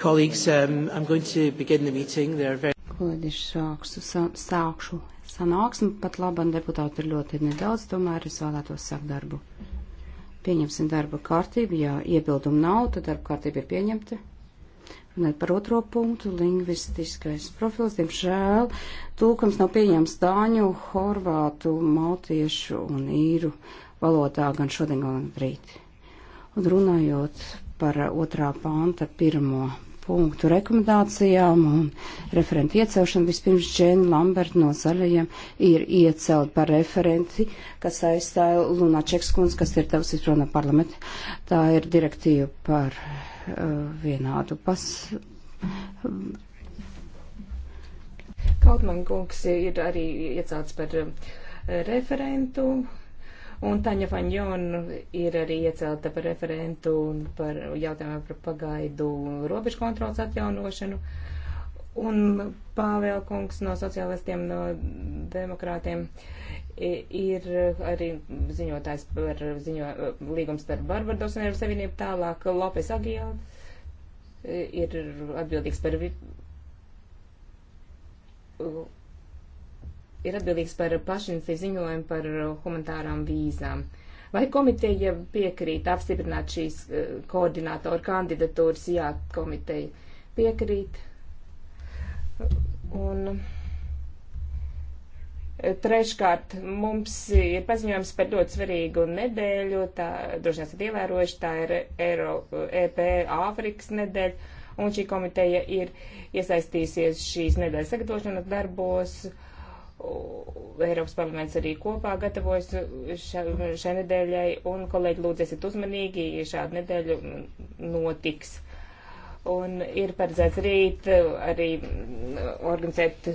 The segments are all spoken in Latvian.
Colleagues, um, I'm going to begin the meeting. There are very... Kolēģi, sākšu, sa sākšu sanāksmi, pat labam deputāti ir ļoti nedaudz, tomēr es vēlētos sākt darbu. Pieņemsim darba kārtību, ja iebildumu nav, tad darba kārtība ir pieņemta. Runājot par otro punktu, lingvistiskais profils, diemžēl, tulkums nav pieņems dāņu, horvātu, maltiešu un īru valodā gan šodien, gan rīt. Un runājot par otrā panta pirmo punktu rekomendācijām un referentu iecelšanu. Vispirms Džēna Lamberta no zaļajiem ir iecelt par referenti, kas aizstāja Lunā Čekskunds, kas ir tavs izruna parlamenta. Tā ir direktīva par uh, vienādu pas. Kaut man kungs ir arī iecelts par uh, referentu Un Taņa Faņjona ir arī iecelta par referentu un par jautājumu par pagaidu robežu kontrols atjaunošanu. Un Pāvēl kungs no sociālistiem, no demokrātiem ir arī ziņotājs par ziņo, līgums starp Barbados un Eiropas Savienību. Tālāk Lopes Agiel ir atbildīgs par ir atbildīgs par pašiniciju ziņojumu par uh, humanitārām vīzām. Vai komiteja piekrīt apstiprināt šīs uh, koordinātoru kandidatūras? Jā, komiteja piekrīt. Un uh, treškārt, mums ir paziņojums par ļoti svarīgu nedēļu, tā droši esat ievērojuši, tā ir Eiro, EP Āfrikas nedēļa, un šī komiteja ir iesaistīsies šīs nedēļas sagatavošanas darbos. Uh, Eiropas parlaments arī kopā gatavojas šai nedēļai, un kolēģi lūdzu esiet uzmanīgi, ja šāda nedēļa notiks. Un ir paredzēts rīt arī organizēt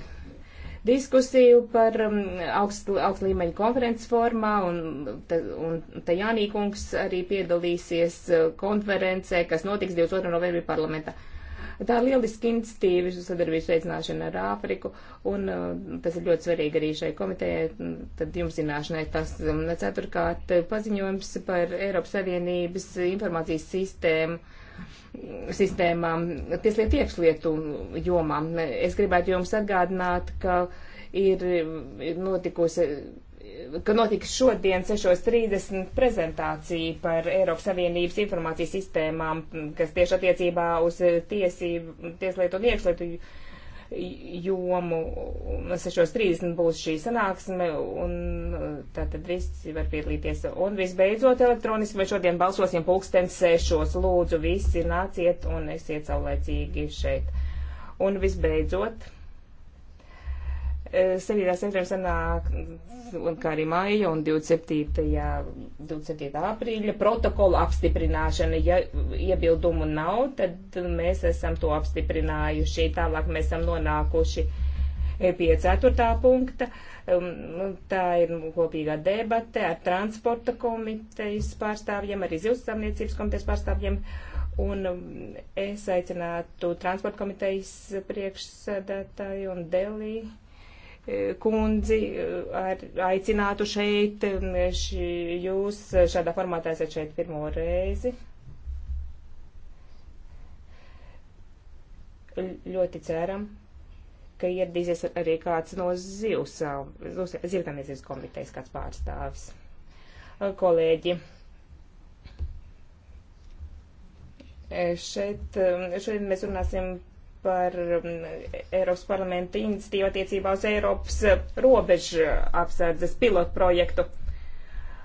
diskusiju par um, augst, augst līmeņu konferences formā, un, un Tajānīkungs arī piedalīsies konferencē, kas notiks 22. novembrī parlamentā. Tā ir lieliski institīva sadarbības veicināšana ar Āfriku, un uh, tas ir ļoti svarīgi arī šai komitejai, tad jums zināšanai tas um, ceturkārt uh, paziņojums par Eiropas Savienības informācijas sistēmu sistēmām, tieslietu iekšlietu jomām. Es gribētu jums atgādināt, ka ir notikusi ka notiks šodien 6.30 prezentācija par Eiropas Savienības informācijas sistēmām, kas tieši attiecībā uz tiesību, tieslietu un iekšlietu jomu 6.30 būs šī sanāksme, un uh, tātad visi var piedalīties. Un visbeidzot, elektroniski vai šodien balsosim pulksten 6. Lūdzu, visi nāciet un esiet saulēcīgi šeit. Un visbeidzot 7. septembrī sanāk, un kā arī māja, un 27. Jā, 27. aprīļa protokola apstiprināšana. Ja iebildumu nav, tad mēs esam to apstiprinājuši. Tālāk mēs esam nonākuši pie 4. punkta. Um, tā ir kopīgā debate ar transporta komitejas pārstāvjiem, arī zivstāvniecības komitejas pārstāvjiem. Un um, es aicinātu transporta komitejas priekšsēdētāju un Deliju kundzi eh, ar, aicinātu šeit. Mm, ši, jūs šādā formātā esat šeit pirmo reizi. Ļoti ceram, ka ieradīsies arī kāds no zivsaimniecības komitejas kāds pārstāvis. Eh, kolēģi, eh, šeit, šeit mēs runāsim par um, Eiropas parlamenta iniciatīvu attiecībā uz Eiropas uh, robežu apsardzes pilotu projektu.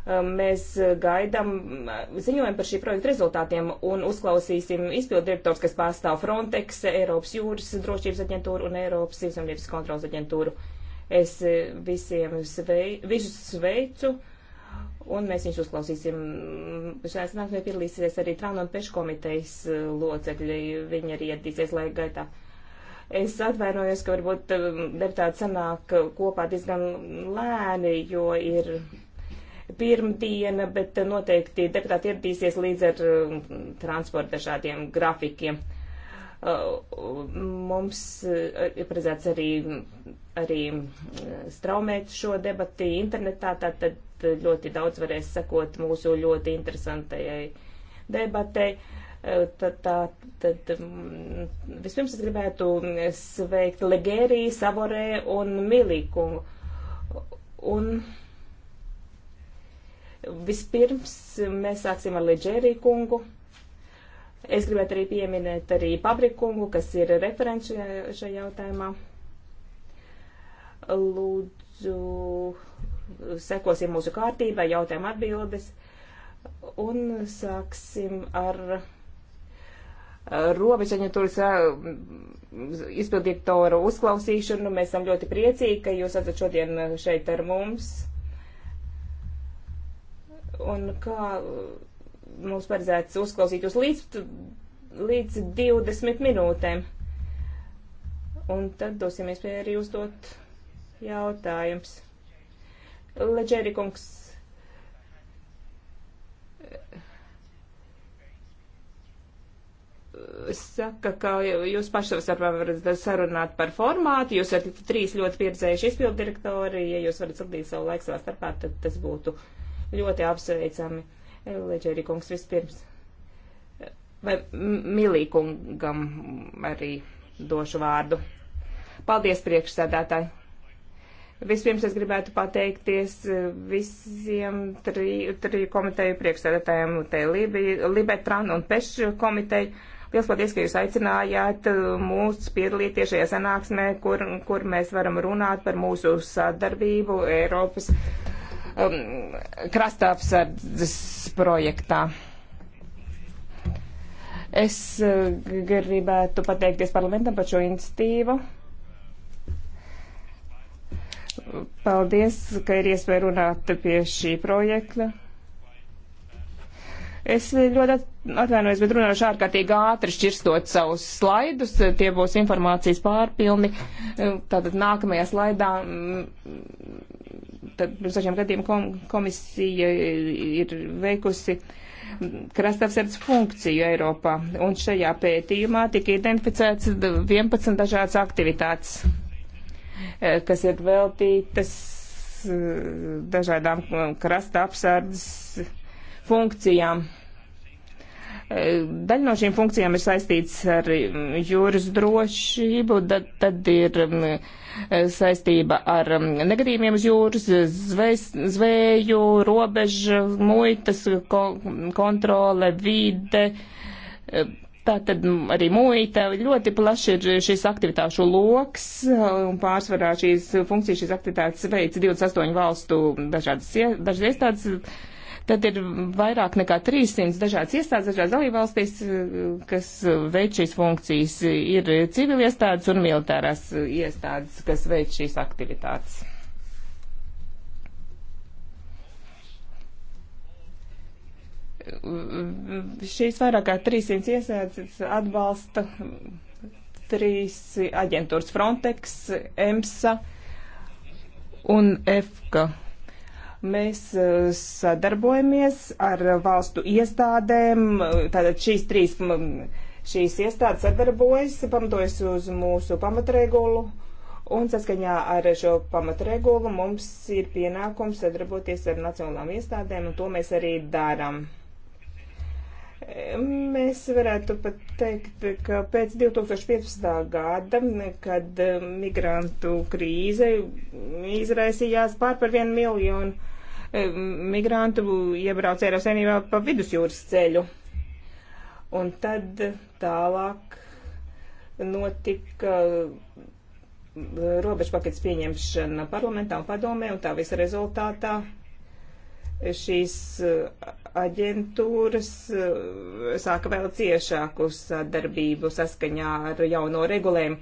Um, mēs uh, gaidām uh, ziņojumu par šī projekta rezultātiem un uzklausīsim izpildu direktors, kas pārstāv Frontex, Eiropas jūras drošības aģentūru un Eiropas zivsamības kontrolas aģentūru. Es visiem svei, visus sveicu un mēs viņus uzklausīsim. Šajā sanāksmē piedalīsies arī Trānu un Peškomitejas eh, locekļi, viņi arī iedīsies laika gaitā. Es atvainojos, ka varbūt eh, deputāti sanāk kopā diezgan lēni, jo ir pirmdiena, bet noteikti deputāti ieradīsies līdz ar eh, transporta dažādiem grafikiem. Mums ir paredzēts arī, arī straumēt šo debati internetā, tātad Eh, ļoti daudz varēs sekot mūsu ļoti interesantajai debatei. Eh, tad, tā, tad mm, vispirms es gribētu mm, sveikt Legēriju, Savorē un Milīkumu. Un vispirms mēs sāksim ar Legēriju kungu. Es gribētu arī pieminēt arī Pabrikungu, kas ir referents šajā jautājumā. Lūdzu, sekosim mūsu kārtībai, jautājuma atbildes un sāksim ar robežaģentūras izpildītoru uzklausīšanu. Mēs esam ļoti priecīgi, ka jūs esat šodien šeit ar mums. Un kā mums paredzēts uzklausīt jūs līdz, līdz 20 minūtēm. Un tad dosimies pie arī uzdot jautājums. Leģērikungs. Saka, ka jūs paši varat sarunāt par formātu, jūs esat trīs ļoti pieredzējuši izpildirektori, ja jūs varat sildīt savu laiku savā starpā, tad tas būtu ļoti apsveicami. Leģērikungs vispirms. Vai Milīkungam arī došu vārdu. Paldies priekšsēdētāji! Vispirms es gribētu pateikties eh, visiem triju tri komiteju priekšsēdētājiem, te Libetran un Pešu komiteju. Liels paldies, ka jūs aicinājāt eh, mūs piedalīties šajā sanāksmē, kur, kur mēs varam runāt par mūsu sadarbību Eiropas um, krastāpsardzes projektā. Es eh, gribētu pateikties parlamentam par šo institīvu. Paldies, ka ir iespēja runāt pie šī projekta. Es ļoti atvainojos, bet runāšu ārkārtīgi ātri šķirstot savus slaidus. Tie būs informācijas pārpilni. Tātad nākamajā slaidā, mm, tad pirms dažiem gadiem komisija ir veikusi krastavsardz funkciju Eiropā. Un šajā pētījumā tika identificēts 11 dažādas aktivitātes Eh, kas ir veltītas eh, dažādām um, krasta apsardzes funkcijām. Eh, daļa no šīm funkcijām ir saistīts ar mm, jūras drošību, tad, tad ir mm, saistība ar mm, negadījumiem uz jūras, zvejs, zvēju, robežu, muitas kontrole, vide, Tātad arī muita ļoti plaši ir šis aktivitāšu loks un pārsvarā šīs funkcijas, šīs aktivitātes veids 28 valstu dažādas, dažas iestādes. Tad ir vairāk nekā 300 dažādas iestādes, dažādas dalībvalstīs, kas veic šīs funkcijas. Ir civiliestādes un militārās iestādes, kas veic šīs aktivitātes. šīs vairāk kā 300 iesēdzes atbalsta trīs aģentūras Frontex, EMSA un EFKA. Mēs e, sadarbojamies ar valstu iestādēm, tātad šīs trīs, šīs iestādes sadarbojas, pamatojas uz mūsu pamatregulu, un saskaņā ar šo pamatregulu mums ir pienākums sadarboties ar nacionālām iestādēm, un to mēs arī darām. Mēs varētu pat teikt, ka pēc 2015. gada, kad eh, migrantu krīze izraisījās pār par vienu miljonu eh, migrantu iebrauc Eiropas Savienībā pa vidusjūras ceļu. Un tad tālāk notika eh, robežu paketes pieņemšana parlamentā un padomē, un tā visa rezultātā šīs eh, aģentūras eh, sāka vēl ciešāku sadarbību saskaņā ar jauno regulējumu,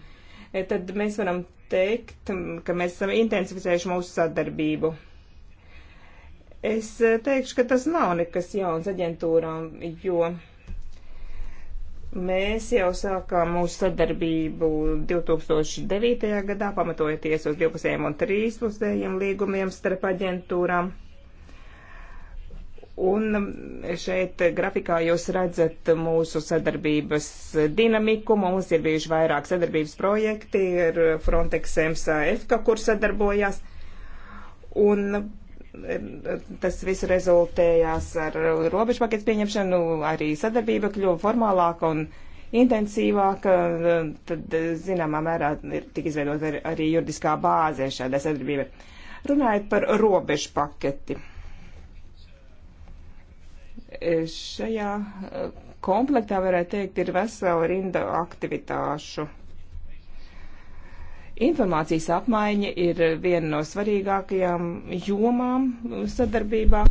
eh, tad mēs varam teikt, ka mēs esam intensificējuši mūsu sadarbību. Es teikšu, ka tas nav nekas jauns aģentūrām, jo mēs jau sākām mūsu sadarbību 2009. gadā, pamatojoties uz 12 un 13 līgumiem starp aģentūrām Un šeit grafikā jūs redzat mūsu sadarbības dinamiku. Mums ir bijuši vairāk sadarbības projekti ar Frontex MSAF, kur sadarbojās. Un tas viss rezultējās ar robežu paketu pieņemšanu, arī sadarbība kļuva formālāka un intensīvāka. Tad, zināmā mērā, ir tik izveidot arī juridiskā bāze šādai sadarbībai. Runājot par robežu paketi šajā eh, komplektā, varētu teikt, ir vesela rinda aktivitāšu. Informācijas apmaiņa ir viena no svarīgākajām jomām sadarbībā.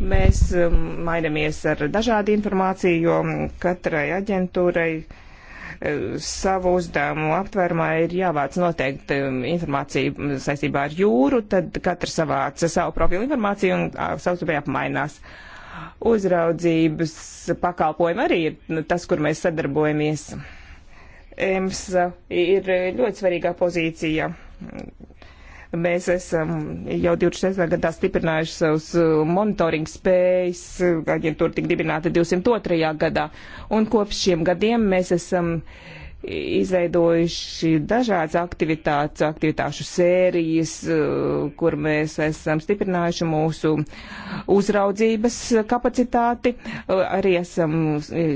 Mēs um, mainamies ar dažādu informāciju, jo katrai aģentūrai eh, savu uzdevumu aptvērumā ir jāvāc noteikti um, informācija um, saistībā ar jūru, tad katrs savāca savu profilu informāciju un uh, savstarpēji apmainās. Uh, uzraudzības pakalpojumi arī ir tas, kur mēs sadarbojamies. EMS ir ļoti svarīgā pozīcija. Mēs esam jau 26. gadā stiprinājuši savus monitoring spējas, aģentūra tika dibināta 202. gadā, un kopš šiem gadiem mēs esam uh, izveidojuši dažādas aktivitātes, aktivitāšu sērijas, eh, kur mēs esam stiprinājuši mūsu uzraudzības kapacitāti, eh, arī esam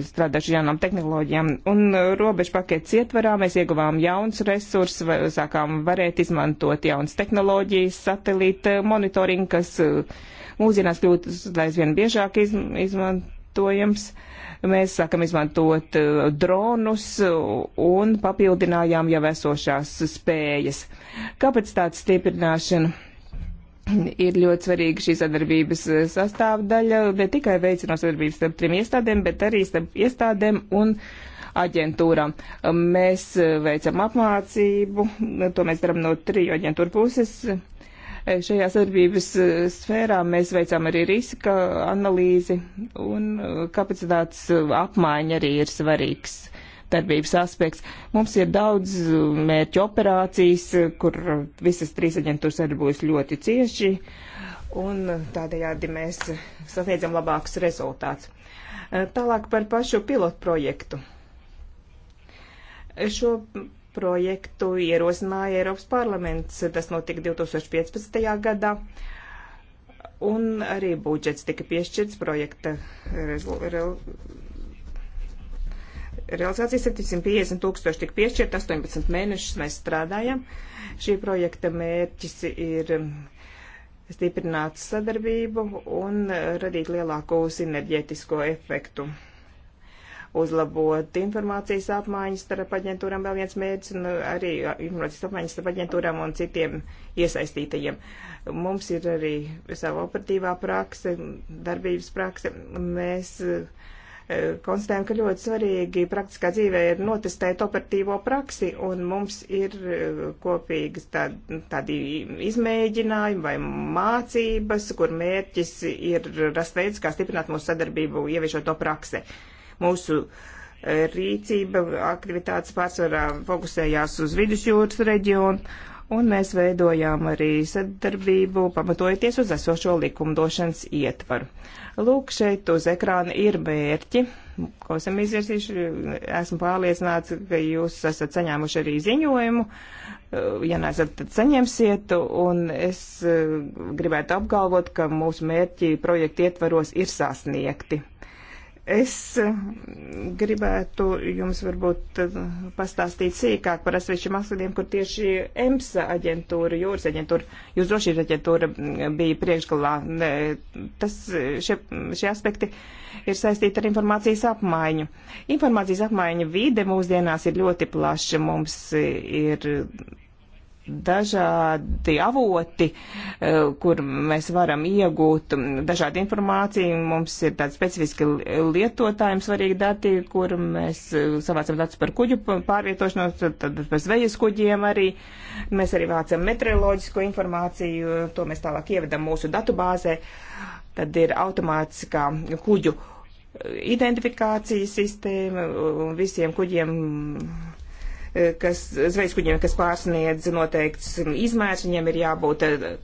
strādājuši jaunām tehnoloģijām. Un eh, robežu paketes ietvarā mēs ieguvām jauns resursus, sākām varēt izmantot jaunas tehnoloģijas, satelīta monitoringu, kas mūsdienās kļūst aizvien biežāk izmantojams. Uh, Mēs sākam izmantot uh, dronus un papildinājām jau esošās spējas. Kāpēc tāda stiprināšana? ir ļoti svarīga šī sadarbības uh, sastāvdaļa, ne tikai veicinot sadarbības starp trim iestādēm, bet arī starp iestādēm un aģentūrām. Mēs uh, veicam apmācību, to mēs darām no triju aģentūru puses. Eh, šajā sadarbības eh, sfērā mēs veicām arī riska analīzi un eh, kapacitātes apmaiņa arī ir svarīgs darbības aspekts. Mums ir daudz mērķu operācijas, kur visas trīs aģentūras sadarbojas ļoti cieši, un tādējādi mēs sasniedzam labākus rezultātus. Tālāk par pašu pilotu projektu. Šo projektu ierosināja Eiropas parlaments. Tas notika 2015. gadā. Un arī budžets tika piešķirts projekta rezu, re, realizācija 750 tūkstoši tika piešķirt, 18 mēnešus mēs strādājam. Šī projekta mērķis ir stiprināt sadarbību un radīt lielāko sinerģētisko efektu uzlabot informācijas apmaiņas starp aģentūram vēl viens mērķis, un arī informācijas apmaiņas starp aģentūram un citiem iesaistītajiem. Mums ir arī sava operatīvā prakse, darbības prakse. Mēs eh, konstatējam, ka ļoti svarīgi praktiskā dzīvē ir notestēt operatīvo praksi, un mums ir eh, kopīgas tā, tādi izmēģinājumi vai mācības, kur mērķis ir rast veids, kā stiprināt mūsu sadarbību, ieviešot to praksi. Mūsu eh, rīcība aktivitātes pārsvarā fokusējās uz vidusjūras reģionu, un mēs veidojām arī sadarbību, pamatojoties uz esošo likumdošanas ietvaru. Lūk, šeit uz ekrāna ir mērķi, ko esam izvirsījuši. Esmu pārliecināts, ka jūs esat saņēmuši arī ziņojumu. Eh, ja neesat, tad saņemsiet. Un es eh, gribētu apgalvot, ka mūsu mērķi projekta ietvaros ir sasniegti. Es eh, gribētu jums varbūt eh, pastāstīt sīkāk par atsevišķiem aspektiem, kur tieši EMSA aģentūra, jūras aģentūra, jūras drošības aģentūra mm, bija priekšgalā. Tas, šie, šie aspekti ir saistīti ar informācijas apmaiņu. Informācijas apmaiņa vide mūsdienās ir ļoti plaša. Mums ir dažādi avoti, eh, kur mēs varam iegūt dažādu informāciju. Mums ir tādi specifiski lietotājiem svarīgi dati, kur mēs eh, savācam datus par kuģu pārvietošanos, tad par zvejas kuģiem arī. Mēs arī vācam meteoroloģisko informāciju, to mēs tālāk ievedam mūsu datubāzē. Tad ir automātiskā kuģu eh, identifikācijas sistēma un visiem kuģiem kas zvejaskuģiem, kas pārsniedz noteikts izmērs, viņiem ir jābūt EAS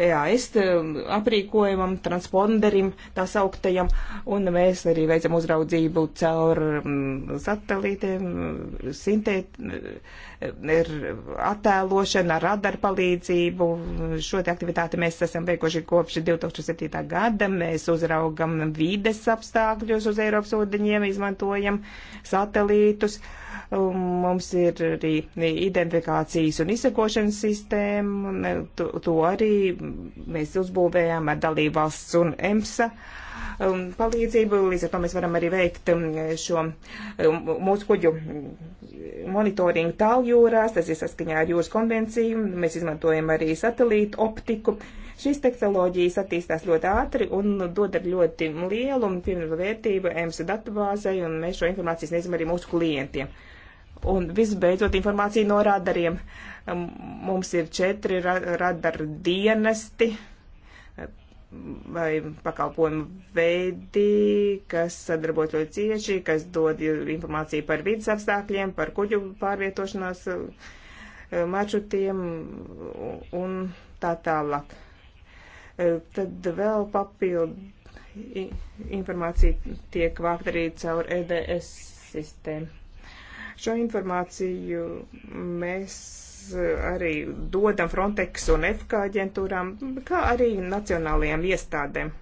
eh, e eh, aprīkojumam, transponderim, tā sauktajam, un mēs arī veicam uzraudzību caur mm, satelītiem, sintēt, ir eh, er, attēlošana, radar palīdzību. Šo te aktivitāti mēs esam veikuši kopš 2007. gada. Mēs uzraugam vides apstākļus uz Eiropas ūdeņiem, izmantojam satelītus. Uh, Um, mums ir arī identifikācijas un izsakošanas sistēma, eh, to, to arī mēs uzbūvējām ar dalību valsts un EMSA um, palīdzību, līdz ar to mēs varam arī veikt um, šo mūsu kuģu monitoringu tāljūrās, tas ir saskaņā ar jūras konvenciju, mēs izmantojam arī satelītu optiku. Šīs tehnoloģijas attīstās ļoti ātri un dod ar ļoti lielu un pilnvērtību EMS datubāzei, un mēs šo informāciju sniedzam arī mūsu klientiem. Un visbeidzot informācija no radariem. Mums ir četri ra radaru dienesti vai pakalpojumu veidi, kas sadarbojas ļoti cieši, kas dod informāciju par vidas apstākļiem, par kuģu pārvietošanās eh, maršrutiem un tā tālāk. Eh, tad vēl papildu informācija tiek vākt arī caur EDS sistēmu Šo informāciju mēs eh, arī dodam Frontex un FK aģentūrām, kā arī nacionālajām iestādēm.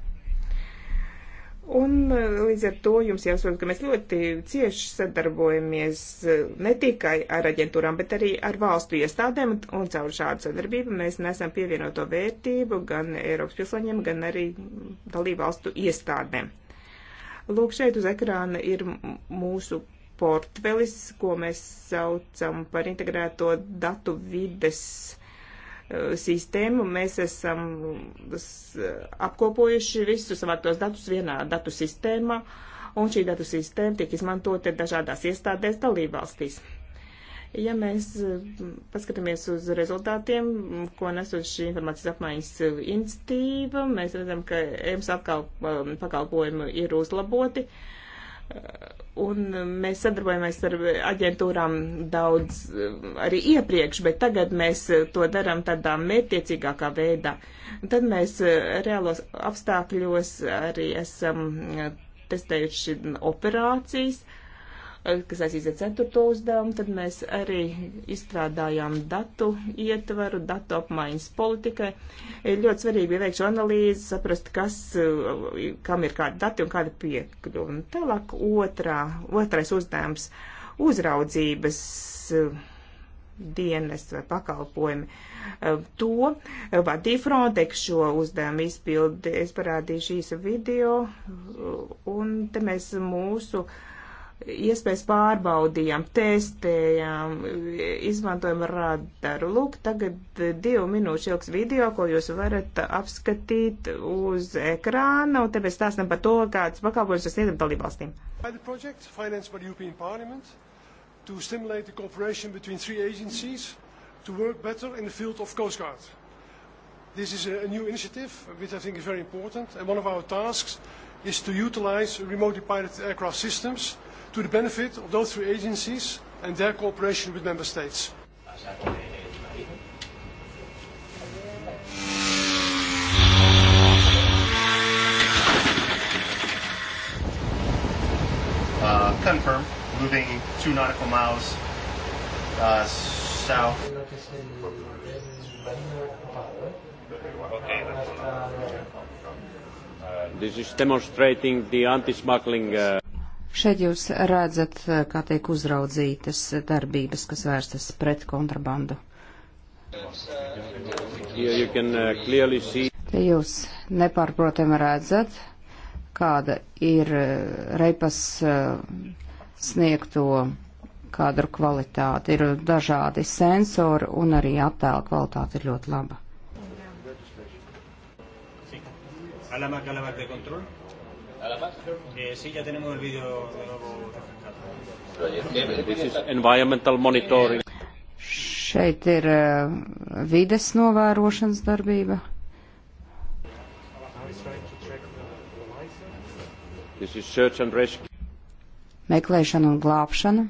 Un eh, līdz ar to jums jāsaprot, ka mēs ļoti cieši sadarbojamies eh, ne tikai ar aģentūrām, bet arī ar valstu iestādēm, un caur šādu sadarbību mēs nesam pievienoto vērtību gan Eiropas pilsoņiem, gan arī dalību valstu iestādēm. Lūk, šeit uz ekrāna ir mūsu portfelis, ko mēs saucam par integrēto datu vides eh, sistēmu. Mēs esam eh, apkopojuši visus savāktos datus vienā datu sistēmā, un šī datu sistēma tiek izmantota dažādās iestādēs dalībvalstīs. Ja mēs eh, paskatāmies uz rezultātiem, ko nes uz šī informācijas apmaiņas institīva, mēs redzam, ka EMS atkal pakalpojumi ir uzlaboti Un mēs sadarbojamies ar aģentūrām daudz arī iepriekš, bet tagad mēs to darām tādā mērķiecīgākā veidā. Un tad mēs eh, reālos apstākļos arī esam eh, testējuši operācijas. Uh, kas aizīsiet ceturto uzdevumu, tad mēs arī izstrādājām datu ietvaru, datu apmaiņas politikai. Ir ļoti svarīgi bija veikt šo analīzi, saprast, kas, kam ir kādi dati un kāda piekļuva. Tālāk otrā, otrais uzdevums - uzraudzības eh, dienas vai pakalpojumi. Eh, to eh, vadīja Frontex šo uzdevumu izpildi. Es parādīšu īsu video, un te mēs mūsu uh, iespējas pārbaudījām, testējām, izmantojam radaru. Lūk, tagad divu minūšu ilgs video, ko jūs varat apskatīt uz ekrāna, un te mēs stāstam par to, kāds pakalpojums mēs sniedzam dalībvalstīm. To stimulate the cooperation between three agencies to work better in the field of Coast Guard. This is a new initiative, which I think is very important, and one of our tasks is to utilize remotely piloted aircraft systems to the benefit of those three agencies and their cooperation with member states. Uh, confirm, moving two nautical miles uh, south. This is demonstrating the anti-smuggling. Uh Šeit jūs redzat, eh, kā tiek uzraudzītas darbības, kas vērstas pret kontrabandu. Uh, Te jūs nepārprotami redzat, kāda ir eh, repas eh, sniegto kadru kvalitāte. Ir dažādi sensori un arī attēla kvalitāte ir ļoti laba. Alamak, alamak de control. Eh, sí, ya tenemos el vídeo de nuevo refrescado. Environmental monitoring. Šeit ir uh, vides novērošanas darbība. Meklēšana un glābšana.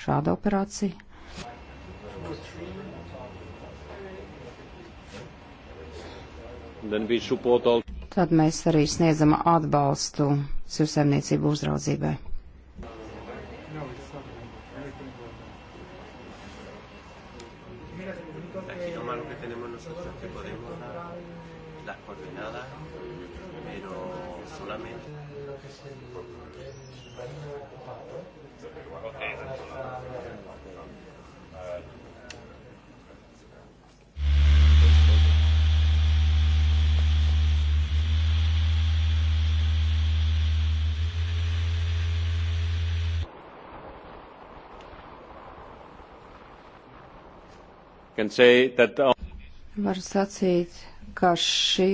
Šāda operācija. All tad mēs arī sniedzam atbalstu sivsaimniecību uzraudzībai. Uh, varu sacīt, ka šī,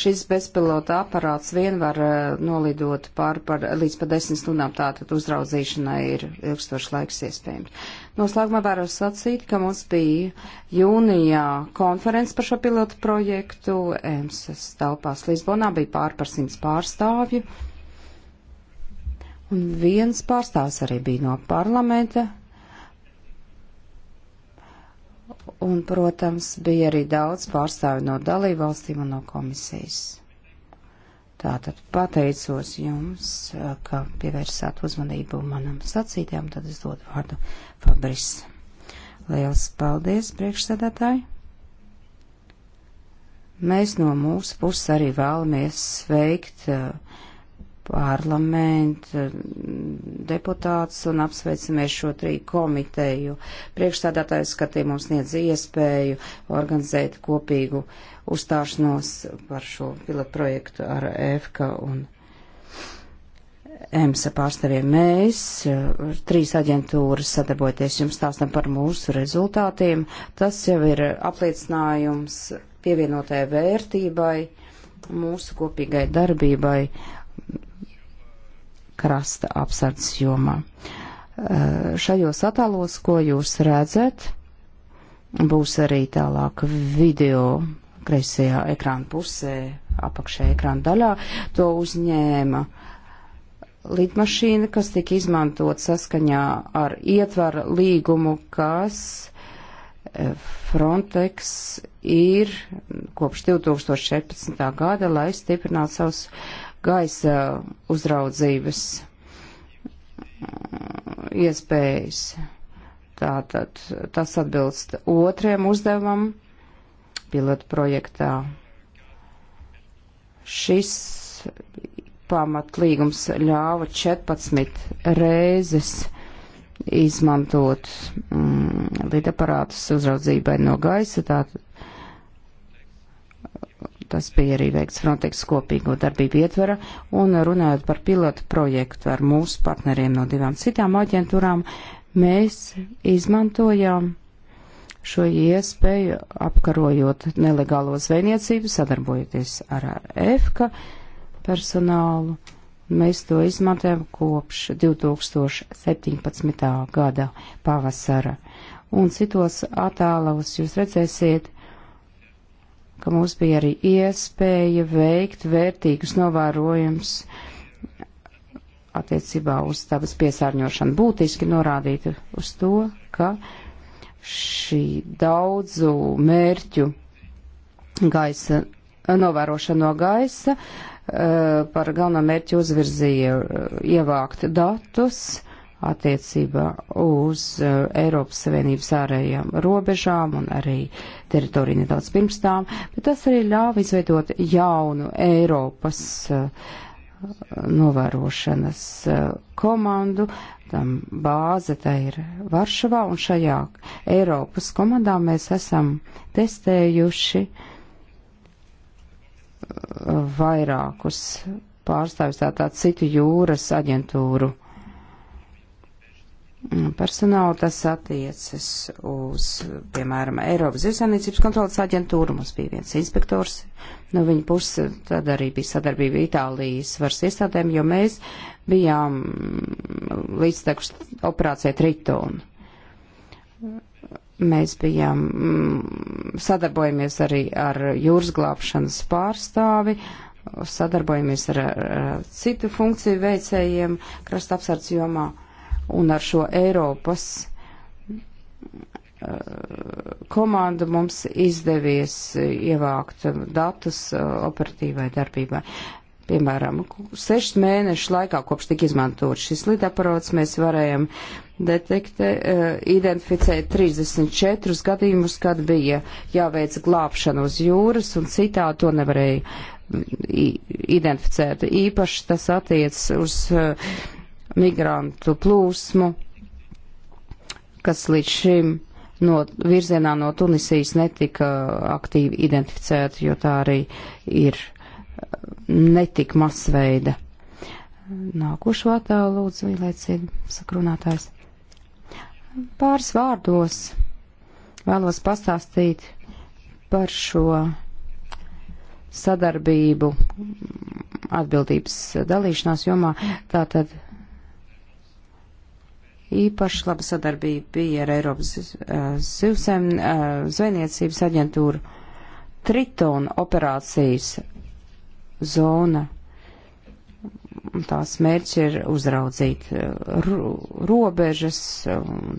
šis bezpilota aparāts vien var uh, nolidot pār par līdz pa desmit stundām, tātad uzraudzīšanai ir ilgstošs laiks iespējams. Noslēgumā varu sacīt, ka mums bija jūnijā konferences par šo pilotu projektu, EMSAS telpās Lisbonā bija pār par simts pārstāvju. Un viens pārstāvs arī bija no parlamenta, un, protams, bija arī daudz pārstāvi no dalībvalstīm un no komisijas. Tātad pateicos jums, ka pievērsāt uzmanību manam sacītājam, tad es dodu vārdu Fabris. Liels paldies, priekšsēdētāji! Mēs no mūsu puses arī vēlamies sveikt uh, parlamenta deputāts un apsveicamies šo triju komiteju. Priekšstādātājs skatīja mums sniedz iespēju organizēt kopīgu uzstāšanos par šo pilotprojektu ar EFKA un EMSA pārstāvjiem. Mēs, eh, trīs aģentūras sadarbojoties, jums stāstam par mūsu rezultātiem. Tas jau ir apliecinājums pievienotajai vērtībai, mūsu kopīgai darbībai krasta apsardzes jomā. Eh, šajos attēlos, ko jūs redzat, būs arī tālāk video kreisajā ekrāna pusē, apakšējā ekrāna daļā. To uzņēma lidmašīna, kas tika izmantot saskaņā ar ietvaru līgumu, kas eh, Frontex ir kopš 2014. gada, lai stiprinātu savus gaisa uzraudzības iespējas. Tātad tas atbilst otriem uzdevumam pilotu projektā. Šis pamatlīgums ļāva 14 reizes izmantot mm, lidaparātus uzraudzībai no gaisa, tātad Tas bija arī veikts Frontex kopīgo darbību ietvara, un runājot par pilotu projektu ar mūsu partneriem no divām citām aģentūrām, mēs izmantojām šo iespēju apkarojot nelegālo zvejniecību, sadarbojoties ar EFKA personālu. Mēs to izmantojam kopš 2017. gada pavasara. Un citos attēlos jūs redzēsiet, ka mums bija arī iespēja veikt vērtīgus novērojums attiecībā uz dabas piesārņošanu. Būtiski norādīt uz to, ka šī daudzu mērķu gaisa, novērošana no gaisa eh, par galveno mērķi uzvirzīja eh, ievākt datus attiecībā uz uh, Eiropas Savienības ārējām robežām un arī teritoriju nedaudz pirms tām, bet tas arī ļāva izveidot jaunu Eiropas uh, novērošanas uh, komandu, tam bāze tā ir Varšavā, un šajā Eiropas komandā mēs esam testējuši uh, vairākus pārstāvis tātad citu jūras aģentūru uh, personālu, tas attiecas uz, piemēram, Eiropas Zivsainīcības kontrolas aģentūru. Mums bija viens inspektors, no viņa puses tad arī bija sadarbība Itālijas varas iestādēm, jo mēs bijām līdztekus operācijai Triton. Mēs bijām, mm, sadarbojamies arī ar jūras glābšanas pārstāvi, sadarbojamies ar, ar, ar citu funkciju veicējiem krasta apsardz jomā. Uh, un ar šo Eiropas uh, komanda mums izdevies ievākt datus uh, operatīvai darbībai. Piemēram, sešas mēnešu laikā, kopš tika izmantot šis lidaparāts, mēs varējām detekte, uh, identificēt 34 gadījumus, kad bija jāveic glābšana uz jūras un citā to nevarēja mm, identificēt. Īpaši tas attiec uz uh, migrantu plūsmu, kas līdz šim no virzienā no Tunisijas netika aktīvi identificēta, jo tā arī ir eh, netik masveida. Nākošo attēlu lūdzu vienlaicīgi sakrunātājs. Pāris vārdos vēlos pastāstīt par šo sadarbību atbildības dalīšanās jomā. Tātad Īpaši laba sadarbība bija ar Eiropas uh, zivsēm uh, zvejniecības aģentūru Tritona operācijas zona. Tās mērķis ir uzraudzīt uh, robežas,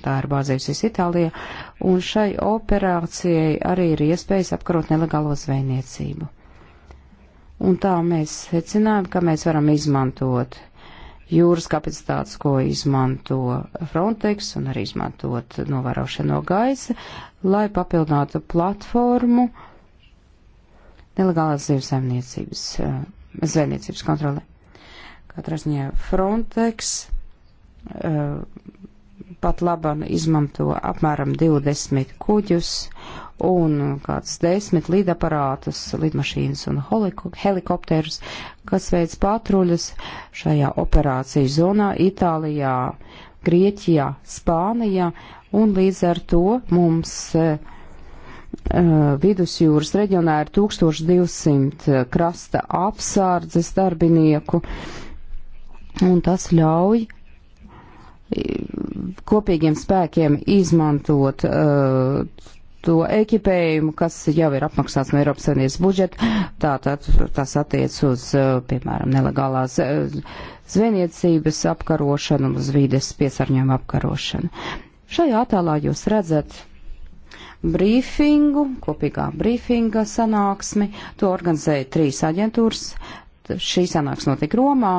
tā ir bāzējusies Itālijā, un šai operācijai arī ir iespējas apkarot nelegālo zvejniecību. Un tā mēs secinājām, ka mēs varam izmantot uh, jūras kapacitātes, ko izmanto Frontex un arī izmantot novērošanu no gaisa, lai papildinātu platformu nelegālās zivs saimniecības, eh, zvejniecības kontrolē. Katrā ziņā Frontex eh, pat labam izmanto apmēram 20 kuģus un kāds desmit lidaparātus, lidmašīnas un helikopterus, kas veids patruļas šajā operāciju zonā Itālijā, Grieķijā, Spānijā, un līdz ar to mums uh, vidusjūras reģionā ir 1200 krasta apsārdzes darbinieku, un tas ļauj eh, kopīgiem spēkiem izmantot uh, to ekipējumu, kas jau ir apmaksāts no Eiropas Savienības budžeta. Tātad tas attiec uz, eh, piemēram, nelegālās eh, zvejniecības apkarošanu, uz vīdes piesārņojumu apkarošanu. Šajā attēlā jūs redzat brīfingu, kopīgā brīfinga sanāksmi. To organizēja trīs aģentūras. Šī sanāks notika Romā.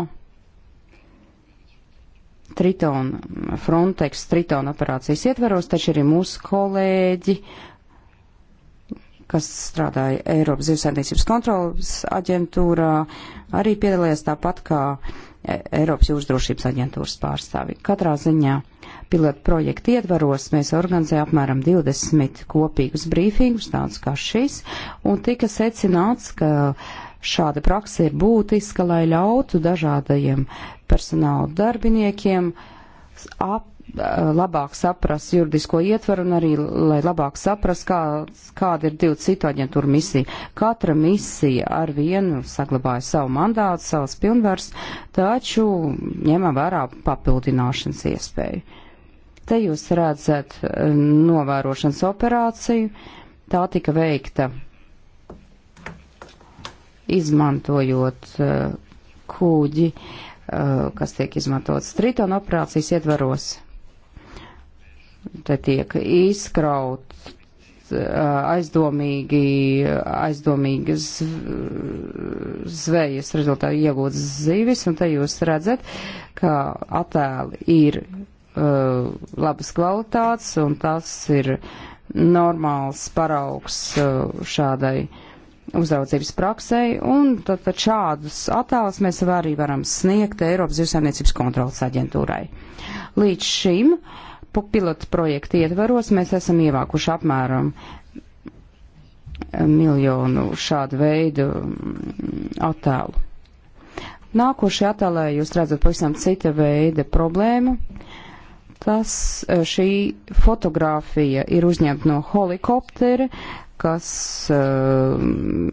Triton, Frontex, Triton operācijas ietveros, taču arī mūsu kolēģi kas strādāja Eiropas zivsaimniecības kontrolas aģentūrā, arī piedalījās tāpat kā e- Eiropas jūras drošības aģentūras pārstāvi. Katrā ziņā pilotu projektu ietvaros mēs organizējām apmēram 20 kopīgus brīfingus, tāds kā šis, un tika secināts, ka šāda praksa ir būtiska, lai ļautu dažādajiem personāla darbiniekiem ap Eh, labāk saprast juridisko ietvaru un arī, lai labāk saprast, kā, kāda ir divu citu aģentūru misija. Katra misija ar vienu saglabāja savu mandātu, savas pilnvars, taču ņemam vērā papildināšanas iespēju. Te jūs redzat eh, novērošanas operāciju. Tā tika veikta izmantojot eh, kūģi, kas tiek izmantots tritona operācijas ietvaros te tiek izkraut aizdomīgi, aizdomīgas zvejas rezultātā iegūtas zīvis, un te jūs redzat, ka attēli ir uh, labas kvalitātes, un tas ir normāls paraugs uh, šādai uzraudzības praksē, un tad, tad šādus attēlus mēs arī varam sniegt Eiropas zivsaimniecības kontrolas aģentūrai. Līdz šim uh, pilots projekta ietvaros mēs esam ievākuši apmēram eh, miljonu šādu veidu mm, attēlu. Nākošajā attēlē jūs redzat pavisam cita veida problēmu. Tas, eh, šī fotografija ir uzņemta no helikoptera, kas uh,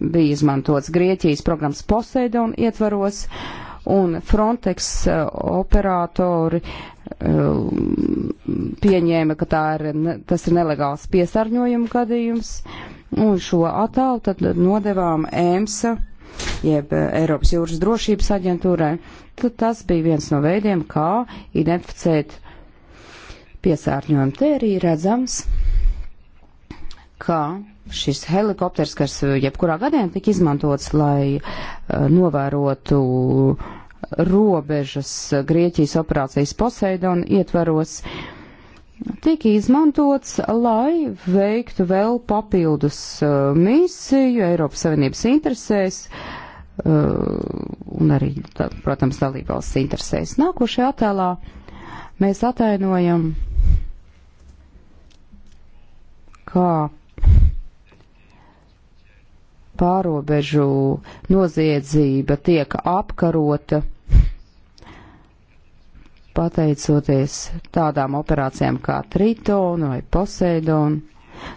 bija izmantots Grieķijas programmas Poseidon ietvaros. Uh, un Frontex eh, operatori eh, pieņēma, ka tā ir, tas ir nelegāls piesārņojuma gadījums, un šo attēlu tad nodevām EMSA, jeb eh, Eiropas jūras drošības aģentūrai. Tad tas bija viens no veidiem, kā identificēt piesārņojumu. Te arī redzams, ka šis helikopters, kas jebkurā gadījumā tika izmantots, lai novērotu uh, robežas Grieķijas operācijas Poseidon ietvaros tika izmantots, lai veiktu vēl papildus uh, misiju Eiropas Savienības interesēs uh, un arī, tā, protams, dalībvalsts interesēs. Nākošajā attēlā mēs atainojam, kā pārobežu noziedzība tiek apkarota pateicoties tādām operācijām kā Triton vai Poseidon.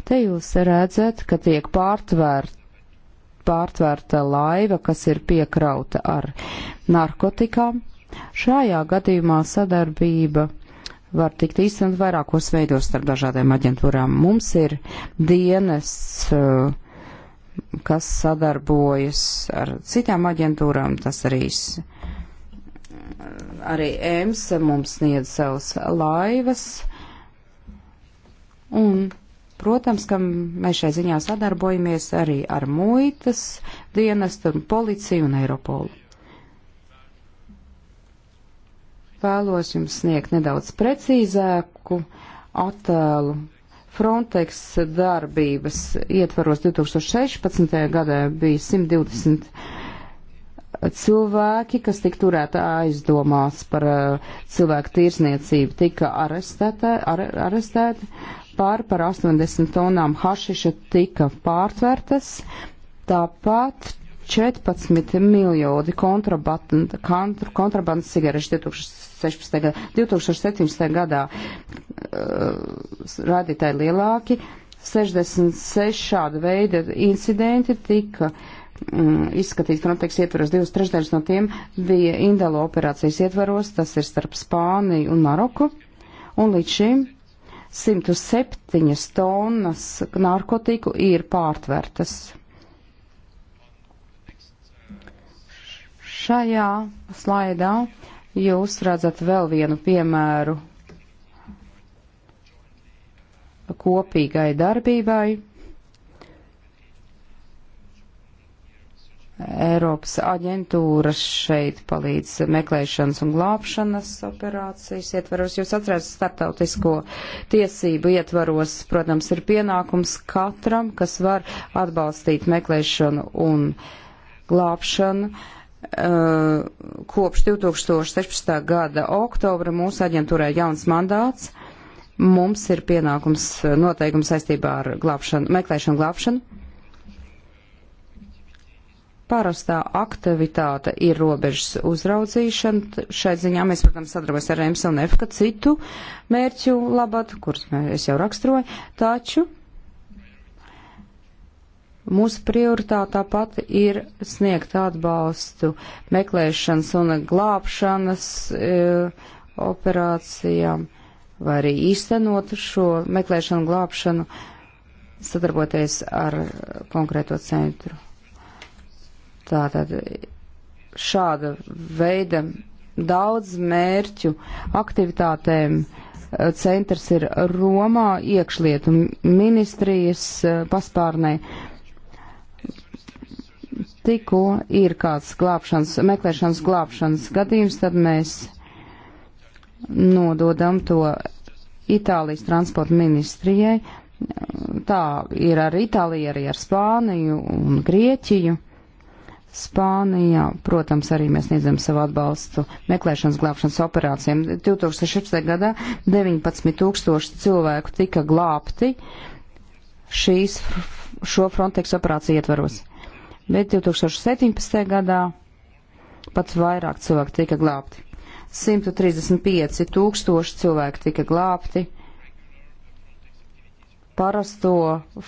Te jūs redzat, ka tiek pārtvērt, pārtvērta laiva, kas ir piekrauta ar narkotikām. Šajā gadījumā sadarbība var tikt īstenot vairākos veidos starp dažādiem aģentūrām. Mums ir dienas, eh, kas sadarbojas ar citām aģentūrām, tas arī arī EMS mums sniedz savus laivas. Un, protams, ka mēs šai ziņā sadarbojamies arī ar muitas dienestu, policiju un Eiropolu. Vēlos jums sniegt nedaudz precīzāku attēlu Frontex darbības ietvaros 2016. gadā bija 120 cilvēki, kas tika turēti aizdomās par uh, cilvēku tirsniecību, tika arestēti, ar, arestēti pār par 80 tonām hašiša tika pārtvertas, tāpat 14 miljoni kontrabandas kontraband cigarešu 2016. gadā. 2017. gadā uh, eh, rādītāji lielāki, 66 šāda veida incidenti tika uh, Mm, izskatīts Frontex ietvaros divas trešdaļas no tiem bija Indelo operācijas ietvaros, tas ir starp Spāniju un Maroku, un līdz šim 107 tonnas narkotiku ir pārtvertas. Šajā slaidā jūs redzat vēl vienu piemēru kopīgai darbībai Eiropas aģentūra šeit palīdz meklēšanas un glābšanas operācijas ietvaros. Jūs atcerat starptautisko tiesību ietvaros, protams, ir pienākums katram, kas var atbalstīt meklēšanu un glābšanu. Uh, kopš 2016. gada oktobra mūsu aģentūrē jauns mandāts. Mums ir pienākums noteikums saistībā ar glābšanu, meklēšanu glābšanu parastā aktivitāte ir robežas uzraudzīšana. Šai ziņā mēs, protams, sadarbojamies ar EMS un EFKA citu mērķu labad, kurus es jau raksturoju, taču mūsu prioritāte tāpat ir sniegt atbalstu meklēšanas un glābšanas e, operācijām vai arī īstenot šo meklēšanu glābšanu sadarboties ar konkrēto centru. Tātad šāda veida daudz mērķu aktivitātēm eh, centrs ir Romā iekšlietu ministrijas eh, paspārnē. Tikko ir kāds glābšanas, meklēšanas glābšanas gadījums, tad mēs nododam to Itālijas transporta ministrijai. Tā ir ar Itāliju, arī ar Spāniju un Grieķiju. Spānijā, protams, arī mēs sniedzam savu atbalstu meklēšanas glābšanas operācijām. 2016. gadā 19 tūkstoši cilvēku tika glābti šīs, šo Frontex operāciju ietvaros. Bet 2017. gadā pat vairāk cilvēku tika glābti. 135 tūkstoši cilvēku tika glābti. Parasto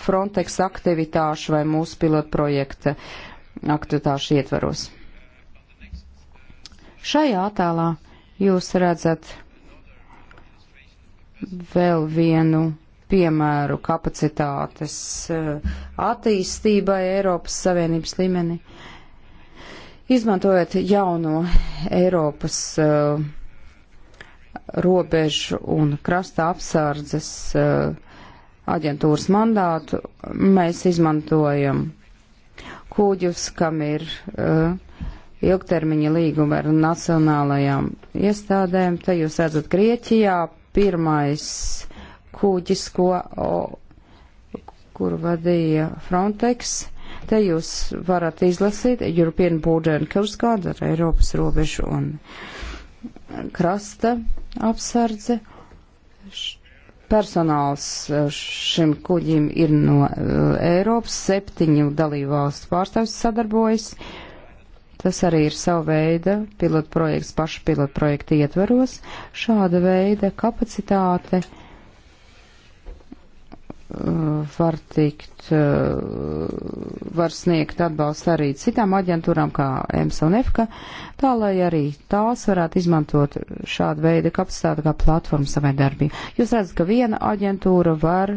Frontex aktivitāšu vai mūsu pilotprojekta uh, aktivitāšu ietvaros. Šajā attēlā jūs redzat vēl vienu piemēru kapacitātes eh, attīstībai Eiropas Savienības līmenī. Izmantojot jauno Eiropas uh, robežu un krasta apsardzes uh, aģentūras mandātu, mēs izmantojam kuģus, kam ir uh, ilgtermiņa līguma ar nacionālajām iestādēm. Te jūs redzat Grieķijā pirmais kuģis, ko, o, kuru vadīja Frontex. Te jūs varat izlasīt European Border and Coast Guard ar Eiropas robežu un krasta apsardze. Št Personāls eh, šim kuģim ir no eh, Eiropas, septiņu dalībvalstu pārstāvis sadarbojas. Tas arī ir sava veida pilotprojekts, paša pilotprojekta ietveros. Šāda veida kapacitāte uh, Eh, var tikt, eh, var sniegt atbalstu arī citām aģentūrām, kā EMS un EFKA, tā lai arī tās varētu izmantot šādu veidu kapacitāti kā platformu savai darbībai. Jūs redzat, ka viena aģentūra var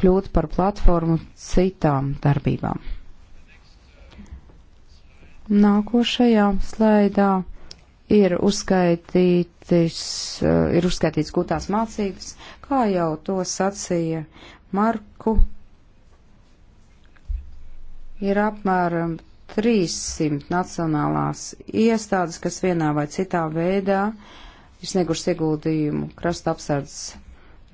kļūt par platformu citām darbībām. Nākošajā slaidā ir uzskaitīts, eh, ir uzskaitīts gūtās mācības, kā jau to sacīja marku ir apmēram 300 nacionālās iestādes, kas vienā vai citā veidā ir sniegušas ieguldījumu krasta apsardzes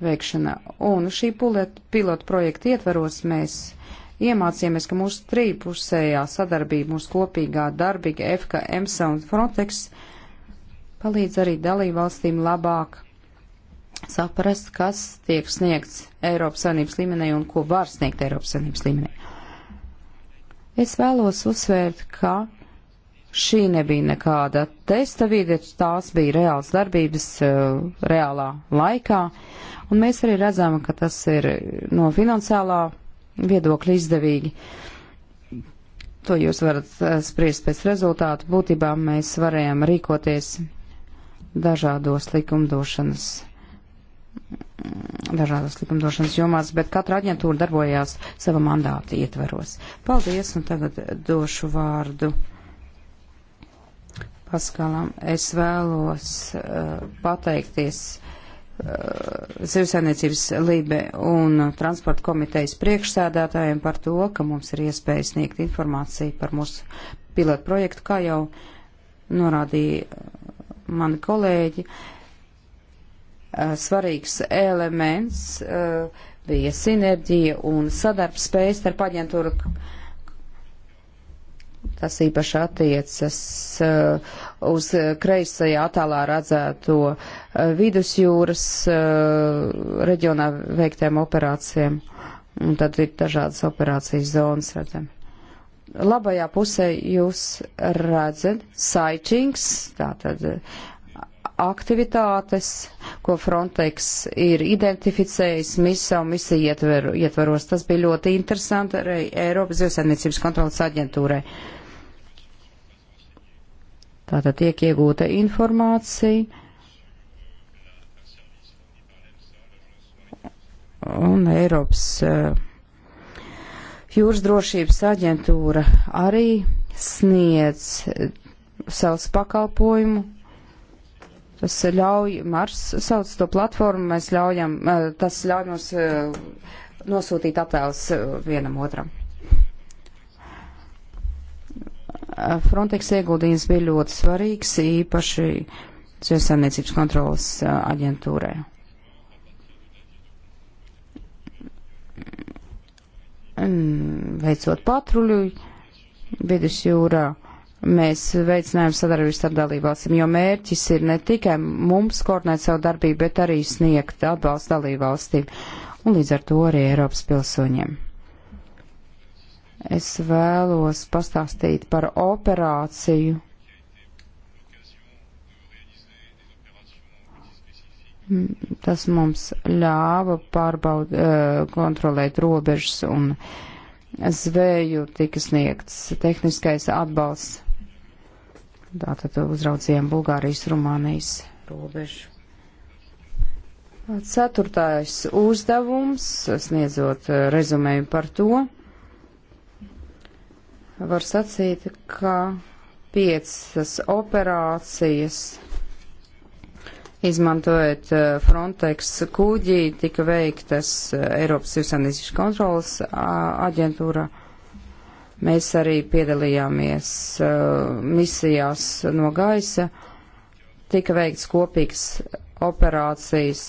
veikšanā. Un šī pilota projekta ietvaros mēs iemācījāmies, ka mūsu trīpusējā sadarbība, mūsu kopīgā darbīga FKMSA un Frontex palīdz arī dalībvalstīm labāk saprast, kas tiek sniegts Eiropas Savienības līmenī un ko var sniegt Eiropas Savienības līmenī. Es vēlos uzsvērt, ka šī nebija nekāda testa vide, tās bija reāls darbības eh, reālā laikā, un mēs arī redzam, ka tas ir no finansiālā viedokļa izdevīgi. To jūs varat eh, spriest pēc rezultātu. Būtībā mēs varējām rīkoties dažādos likumdošanas dažādas likumdošanas jomās, bet katra aģentūra darbojās sava mandāta ietveros. Paldies, un tagad došu vārdu Paskalam. Es vēlos uh, pateikties uh, Zivsainiecības lībe un transporta komitejas priekšsēdētājiem par to, ka mums ir iespēja sniegt informāciju par mūsu pilotu projektu, kā jau norādīja mani kolēģi. Uh, Eh, svarīgs elements eh, bija sinerģija un sadarbspēja starp aģentūru. Tas īpaši attiecas uh, uz kreisajā attālā redzēto uh, vidusjūras uh, reģionā veiktiem operācijām. Un tad ir dažādas operācijas zonas redzam. Labajā pusē jūs redzat saičings, tātad aktivitātes, ko Frontex ir identificējis mis, savu misiju ietver, ietvaros. Tas bija ļoti interesanti arī Eiropas Zivsaimniecības kontrolas aģentūrai. Tātad tiek iegūta informācija. Un Eiropas eh, jūras drošības aģentūra arī sniedz eh, savus pakalpojumu Tas ļauj, Mars sauc to platformu, mēs ļaujam, eh, tas ļauj mums eh, nosūtīt attēlus eh, vienam otram. Frontex ieguldījums bija ļoti svarīgs, īpaši Zviesāniecības kontrolas aģentūrē. Mm, veicot patruļu vidusjūrā. jūrā mēs veicinājām sadarbību starp dalībvalstīm, jo mērķis ir ne tikai mums koordinēt savu darbību, bet arī sniegt atbalstu dalībvalstīm un līdz ar to arī Eiropas pilsoņiem. Es vēlos pastāstīt par operāciju. Tas mums ļāva pārbaud, eh, kontrolēt robežas un zvēju tika sniegts tehniskais atbalsts Tātad uzraudzījām Bulgārijas, Rumānijas robežu. Ceturtais uzdevums, sniedzot eh, rezumēju par to, var sacīt, ka piecas operācijas izmantojot eh, Frontex kuģī, tika veiktas eh, Eiropas Savienības kontrolas aģentūra Mēs arī piedalījāmies uh, misijās no gaisa. Tika veikts kopīgs operācijas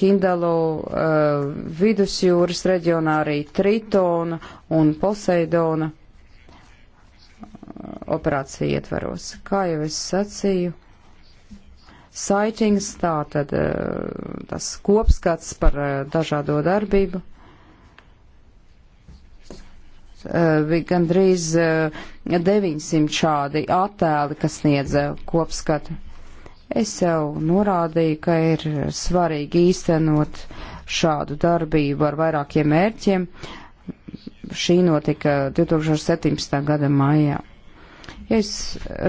Kindalu uh, vidusjūras reģionā arī Tritona un Poseidona uh, operācija ietvaros. Kā jau es sacīju, saitings, tā tad uh, tas kopskats par uh, dažādo darbību Eh, bija gandrīz 900 eh, šādi attēli, kas sniedza kopskatu. Es jau norādīju, ka ir svarīgi īstenot šādu darbību ar vairākiem mērķiem. Šī notika 2017. gada maijā. Es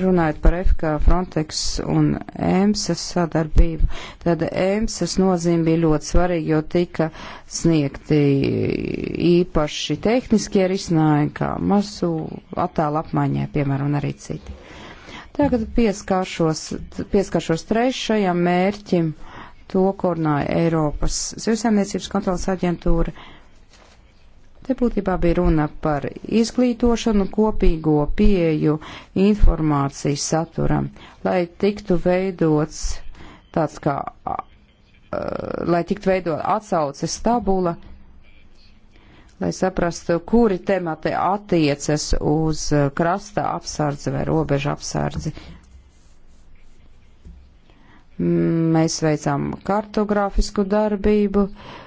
runāju par FK, Frontex un EMSAS sadarbību. Tad EMSAS nozīme bija ļoti svarīga, jo tika sniegti īpaši tehniskie risinājumi, kā masu attēlu apmaiņai, piemēram, arī citi. Tagad pieskāršos, pieskāršos trešajam mērķim, to koordināja Eiropas Zivsēmniecības kontrolas aģentūra. Uh, Te būtībā bija runa par izglītošanu, kopīgo pieju informācijas saturam, lai tiktu veidots tāds kā, lai tiktu veidot atsauces tabula, lai saprastu, kuri temati attiecas uz krasta apsardzi vai robeža apsardzi. Mēs veicām kartogrāfisku darbību, uh,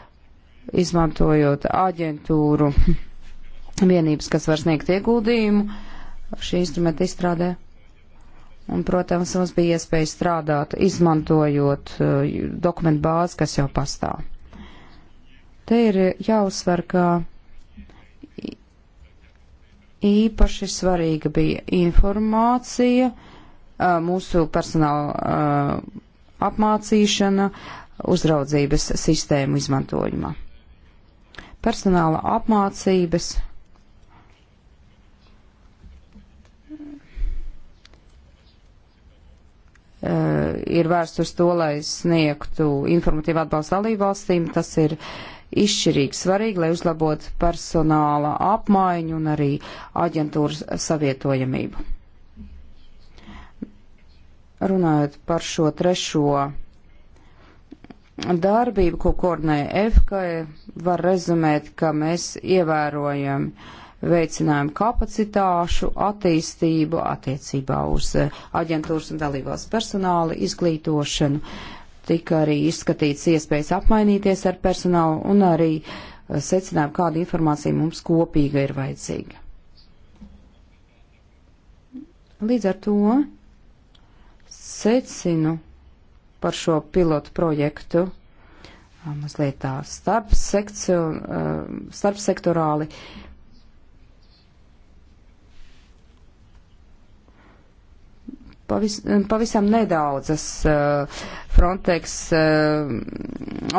izmantojot aģentūru vienības, kas var sniegt ieguldījumu šī instrumenta izstrādē. Un, protams, mums bija iespēja strādāt, izmantojot uh, dokumentu bāzi, kas jau pastāv. Te ir jāuzsver, ka īpaši svarīga bija informācija, uh, mūsu personāla uh, apmācīšana, uzraudzības sistēmu izmantojumā personāla apmācības. Eh, ir vērsts uz to, lai sniegtu informatīvu atbalstu dalībvalstīm. Tas ir izšķirīgi svarīgi, lai uzlabotu personāla apmaiņu un arī aģentūras savietojamību. Runājot par šo trešo darbību, ko koordinē EFKA, var rezumēt, ka mēs ievērojam veicinājumu kapacitāšu, attīstību attiecībā uz eh, aģentūras un dalībās personāla izglītošanu. Tika arī izskatīts iespējas apmainīties ar personālu un arī eh, secinājumi, kāda informācija mums kopīga ir vajadzīga. Līdz ar to secinu, par šo pilotu projektu, mazliet tā starp, sekciju, starp sektorāli. Pavis, pavisam nedaudzas Frontex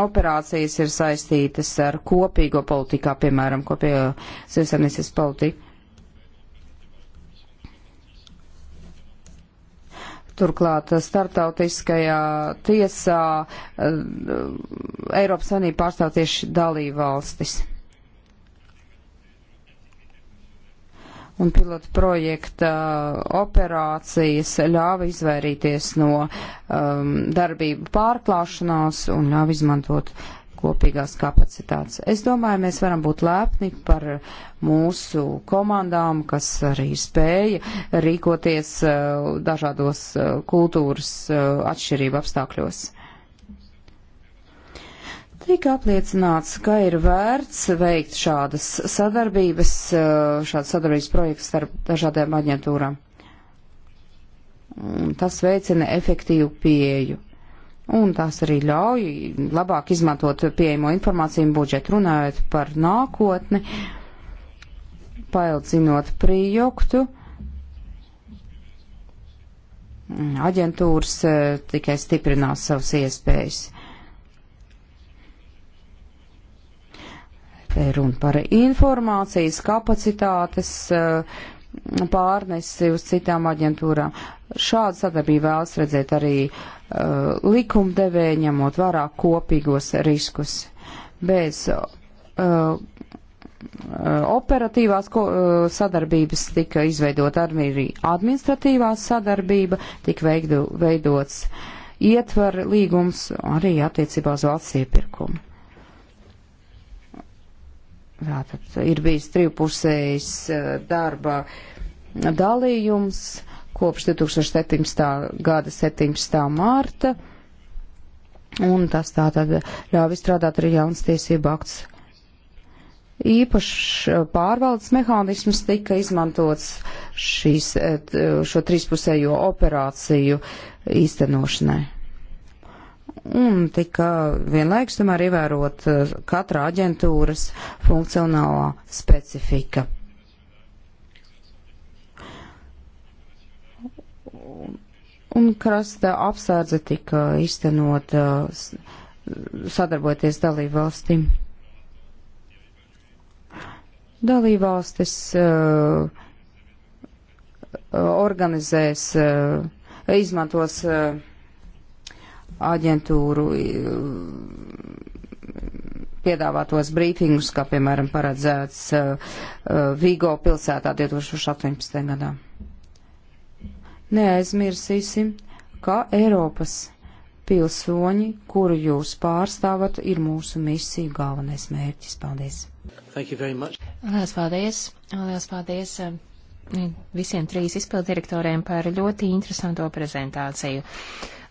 operācijas ir saistītas ar kopīgo politikā, piemēram, kopējo zivsaimniecības politiku Turklāt eh, startautiskajā tiesā eh, Eiropas Savienība pārstāv tieši dalībvalstis. Un pilota projekta eh, operācijas ļāva izvairīties no um, darbību pārklāšanās un ļāva izmantot uh, kopīgās kapacitātes. Es domāju, mēs varam būt lēpni par mūsu komandām, kas arī spēja rīkoties eh, dažādos eh, kultūras eh, atšķirību apstākļos. Tika apliecināts, ka ir vērts veikt šādas sadarbības, šādas sadarbības projekts starp dažādām aģentūrām. Tas veicina efektīvu pieeju un tās arī ļauj labāk izmantot pieejamo informāciju budžetu runājot par nākotni, paildzinot prijuktu. Aģentūras eh, tikai stiprinās savas iespējas. Te runa par informācijas kapacitātes uh, pārnesi uz citām aģentūrām. Šādu sadarbību vēlas redzēt arī uh, likumdevēja, ņemot vērā kopīgos riskus. Bez uh, uh operatīvās ko, uh, sadarbības tika izveidota arī administratīvā sadarbība, tika veidu, veidots ietver līgums arī attiecībā uz valsts iepirkumu. Tātad ir bijis trivpusējs eh, darba dalījums kopš 2017. gada 17. mārta, un tas tātad ļauj izstrādāt arī jauns tiesību akts. Īpašs eh, pārvaldes mehānisms tika izmantots šīs, eh, šo trīspusējo operāciju īstenošanai un tika vienlaikus tomēr ievērot eh, katra aģentūras funkcionālā specifika. Un krasta apsārdze tika iztenot eh, sadarboties dalību valstīm. Dalību valstis uh, organizēs, uh, izmantos uh, aģentūru piedāvātos brīfingus, kā piemēram paredzēts uh, uh, Vigo pilsētā 2018. gadā. Neaizmirsīsim, ka Eiropas pilsoņi, kuru jūs pārstāvat, ir mūsu misija galvenais mērķis. Paldies! Lielas paldies! Lielas paldies um, visiem trīs izpildirektoriem par ļoti interesanto prezentāciju.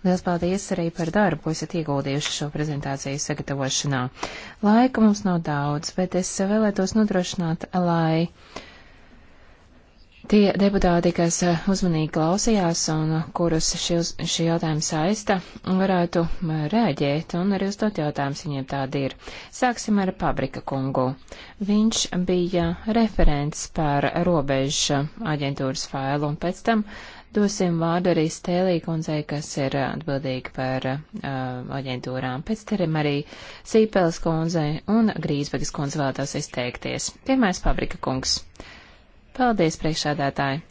Liels paldies arī par darbu, ko esat ieguldījuši šo prezentāciju sagatavošanā. Laika mums nav daudz, bet es vēlētos nodrošināt, lai tie deputāti, kas uzmanīgi klausījās un kurus šī, šī jautājuma saista, varētu rēģēt un arī uzdot jautājumus viņiem tādi ir. Sāksim ar Pabrika kungu. Viņš bija referents par robežu aģentūras failu un pēc tam Dosim vārdu arī Stēlī kundzei, kas ir uh, atbildīga par uh, aģentūrām. Pēc tam arī Sīpels kundzei un Grīsbegas kundze vēlētos izteikties. Pirmais fabrika kungs. Paldies, priekšādātāji!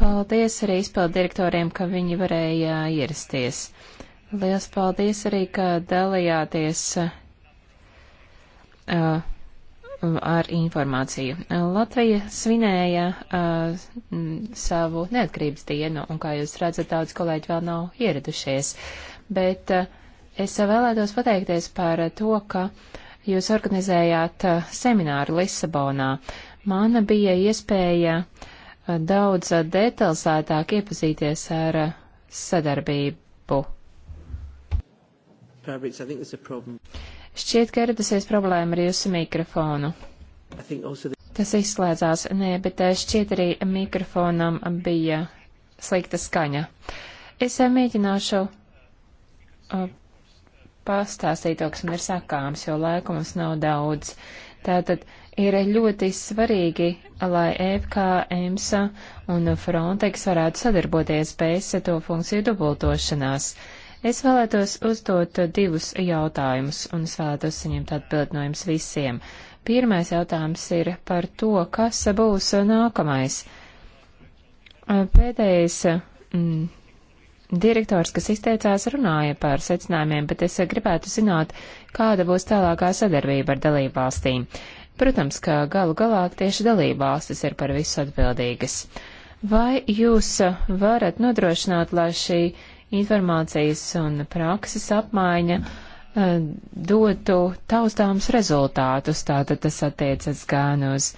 Paldies arī izpildu direktoriem, ka viņi varēja ierasties. Liels paldies arī, ka dalījāties. Uh, ar informāciju. Latvija svinēja uh, savu neatkarības dienu, un kā jūs redzat, daudz kolēģi vēl nav ieradušies. Bet uh, es vēlētos pateikties par to, ka jūs organizējāt uh, semināru Lisabonā. Man bija iespēja uh, daudz uh, detalizētāk iepazīties ar uh, sadarbību. Pervits, I think there's a problem. Uh, Šķiet, ka ieradusies problēma ar jūsu mikrofonu. Tas izslēdzās, nē, bet eh, šķiet arī mikrofonam bija slikta skaņa. Es eh, mēģināšu eh, pastāstīt to, kas man ir sakāms, jo laika mums nav daudz. Tātad ir ļoti svarīgi, lai EFK, EMSA un Frontex varētu sadarboties bez to funkciju dubultošanās. Uh, Es vēlētos uzdot divus jautājumus, un es vēlētos saņemt atbildi no jums visiem. Pirmais jautājums ir par to, kas būs nākamais. Pēdējais mm, direktors, kas izteicās, runāja par secinājumiem, bet es gribētu zināt, kāda būs tālākā sadarbība ar dalībvalstīm. Protams, ka galu galā tieši dalībvalstis ir par visu atbildīgas. Vai jūs varat nodrošināt, lai šī informācijas un prakses apmaiņa eh, dotu taustāms rezultātus. Tātad tas attiecas gan uz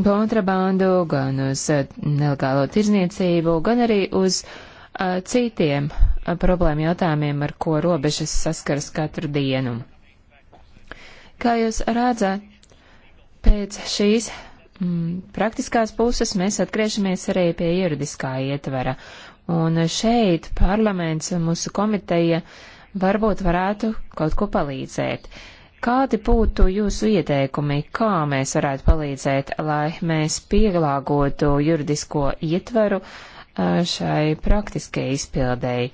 kontrabandu, gan uz eh, nelegālo tirzniecību, gan arī uz eh, citiem problēmu jautājumiem, ar ko robežas saskaras katru dienu. Kā jūs redzat, pēc šīs mm, praktiskās puses mēs atgriežamies arī pie juridiskā ietvara. Un šeit parlaments un mūsu komiteja varbūt varētu kaut ko palīdzēt. Kādi būtu jūsu ieteikumi, kā mēs varētu palīdzēt, lai mēs pieglāgotu juridisko ietveru uh, šai praktiskajai izpildēji?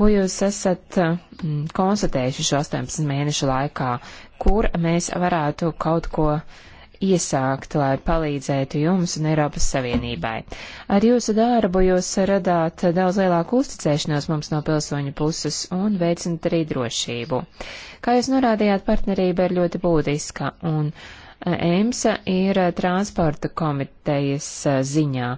Ko jūs esat mm, konstatējuši šo 18 mēnešu laikā, kur mēs varētu kaut ko iesākt, lai palīdzētu jums un Eiropas Savienībai. Ar jūsu darbu jūs radāt daudz lielāku uzticēšanos mums no pilsoņu puses un veicinat arī drošību. Kā jūs norādījāt, partnerība ir ļoti būtiska un e, EMSA ir transporta komitejas e, ziņā.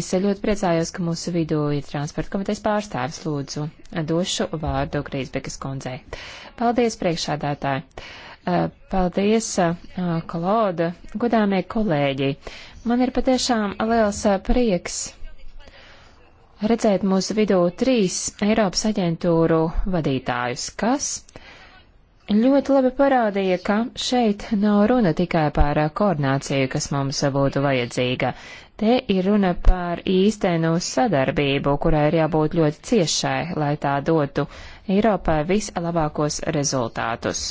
Es ļoti priecājos, ka mūsu vidū ir transporta komitejas pārstāvis lūdzu. Došu vārdu Grīsbekas kundzei. Paldies priekšādātāji! Eh, paldies, eh, Klauda, godāmie kolēģi. Man ir patiešām liels eh, prieks redzēt mūsu vidū trīs Eiropas aģentūru vadītājus, kas ļoti labi parādīja, ka šeit nav runa tikai par koordināciju, kas mums būtu vajadzīga. Te ir runa par īstenu sadarbību, kurai ir jābūt ļoti ciešai, lai tā dotu Eiropai vislabākos rezultātus.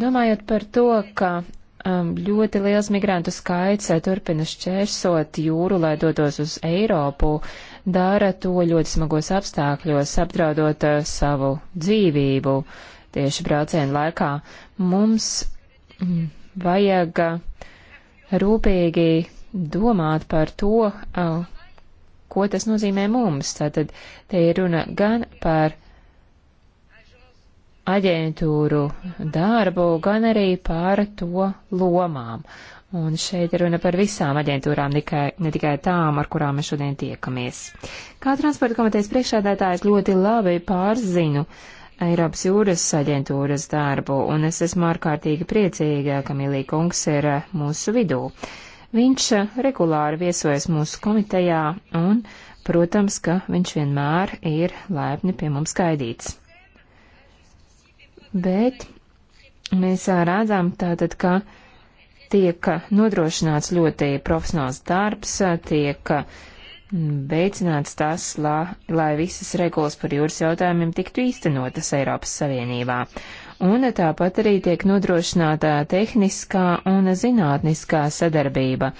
Domājot par to, ka um, ļoti liels migrantu skaits eh, turpina šķērsot jūru, lai dotos uz Eiropu, dara to ļoti smagos apstākļos, apdraudot uh, savu dzīvību tieši braucienu laikā. Mums mm, vajag eh, rūpīgi domāt par to, uh, ko tas nozīmē mums. Tātad te ir runa gan par aģentūru darbu, gan arī par to lomām. Un šeit ir runa par visām aģentūrām, tikai, ne tikai tām, ar kurām mēs šodien tiekamies. Kā transporta komitejas priekšsēdētājs ļoti labi pārzinu Eiropas jūras aģentūras darbu, un es esmu ārkārtīgi priecīga, ka Milī kungs ir mūsu vidū. Viņš regulāri viesojas mūsu komitejā, un, protams, ka viņš vienmēr ir laipni pie mums gaidīts bet mēs redzam tātad, ka tiek nodrošināts ļoti profesionāls darbs, tiek veicināts tas, la, lai visas regulas par jūras jautājumiem tiktu īstenotas Eiropas Savienībā. Un tāpat arī tiek nodrošināta tehniskā un zinātniskā sadarbība,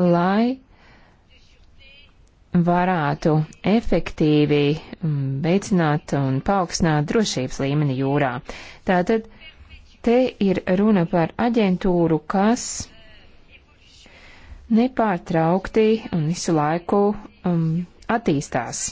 lai varētu efektīvi mm, veicināt un paaugstināt drošības līmeni jūrā. Tātad te ir runa par aģentūru, kas nepārtraukti un visu laiku um, attīstās.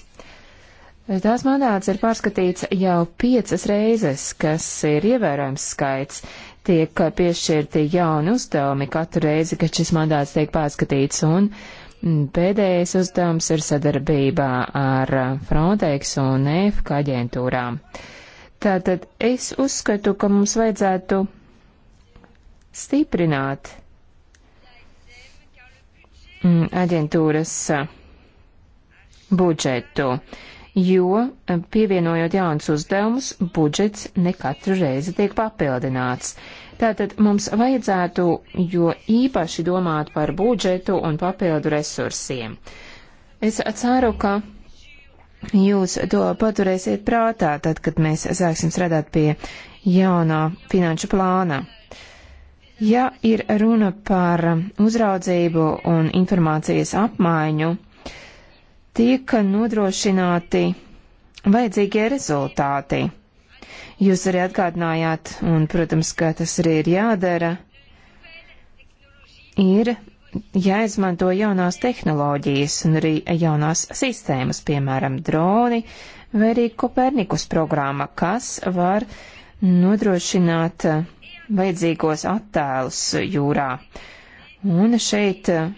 Tās mandāts ir pārskatīts jau piecas reizes, kas ir ievērojams skaits. Tiek piešķirti jauni uzdevumi katru reizi, kad šis mandāts tiek pārskatīts, un uh, Mm, pēdējais uzdevums ir sadarbībā ar Frontex un EFK aģentūrām. Tātad es uzskatu, ka mums vajadzētu stiprināt mm, aģentūras budžetu, jo mm, pievienojot jaunus uzdevumus, budžets ne katru reizi tiek papildināts. Tātad mums vajadzētu jo īpaši domāt par budžetu un papildu resursiem. Es ceru, ka jūs to paturēsiet prātā, tad, kad mēs sāksim strādāt pie jaunā finanšu plāna. Ja ir runa par uzraudzību un informācijas apmaiņu, tiek nodrošināti vajadzīgie rezultāti. Jūs arī atgādinājāt, un, protams, ka tas arī ir jādara, ir jāizmanto jaunās tehnoloģijas un arī jaunās sistēmas, piemēram, droni vai arī Kopernikus programma, kas var nodrošināt eh, vajadzīgos attēlus jūrā. Un šeit eh,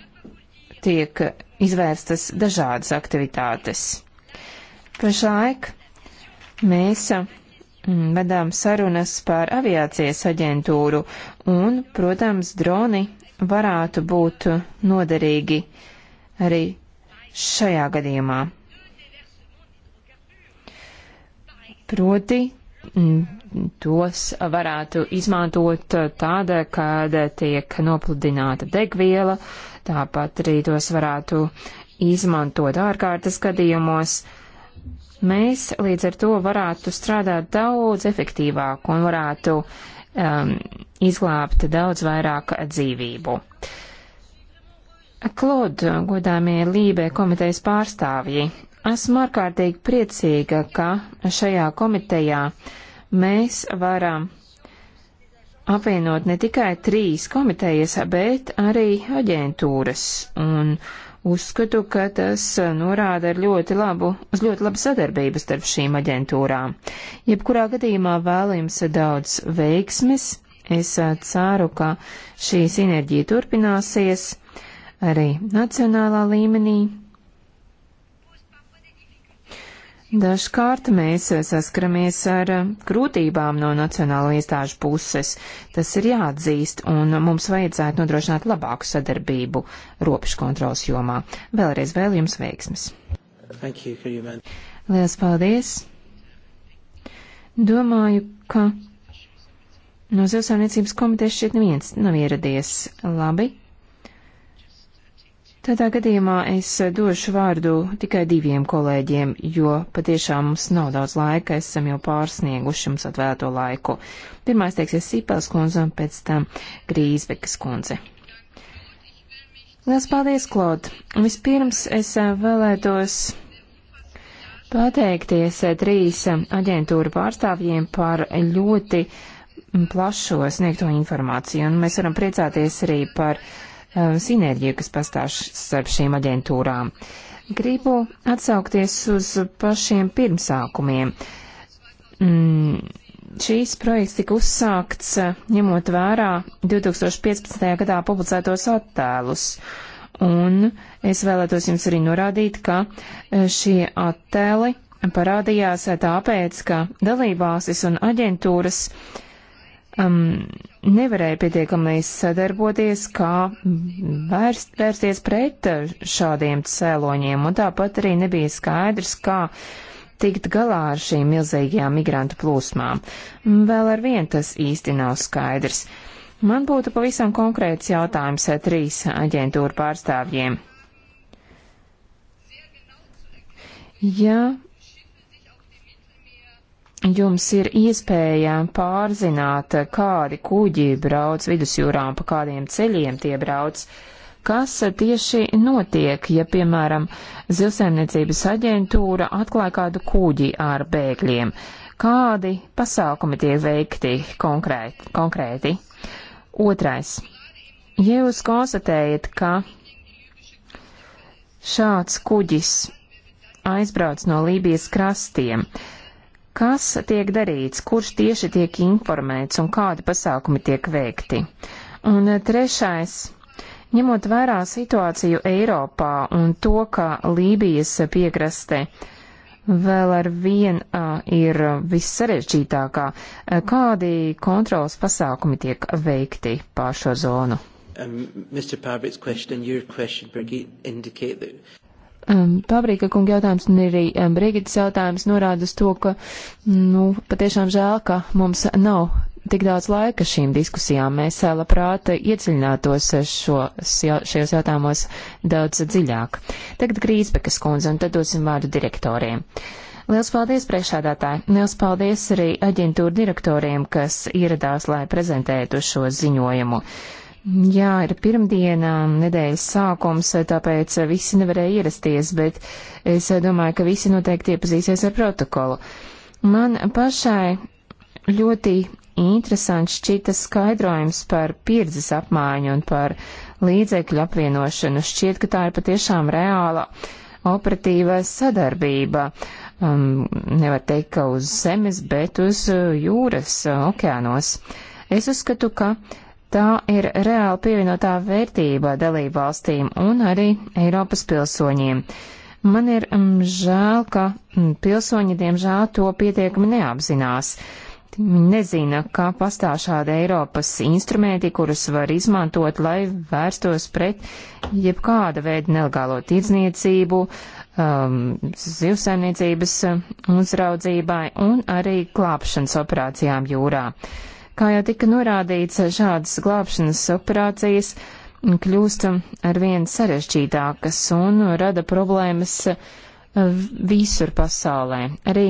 tiek izvērstas dažādas aktivitātes. Pašlaik mēs eh, Mm, vedām sarunas par aviācijas aģentūru, un, protams, droni varētu būt noderīgi arī šajā gadījumā. Proti, mm, tos varētu izmantot tāda, kad tiek nopludināta degviela, tāpat arī tos varētu izmantot ārkārtas gadījumos, uh, Mēs līdz ar to varētu strādāt daudz efektīvāk un varētu um, izglābt daudz vairāk dzīvību. Klod, godāmie Lībē komitejas pārstāvji, esmu ārkārtīgi priecīga, ka šajā komitejā mēs varam apvienot ne tikai trīs komitejas, bet arī aģentūras un uh, Uzskatu, ka tas eh, norāda ļoti labu, uz ļoti labu sadarbību starp šīm aģentūrām. Jebkurā gadījumā vēlu jums daudz veiksmes. Es eh, ceru, ka šī sinerģija turpināsies arī nacionālā līmenī, Dažkārt mēs saskaramies ar eh, grūtībām no nacionālo iestāžu puses. Tas ir jāatzīst, un mums vajadzētu nodrošināt labāku sadarbību robežu kontrolas jomā. Vēlreiz vēl jums veiksmes! Lielas paldies! Domāju, ka no zivsaimniecības komitejas šeit neviens nav ieradies. Labi, Tādā gadījumā es došu vārdu tikai diviem kolēģiem, jo patiešām mums nav daudz laika, esam jau pārsnieguši mums atvēlēto laiku. Pirmais teiksies Sīpels kundze un pēc tam Grīsbekas kundze. Liels paldies, Klod! Vispirms es eh, vēlētos pateikties eh, trīs eh, aģentūra pārstāvjiem par ļoti plašo sniegto informāciju, un mēs varam priecāties arī par uh, Uh, sinerģiju, kas pastāv starp šīm aģentūrām. Gribu atsaukties uz pašiem pirmsākumiem. Mm, šīs projekts tika uzsākts uh, ņemot vērā 2015. gadā publicētos attēlus. Un es vēlētos jums arī norādīt, ka uh, šie attēli parādījās tāpēc, ka dalībāsis un aģentūras um, nevarēja pietiekami sadarboties, kā vērst, vērsties pret šādiem cēloņiem, un tāpat arī nebija skaidrs, kā tikt galā ar šīm milzīgajām migrantu plūsmām. Vēl ar vien tas īsti nav skaidrs. Man būtu pavisam konkrēts jautājums trīs aģentūru pārstāvjiem. Ja jums ir iespēja pārzināt, kādi kuģi brauc vidusjūrā un pa kādiem ceļiem tie brauc. Kas tieši notiek, ja, piemēram, zilsēmniecības aģentūra atklāja kādu kuģi ar bēgļiem? Kādi pasākumi tiek veikti konkrēti? konkrēti? Otrais. Ja jūs konstatējat, ka šāds kuģis aizbrauc no Lībijas krastiem, uh, Kas tiek darīts, kurš tieši tiek informēts un kādi pasākumi tiek veikti? Un eh, trešais. Ņemot vērā situāciju Eiropā un to, ka Lībijas piekrastē vēl ar vien uh, ir vissarežģītākā, kādi kontrolas pasākumi tiek veikti pār šo zonu? Um, Mr. Parbett's question and your question, Birgit, indicate that um, Pabrīka kunga jautājums un arī um, Brigitas jautājums norāda uz to, ka, nu, patiešām žēl, ka mums nav tik daudz laika šīm diskusijām. Mēs uh, labprāt iedziļinātos šos, šajos jautājumos daudz dziļāk. Tagad Grīsbekas kundze un tad dosim vārdu direktoriem. Liels paldies priekšādātāji! Liels paldies arī aģentūra direktoriem, kas ieradās, lai prezentētu šo ziņojumu. Uh, Jā, ir pirmdienā nedēļas sākums, tāpēc visi nevarēja ierasties, bet es domāju, ka visi noteikti iepazīsies ar protokolu. Man pašai ļoti interesants šķita skaidrojums par pieredzes apmaiņu un par līdzekļu apvienošanu. Šķiet, ka tā ir patiešām reāla operatīva sadarbība. Um, nevar teikt, ka uz zemes, bet uz uh, jūras, uh, okeānos. Es uzskatu, ka Tā ir reāli pievienotā vērtība dalību valstīm un arī Eiropas pilsoņiem. Man ir mm, žēl, ka mm, pilsoņi, diemžēl, to pietiekami neapzinās. Viņi nezina, kā pastāv šādi Eiropas instrumenti, kurus var izmantot, lai vērstos pret jebkāda veida nelegālo tirdzniecību, um, zivsaimniecības mm, uzraudzībai un arī klāpšanas operācijām jūrā. Uh, Kā jau tika norādīts, šādas glābšanas operācijas kļūst arvien sarežģītākas un rada problēmas eh, visur pasaulē. Arī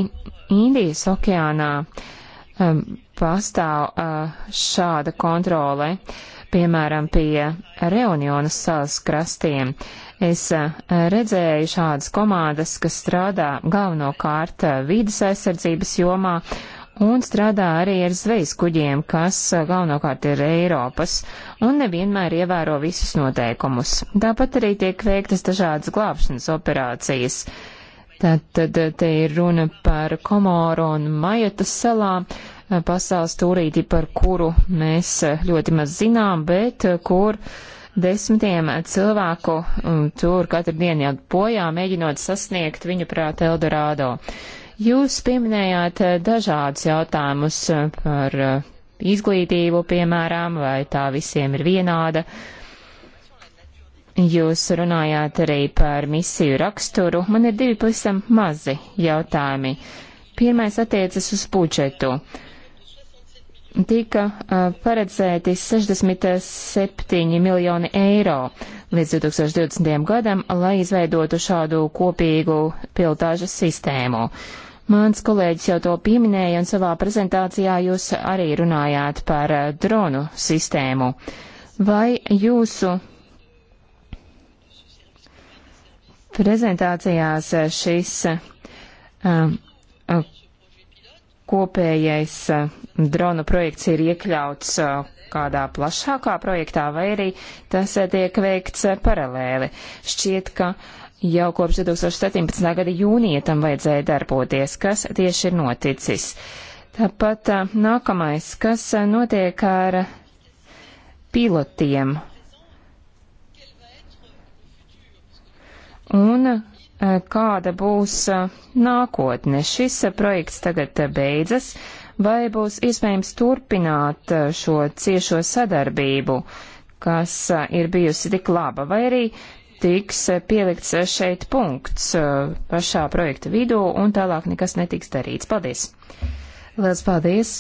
Indijas okeānā um, pastāv uh, šāda kontrole, piemēram, pie Reunionas salas krastiem. Es uh, redzēju šādas komandas, kas strādā galvenokārt vidas aizsardzības jomā un strādā arī ar zvejas kuģiem, kas uh, galvenokārt ir Eiropas un nevienmēr ievēro visus noteikumus. Tāpat arī tiek veiktas dažādas glābšanas operācijas. Tātad uh, te ir runa par Komoru un Majotas salām, uh, pasaules tūrīti, par kuru mēs ļoti maz zinām, bet kur desmitiem cilvēku um, tur katru dienu jādod bojā, mēģinot sasniegt viņu prāt Eldorado. Uh, Jūs pieminējāt eh, dažādus jautājumus eh, par eh, izglītību, piemēram, vai tā visiem ir vienāda. Jūs runājāt arī par misiju raksturu. Man ir divi pavisam mazi jautājumi. Pirmais attiecas uz budžetu. Tika uh, paredzēti 67 miljoni eiro līdz 2020. gadam, lai izveidotu šādu kopīgu piltāžas sistēmu. Uh, Mans kolēģis jau to pieminēja, un savā prezentācijā jūs arī runājāt par eh, dronu sistēmu. Vai jūsu prezentācijās šis um, kopējais dronu projekts ir iekļauts kādā plašākā projektā, vai arī tas tiek veikts paralēli? Šķiet, ka uh, Jau kopš 2017. gada jūnija tam vajadzēja darboties, kas tieši ir noticis. Tāpat nākamais, kas notiek ar pilotiem un kāda būs nākotne. Šis projekts tagad beidzas, vai būs iespējams turpināt šo ciešo sadarbību, kas ir bijusi tik laba, vai arī tiks eh, pielikts eh, šeit punkts eh, pašā projekta vidū un tālāk nekas netiks darīts. Paldies! Lielas paldies!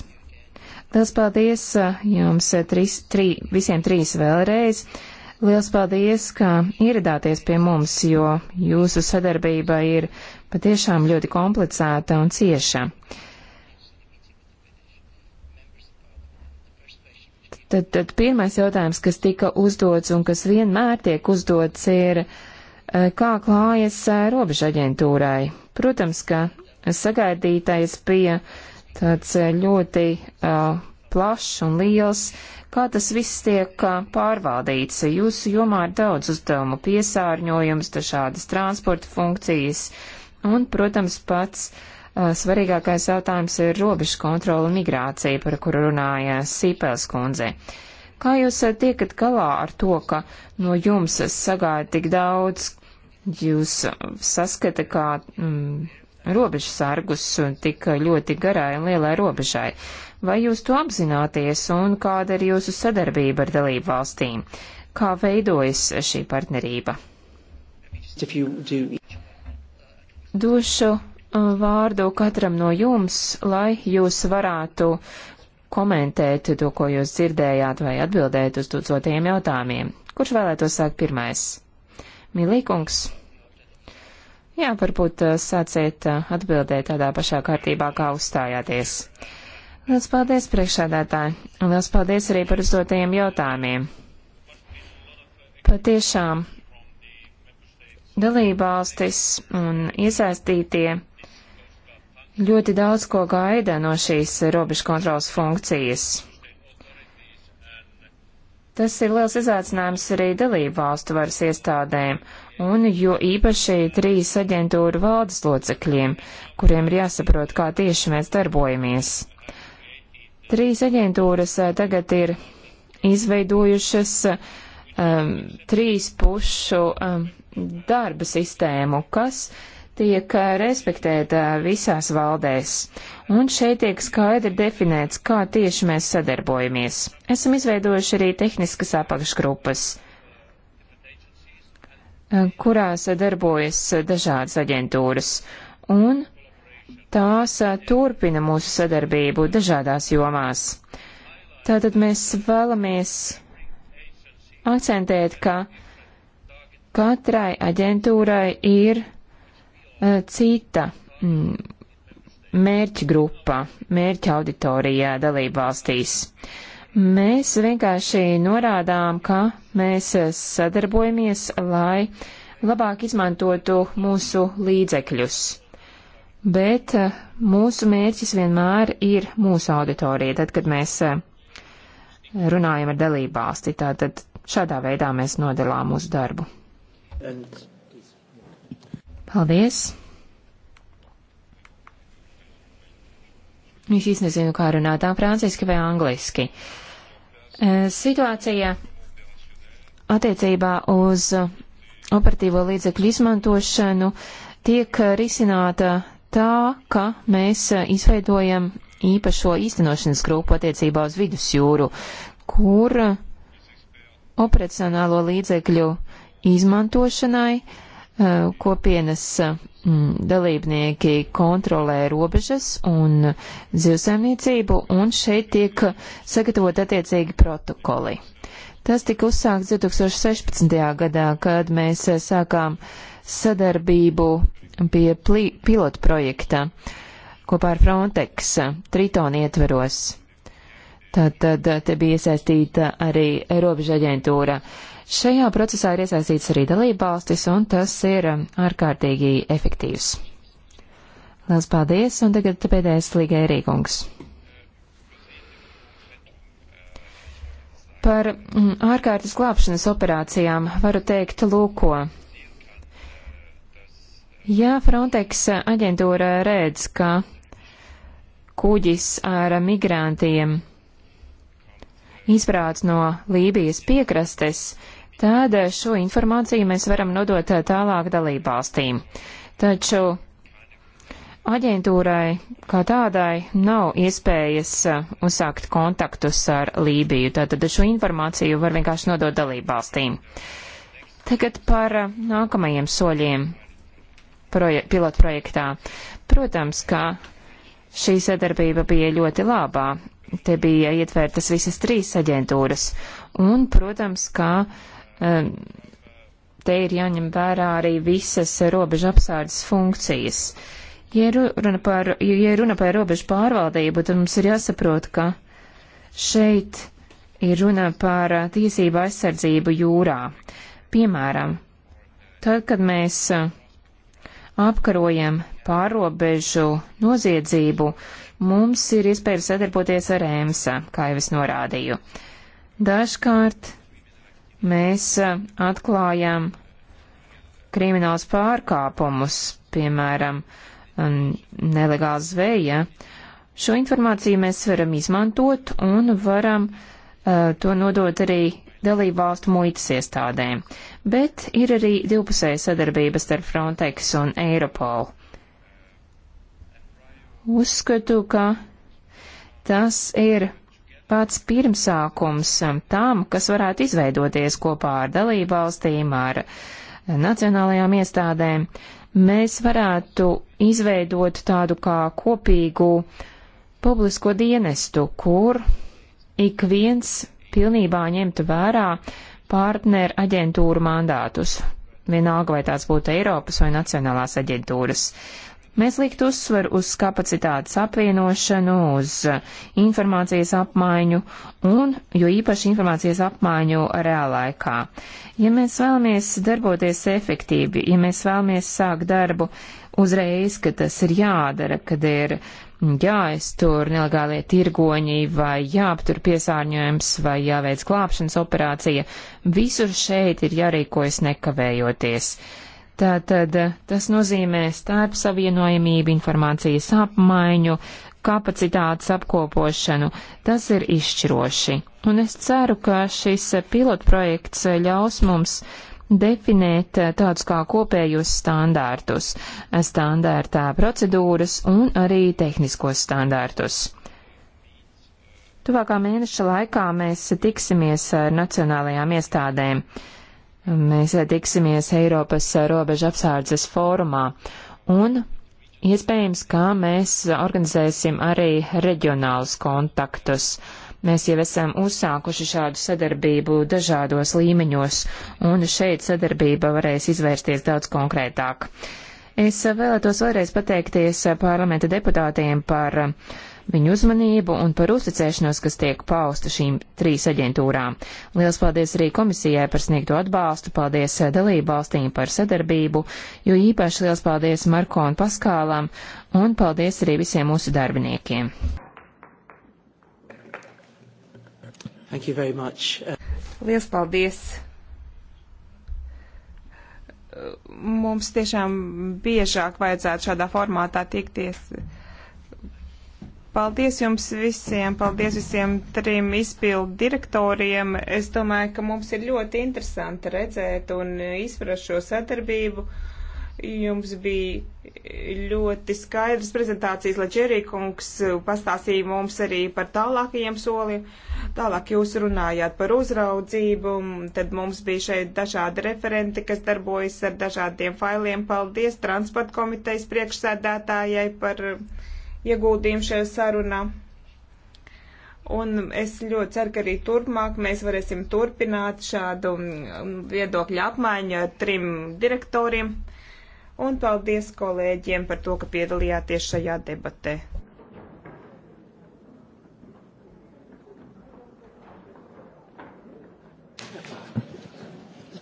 Lielas paldies jums trīs, trī, visiem trīs vēlreiz! Liels paldies, ka ieradāties pie mums, jo jūsu sadarbība ir patiešām ļoti komplicēta un cieša. Tad, tad pirmais jautājums, kas tika uzdots un kas vienmēr tiek uzdots, ir, eh, kā klājas eh, robeža aģentūrai. Protams, ka sagaidītais bija tāds eh, ļoti uh, plašs un liels, kā tas viss tiek pārvaldīts. Jūsu jomā ir daudz uzdevumu piesārņojums, dažādas transporta funkcijas un, protams, pats uh, Eh, svarīgākais jautājums ir robežu kontrola un migrācija, par kuru runāja Sīpels kundze. Kā jūs eh, tiekat galā ar to, ka no jums sagāja tik daudz, jūs eh, saskata kā mm, robežsargus tik ļoti garai un lielai robežai? Vai jūs to apzināties un kāda ir jūsu sadarbība ar dalību valstīm? Kā veidojas šī partnerība? Došu vārdu katram no jums, lai jūs varētu komentēt to, ko jūs dzirdējāt, vai atbildēt uz dotajiem jautājumiem. Kurš vēlētos sākt pirmais? Milīkungs. Jā, varbūt eh, sāciet eh, atbildēt tādā pašā kārtībā, kā uzstājāties. Liels paldies, priekšsēdētāji, un liels paldies arī par uzdotajiem jautājumiem. Patiešām dalībvalstis un iesaistītie ļoti daudz ko gaida no šīs robežu kontrolas funkcijas. Tas ir liels izaicinājums arī dalību valstu varas iestādēm, un jo īpaši trīs aģentūru valdes locekļiem, kuriem ir jāsaprot, kā tieši mēs darbojamies. Trīs aģentūras eh, tagad ir izveidojušas um, trīs pušu um, darba sistēmu, kas uh, tiek eh, respektēta eh, visās valdēs, un šeit tiek skaidri definēts, kā tieši mēs sadarbojamies. Esam izveidojuši arī tehniskas apakšgrupas, eh, kurās darbojas dažādas aģentūras, un tās turpina mūsu sadarbību dažādās jomās. Tātad mēs vēlamies akcentēt, ka katrai aģentūrai ir Eh, cita mm, mērķa grupa, mērķa auditorija dalībvalstīs. Mēs vienkārši norādām, ka mēs sadarbojamies, lai labāk izmantotu mūsu līdzekļus. Bet eh, mūsu mērķis vienmēr ir mūsu auditorija, tad, kad mēs eh, runājam ar dalībvalsti. Tātad šādā veidā mēs nodalām mūsu darbu. And Paldies! Es īsti nezinu, kā runāt tā franciski vai angliski. E, situācija attiecībā uz operatīvo līdzekļu izmantošanu tiek risināta tā, ka mēs izveidojam īpašo īstenošanas grupu attiecībā uz vidusjūru, kur operacionālo līdzekļu izmantošanai uh, Eh, kopienas eh, mm, dalībnieki kontrolē robežas un zivsaimniecību, un šeit tiek sagatavot attiecīgi protokoli. Tas tika uzsākts 2016. gadā, kad mēs eh, sākām sadarbību pie pilotu projekta kopā ar Frontex Tritonu ietveros. Tātad te bija iesaistīta arī robeža aģentūra. Uh, Šajā procesā ir iesaistīts arī dalībvalstis, un tas ir um, ārkārtīgi efektīvs. Lielas paldies, un tagad pēdējais līgai Rīgungs. Par mm, ārkārtas glābšanas operācijām varu teikt lūko. Ja Frontex aģentūra redz, ka kuģis ar migrantiem izbrāc no Lībijas piekrastes, tad šo informāciju mēs varam nodot eh, tālāk dalībvalstīm. Taču aģentūrai kā tādai nav iespējas eh, uzsākt kontaktus ar Lībiju, tātad šo informāciju var vienkārši nodot dalībvalstīm. Tagad par eh, nākamajiem soļiem proje pilotprojektā. Protams, ka šī sadarbība bija ļoti labā. Te bija ietvērtas visas trīs aģentūras. Un, protams, kā uh, te ir jāņem vērā arī visas robežu apsārdas funkcijas. Ja runa par, ja runa par robežu pārvaldību, tad mums ir jāsaprot, ka šeit ir runa par tiesību aizsardzību jūrā. Piemēram, tad, kad mēs eh, apkarojam pārobežu noziedzību, mums ir iespēja sadarboties ar ēmsa, kā jau es norādīju. Dažkārt mēs eh, atklājām krimināls pārkāpumus, piemēram, nelegāla zveja. Šo informāciju mēs varam izmantot un varam uh, to nodot arī dalību valstu muitas iestādēm, bet ir arī divpusēja sadarbība starp Frontex un Eiropolu. Uzskatu, ka tas ir pats pirmsākums um, tam, kas varētu izveidoties kopā ar dalībvalstīm, ar eh, nacionālajām iestādēm, mēs varētu izveidot tādu kā kopīgu publisko dienestu, kur ik viens pilnībā ņemtu vērā partneru aģentūru mandātus. Vienalga, vai tās būtu Eiropas vai Nacionālās aģentūras. Mēs likt uzsvaru uz kapacitātes apvienošanu, uz informācijas apmaiņu un, jo īpaši informācijas apmaiņu reālaikā. Ja mēs vēlamies darboties efektīvi, ja mēs vēlamies sākt darbu uzreiz, kad tas ir jādara, kad ir jāiztur nelegālie tirgoņi vai jāaptur piesārņojums vai jāveic klāpšanas operācija, visur šeit ir jārīkojas nekavējoties. Tātad tas nozīmē starp savienojamību, informācijas apmaiņu, kapacitātes apkopošanu. Tas ir izšķiroši. Un es ceru, ka šis pilotprojekts ļaus mums definēt tādus kā kopējos standārtus, standārtā procedūras un arī tehniskos standārtus. Tuvākā mēneša laikā mēs tiksimies ar nacionālajām iestādēm. Uh, Mēs tiksimies Eiropas robeža apsārdzes fórumā un iespējams, ka mēs organizēsim arī reģionālus kontaktus. Mēs jau esam uzsākuši šādu sadarbību dažādos līmeņos, un šeit sadarbība varēs izvērsties daudz konkrētāk. Es vēlētos vēlreiz pateikties parlamenta deputātiem par uh, viņu uzmanību un par uzticēšanos, kas tiek pausta šīm trīs aģentūrām. Lielas paldies arī komisijai par sniegto atbalstu, paldies eh, dalību valstīm par sadarbību, jo īpaši liels paldies Marko un Paskālam un paldies arī visiem mūsu darbiniekiem. Thank you very much. Lielas paldies! Mums tiešām biežāk vajadzētu šādā formātā tikties. Paldies jums visiem, paldies visiem trim izpildu direktoriem. Es domāju, ka mums ir ļoti interesanti redzēt un izprast šo sadarbību. Jums bija ļoti skaidrs prezentācijas, lai Čerīkungs pastāstīja mums arī par tālākajiem soliem. Tālāk jūs runājāt par uzraudzību, tad mums bija šeit dažādi referenti, kas darbojas ar dažādiem failiem. Paldies transportkomitejas priekšsēdētājai par ieguldījumu šajā sarunā. Un es ļoti ceru, ka arī turpmāk mēs varēsim turpināt šādu mm, mm, viedokļu apmaiņu ar trim direktoriem. Un paldies kolēģiem par to, ka piedalījāties šajā debatē.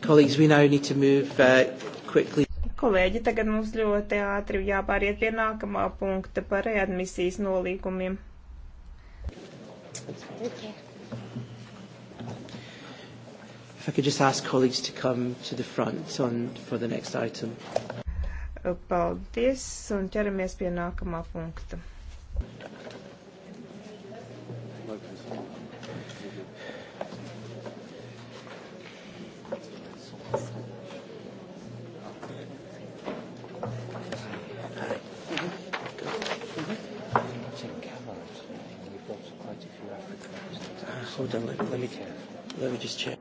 Colleagues, we now need to move uh, quickly. Kolēģi, tagad mums ļoti ātri jāpāriet pie nākamā punkta par readmisijas nolīgumiem. Okay. If I could just ask colleagues to come to the front on, for the next item. Paldies, un ķeramies pie nākamā punkta. Hold on, let, let me let me just check.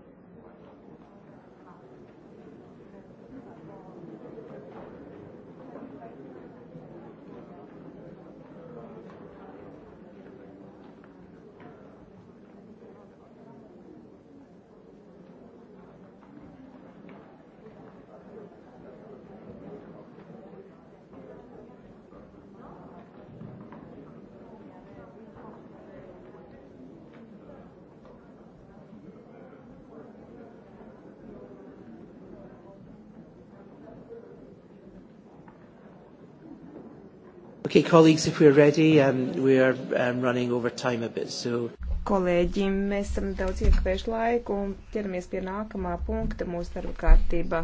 Okay, colleagues, if we're ready, um, we are um, running over time a bit, so... Kolēģi, mēs esam daudz iekavējuši laiku un ķeramies pie nākamā punkta mūsu darba kārtībā.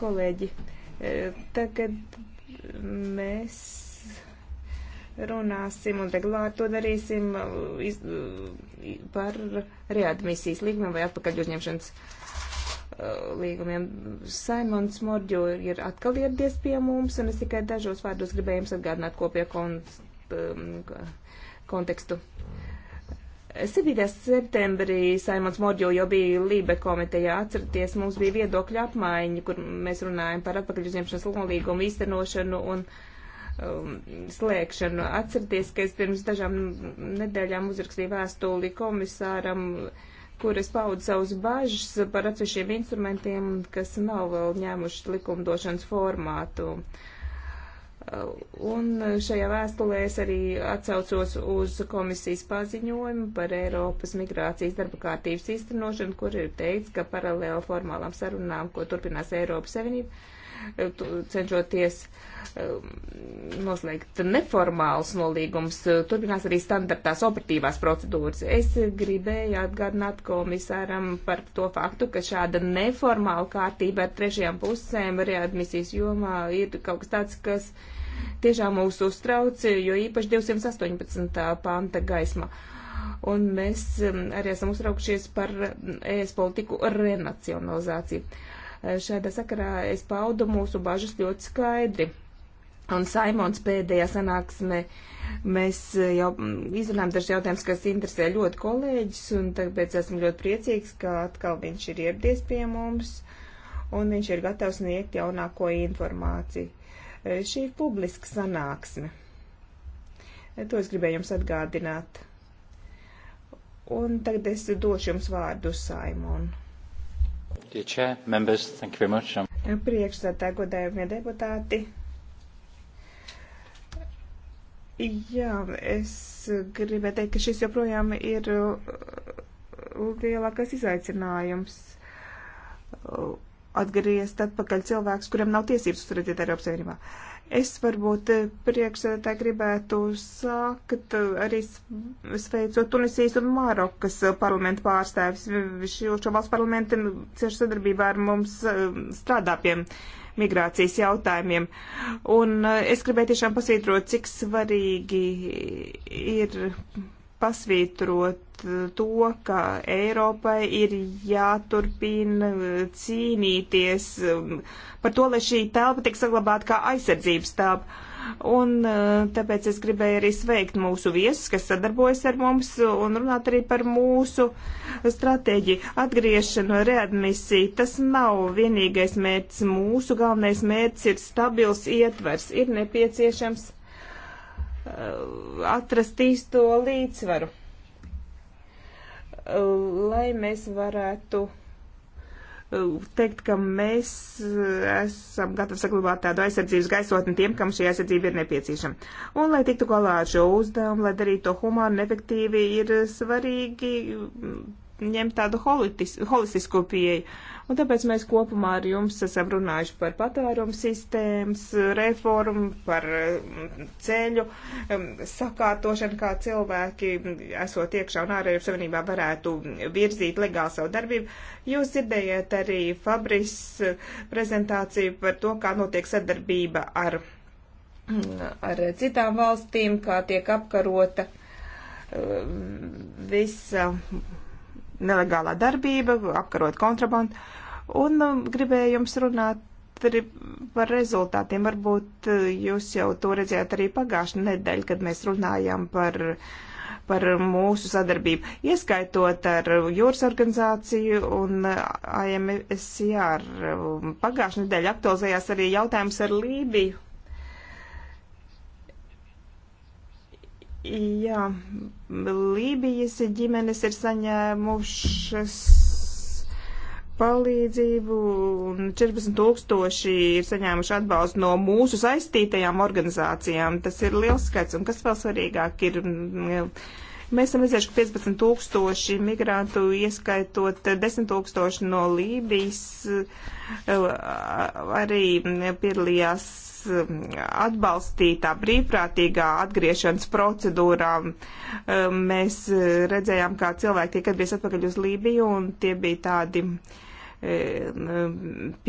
Kolēģi, e, tagad mēs runāsim un regulāri to darīsim e, iz, e, par readmisijas līgumu vai atpakaļ uzņemšanas līgumiem. Saimons Morģo ir atkal ieradies pie mums, un es tikai dažos vārdos gribēju jums atgādināt kopie kont, um, kontekstu. 7. septembrī Saimons Morģo jau bija Lībe komitejā, atcerieties, mums bija viedokļa apmaiņa, kur mēs runājam par atpakaļuzņemšanas nolīgumu īstenošanu un um, slēgšanu. Atcerieties, ka es pirms dažām nedēļām uzrakstīju vēstuli komisāram uh, kur es paudu savus bažas par atsevišķiem instrumentiem, kas nav vēl ņēmuši likumdošanas formātu. Un šajā vēstulē es arī atsaucos uz komisijas paziņojumu par Eiropas migrācijas darba kārtības īstenošanu, kur ir teikts, ka paralēli formālām sarunām, ko turpinās Eiropas Savienība, cenšoties um, noslēgt neformāls nolīgums, uh, turpinās arī standartās operatīvās procedūras. Es gribēju atgādināt komisāram par to faktu, ka šāda neformāla kārtība ar trešajām pusēm readmisijas jomā ir kaut kas tāds, kas tiešām mūs uztrauc, jo īpaši 218. panta gaismā. Un mēs um, arī esam uztraukšies par um, ēs politiku renacionalizāciju Šādā sakarā es paudu mūsu bažas ļoti skaidri. Un Saimons pēdējā sanāksmē mēs jau mm, izrunājam dažus jautājumus, kas interesē ļoti kolēģis, un tāpēc esmu ļoti priecīgs, ka atkal viņš ir ieradies pie mums, un viņš ir gatavs sniegt jaunāko informāciju. E, šī ir publiska sanāksme. E, to es gribēju jums atgādināt. Un tagad es došu jums vārdu Saimonu. Priekšsētā godējumie deputāti. Jā, es gribēju teikt, ka šis joprojām ir uh, lielākais izaicinājums uh, atgriezt atpakaļ cilvēks, kuram nav tiesības uzturēt Eiropas Savienībā. Uh, Es varbūt eh, priekšsēdētāji gribētu sākt eh, arī sveicot Tunisijas un Marokas eh, parlamentu pārstāvis. Šo, šo valstu parlamentu cieši sadarbībā ar mums strādā pie migrācijas jautājumiem. Un es gribēju tiešām pasvītrot, cik svarīgi ir pasvītrot eh, to, ka Eiropai ir jāturpina eh, cīnīties um, par to, lai šī telpa tiek saglabāta kā aizsardzības telpa. Un eh, tāpēc es gribēju arī sveikt mūsu viesus, kas sadarbojas ar mums un runāt arī par mūsu stratēģiju. Atgriešanu, readmisiju, tas nav vienīgais mērķis. Mūsu galvenais mērķis ir stabils ietvers. Ir nepieciešams Uh, atrast īsto līdzsvaru, uh, lai mēs varētu uh, teikt, ka mēs esam gatavi saglabāt tādu aizsardzības gaisotni tiem, kam šī aizsardzība ir nepieciešama. Un, lai tiktu galā ar šo uzdevumu, lai darītu to humāni un efektīvi, ir svarīgi mm, ņemt tādu holistisku pieeju. Uh, Un tāpēc mēs kopumā ar jums esam runājuši par patvērumu sistēmas reformu, par mm, ceļu mm, sakārtošanu, kā cilvēki, esot iekšā un ārējā savienībā, varētu virzīt legāli savu darbību. Jūs dzirdējāt arī Fabris mm, prezentāciju par to, kā notiek sadarbība ar, ar citām valstīm, kā tiek apkarota visa nelegālā darbība, apkarot kontrabandu. Un um, gribēju jums runāt arī par rezultātiem. Varbūt uh, jūs jau to redzējāt arī pagājušajā nedēļā, kad mēs runājām par par mūsu sadarbību, ieskaitot ar jūras organizāciju un uh, IMSCR. Um, pagājušajā nedēļā aktualizējās arī jautājums ar Lībiju Jā, Lībijas ģimenes ir saņēmušas palīdzību, un 14 tūkstoši ir saņēmuši atbalstu no mūsu saistītajām organizācijām. Tas ir liels skaits, un kas vēl svarīgāk ir. Mēs esam redzējuši, ka 15 tūkstoši migrantu, ieskaitot 10 tūkstoši no Lībijas, eh, arī piedalījās Um, atbalstītā brīvprātīgā atgriešanas procedūrā um, mēs uh, redzējām, kā cilvēki tiek atgriezt atpakaļ uz Lībiju, un tie bija tādi um,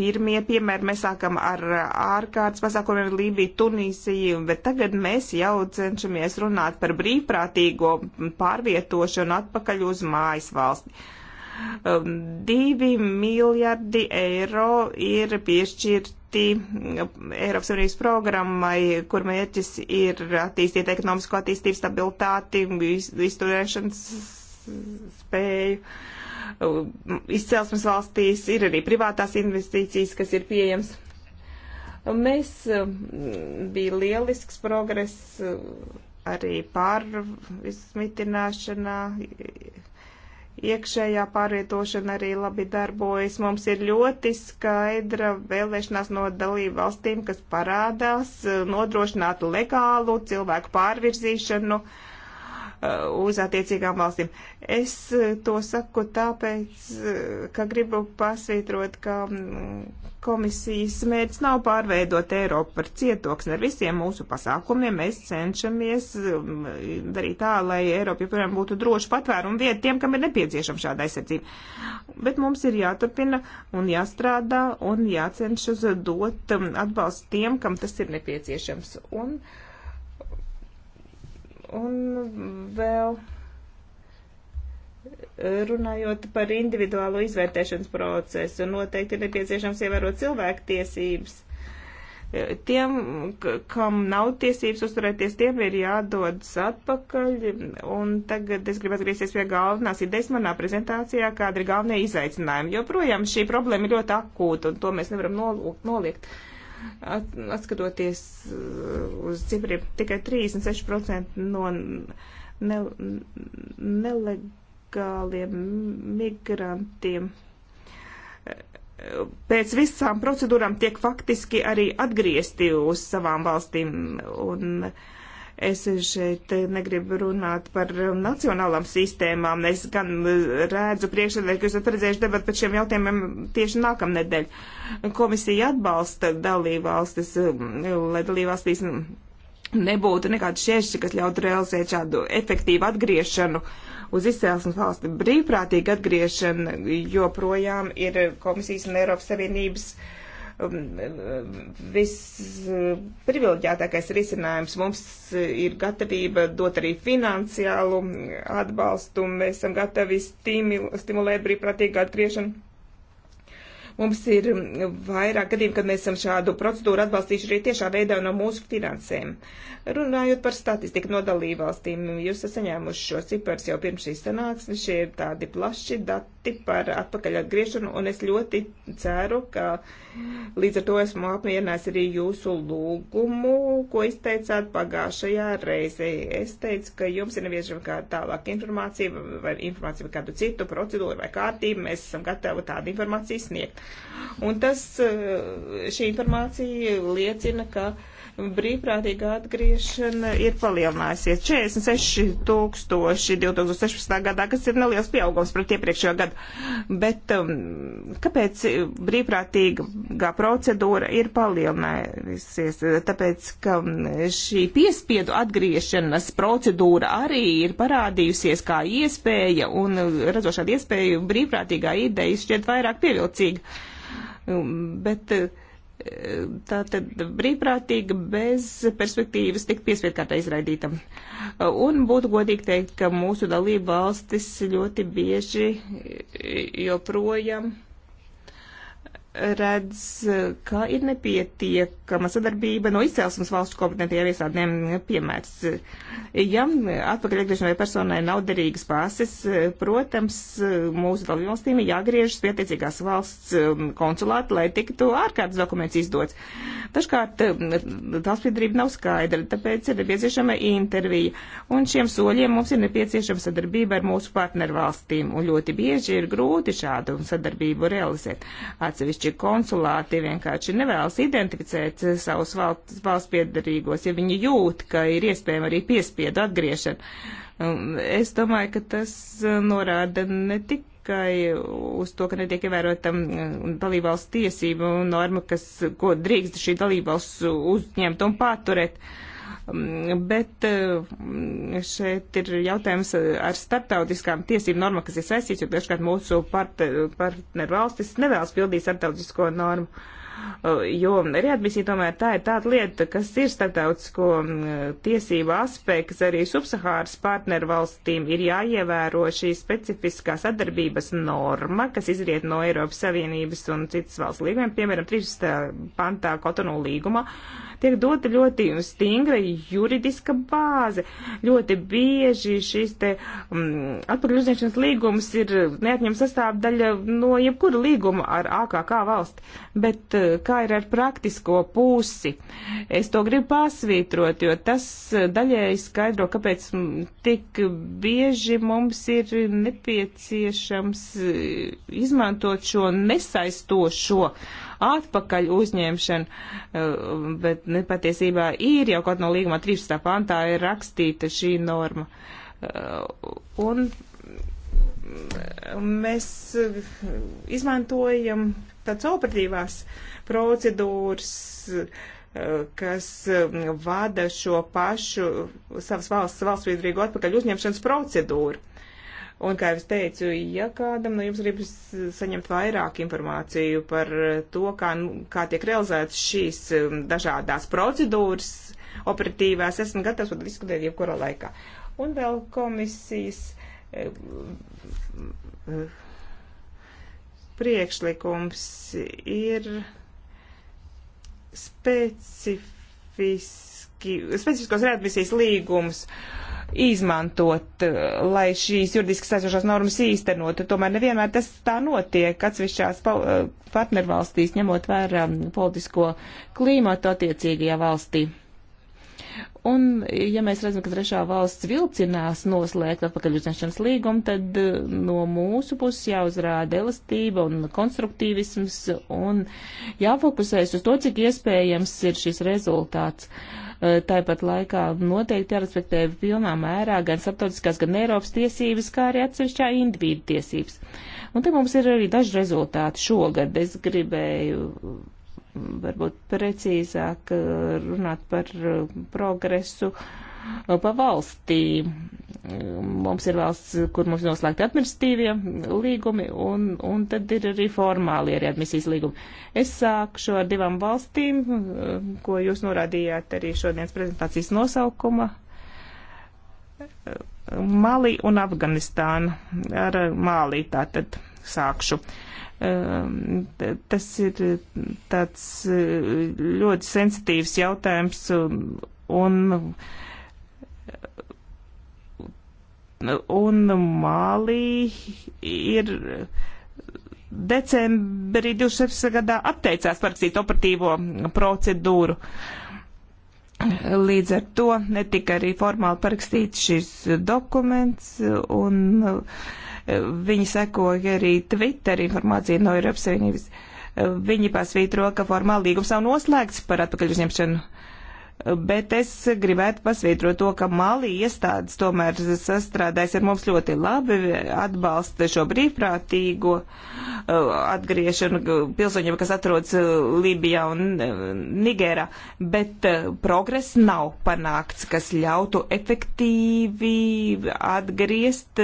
pirmie piemēri. Mēs sākam ar ārkārtas pasākumiem ar Lībiju, Tunīsiju, bet tagad mēs jau cenšamies runāt par brīvprātīgo pārvietošanu atpakaļ uz mājas valsti Um, divi miljardi eiro ir piešķirti um, Eiropas Savienības programmai, kur mērķis ir attīstīt ekonomisko attīstību, stabilitāti, izturēšanas spēju. Um, izcelsmes valstīs ir arī privātās investīcijas, kas ir pieejams. Mēs bija lielisks progress arī pārvismitināšanā, iekšējā pārvietošana arī labi darbojas. Mums ir ļoti skaidra vēlēšanās no dalību valstīm, kas parādās nodrošināt legālu cilvēku pārvirzīšanu. Uh, Uh, uz attiecīgām valstīm. Es uh, to saku tāpēc, uh, ka gribu pasvītrot, ka mm, komisijas mērķis nav pārveidot Eiropu par cietoksni. Ar visiem mūsu pasākumiem mēs cenšamies mm, darīt tā, lai Eiropa joprojām būtu droši patvērumu vieta tiem, kam ir nepieciešama šāda aizsardzība. Bet mums ir jāturpina un jāstrādā un jācenšas dot mm, atbalstu tiem, kam tas ir nepieciešams. Un, uh, Un vēl runājot par individuālo izvērtēšanas procesu, noteikti ir nepieciešams ievērot cilvēktiesības. Tiem, kam nav tiesības uzturēties, tiem ir jādodas atpakaļ. Un tagad es gribu atgriezties pie galvenās idejas manā prezentācijā, kāda ir galvenie izaicinājumi. Jo projām šī problēma ir ļoti akūta, un to mēs nevaram noliekt. At, atskatoties uh, uz cifriem, tikai 36% no ne, nelegāliem migrantiem pēc visām procedūrām tiek faktiski arī atgriezti uz savām valstīm. Un, uh, Es šeit negribu runāt par nacionālām sistēmām. Es gan redzu priekšredē, ka jūs esat redzējuši debatu par šiem jautājumiem tieši nākamnedēļ. Komisija atbalsta dalībvalstis, lai dalībvalstīs nebūtu nekāda šķēršļa, kas ļautu realizēt šādu efektīvu atgriešanu uz izcelsmes valsti. Brīvprātīga atgriešana joprojām ir komisijas un Eiropas Savienības uh, Um, visprivileģētākais risinājums. Mums ir gatavība dot arī finansiālu atbalstu, mēs esam gatavi stimulēt brīvprātīgu atgriešanu Mums ir mm, vairāk gadījumi, kad mēs esam šādu procedūru atbalstījuši arī tiešā veidā no mūsu finansēm. Runājot par statistiku no dalībvalstīm, jūs esat saņēmuši šo cipars jau pirms šīs sanāksmes, šie ir tādi plaši dati par atpakaļ atgriešanu, un es ļoti ceru, ka līdz ar to esmu apmierinājis arī jūsu lūgumu, ko izteicāt pagājušajā reizē. Es teicu, ka jums ir neviešama kā tālāk informācija vai informācija par kādu citu procedūru vai kārtību. Mēs esam gatavi tādu informāciju sniegt. Un tas, eh, šī informācija liecina, ka uh, brīvprātīga atgriešana ir palielinājusies 46 tūkstoši 2016. gadā, kas ir neliels pieaugums pret iepriekšējo gadu. Bet um, kāpēc brīvprātīgā procedūra ir palielinājusies? Tāpēc, ka um, šī piespiedu atgriešanas procedūra arī ir parādījusies kā iespēja, un uh, redzot šādu iespēju, brīvprātīgā ideja šķiet vairāk pievilcīga. Um, bet, uh, tātad brīvprātīga bez perspektīvas tikt piesvietkārtā izraidītam. Un būtu godīgi teikt, ka mūsu dalība valstis ļoti bieži joprojām redz, ka ir nepietiek panākama sadarbība no izcelsmes valstu kompetentiem iestādēm nu, piemērs. Eh, ja eh, atpakaļgriešanai personai nav derīgas pāses, eh, protams, mūsu dalībvalstīm ir jāgriežas pieteicīgās valsts konsulāti, lai tiktu ārkārtas dokuments izdots. Dažkārt tālspiedrība nav skaidra, tāpēc ir nepieciešama intervija, un šiem soļiem mums ir nepieciešama sadarbība ar mūsu partnervalstīm, un ļoti bieži ir grūti šādu sadarbību realizēt. Atsevišķi konsulāti vienkārši nevēlas identificēt pret eh, savus valsts, valsts piedarīgos, ja viņi jūt, ka ir iespējama arī piespiedu atgriešana. Um, es domāju, ka tas eh, norāda ne tikai uz to, ka netiek ievērota mm, dalībvalsts tiesība norma, kas, ko drīkst šī dalībvalsts uzņemt un paturēt. Um, bet eh, šeit ir jautājums ar starptautiskām tiesību normām, kas ir saistīts, jo dažkārt mūsu partneru valstis nevēlas pildīt starptautisko normu jo readmisija tomēr tā ir tāda lieta, kas ir starptautisko tiesību aspekts. Arī subsahāras partneru valstīm ir jāievēro šī specifiskā sadarbības norma, kas izriet no Eiropas Savienības un citas valsts līgumiem, piemēram, 30. pantā Kotonu līguma. Tiek dota ļoti stingra juridiska bāze. Ļoti bieži šis te um, atpakaļuzņemšanas līgums ir neatņem sastāvdaļa no jebkura līguma ar AKK valsti. Bet eh, kā ir ar praktisko pusi? Es to gribu pasvītrot, jo tas eh, daļēji skaidro, kāpēc tik bieži mums ir nepieciešams eh, izmantot šo nesaistošo atpakaļ uzņemšanu, bet nepatiesībā ir jau kaut no līguma 13. pantā ir rakstīta šī norma. Un mm, mēs izmantojam tāds operatīvās procedūras, eh, kas eh, vada šo pašu savas valsts valstsviedrīgu atpakaļ uzņemšanas procedūru. Un, kā jau es teicu, ja kādam no jums gribas saņemt vairāk informāciju par eh, to, kā, nu, kā tiek realizētas šīs dažādās procedūras operatīvās, esmu gatavs par diskutēt jebkurā laikā. Un vēl komisijas. Uh, uh, priekšlikums ir specifiski, specifiskos readmisijas līgums izmantot, eh, lai šīs juridiski saistošās normas īstenotu. Tomēr nevienmēr tas tā notiek atsevišķās eh, partnervalstīs, ņemot vērā politisko klīmatu attiecīgajā valstī. Un, ja mēs redzam, ka trešā valsts vilcinās noslēgt atpakaļ uzņemšanas līgumu, tad eh, no mūsu puses jāuzrāda elastība un konstruktīvisms un jāfokusēs uz to, cik iespējams ir šis rezultāts. Eh, tāpat laikā noteikti jārespektē pilnā mērā gan starptautiskās, gan Eiropas tiesības, kā arī atsevišķā individu tiesības. Un te mums ir arī daži rezultāti šogad. Es gribēju varbūt precīzāk eh, runāt par eh, progresu eh, pa valstī. Mums ir valsts, kur mums noslēgti administratīvie līgumi, un, un tad ir arī formāli arī admisijas līgumi. Es sākšu ar divām valstīm, ko jūs norādījāt arī šodienas prezentācijas nosaukuma. Mali un Afganistāna. Ar Mālī tātad sākšu. Uh, Ehm, tas ir tāds eh, ļoti sensitīvs jautājums um, un, un Mālī ir decembrī 2016. gadā atteicās parakstīt operatīvo procedūru. Līdz ar to netika arī formāli parakstīts šis dokuments, un Viņi sekoja arī Twitter informāciju no Eiropas Savienības. Viņi pasvītro, ka formāli līgums nav noslēgts par atpakaļ uzņemšanu bet es gribētu pasvītrot to, ka Mali iestādes tomēr sastrādājas ar mums ļoti labi, atbalsta šo brīvprātīgo uh, atgriešanu pilsoņiem, kas atrodas uh, Lībijā un uh, Nigērā, bet progress nav panākts, kas ļautu efektīvi atgriezt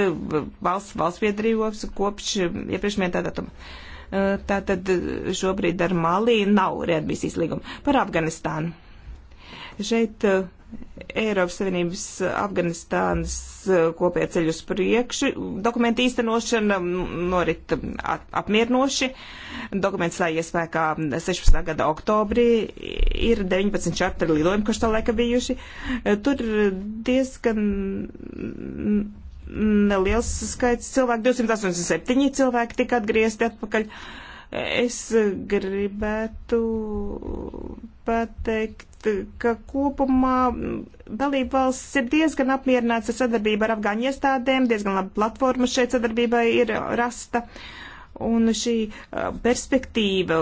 valsts valstsviedrījos kopš iepriekšējā datuma. Tātad šobrīd ar Malī nav readmisijas līguma par Afganistānu Šeit eh, Eiropas Savienības eh, Afganistānas eh, kopējā ceļu uz priekšu. Dokumenta īstenošana mm, norit mm, apmierinoši. Dokuments stājies spēkā 16. Mm, gada oktobrī. Ir 19 čarteri lidojumi, kurš tā laika bijuši. Tur diezgan neliels skaits cilvēku, 287 cilvēki tika atgriezti atpakaļ. Uh, Es gribētu pateikt, ka kopumā dalība valsts ir diezgan apmierināts ar sadarbību ar afgāņu iestādēm, diezgan laba platforma šeit sadarbībai ir rasta. Un šī perspektīva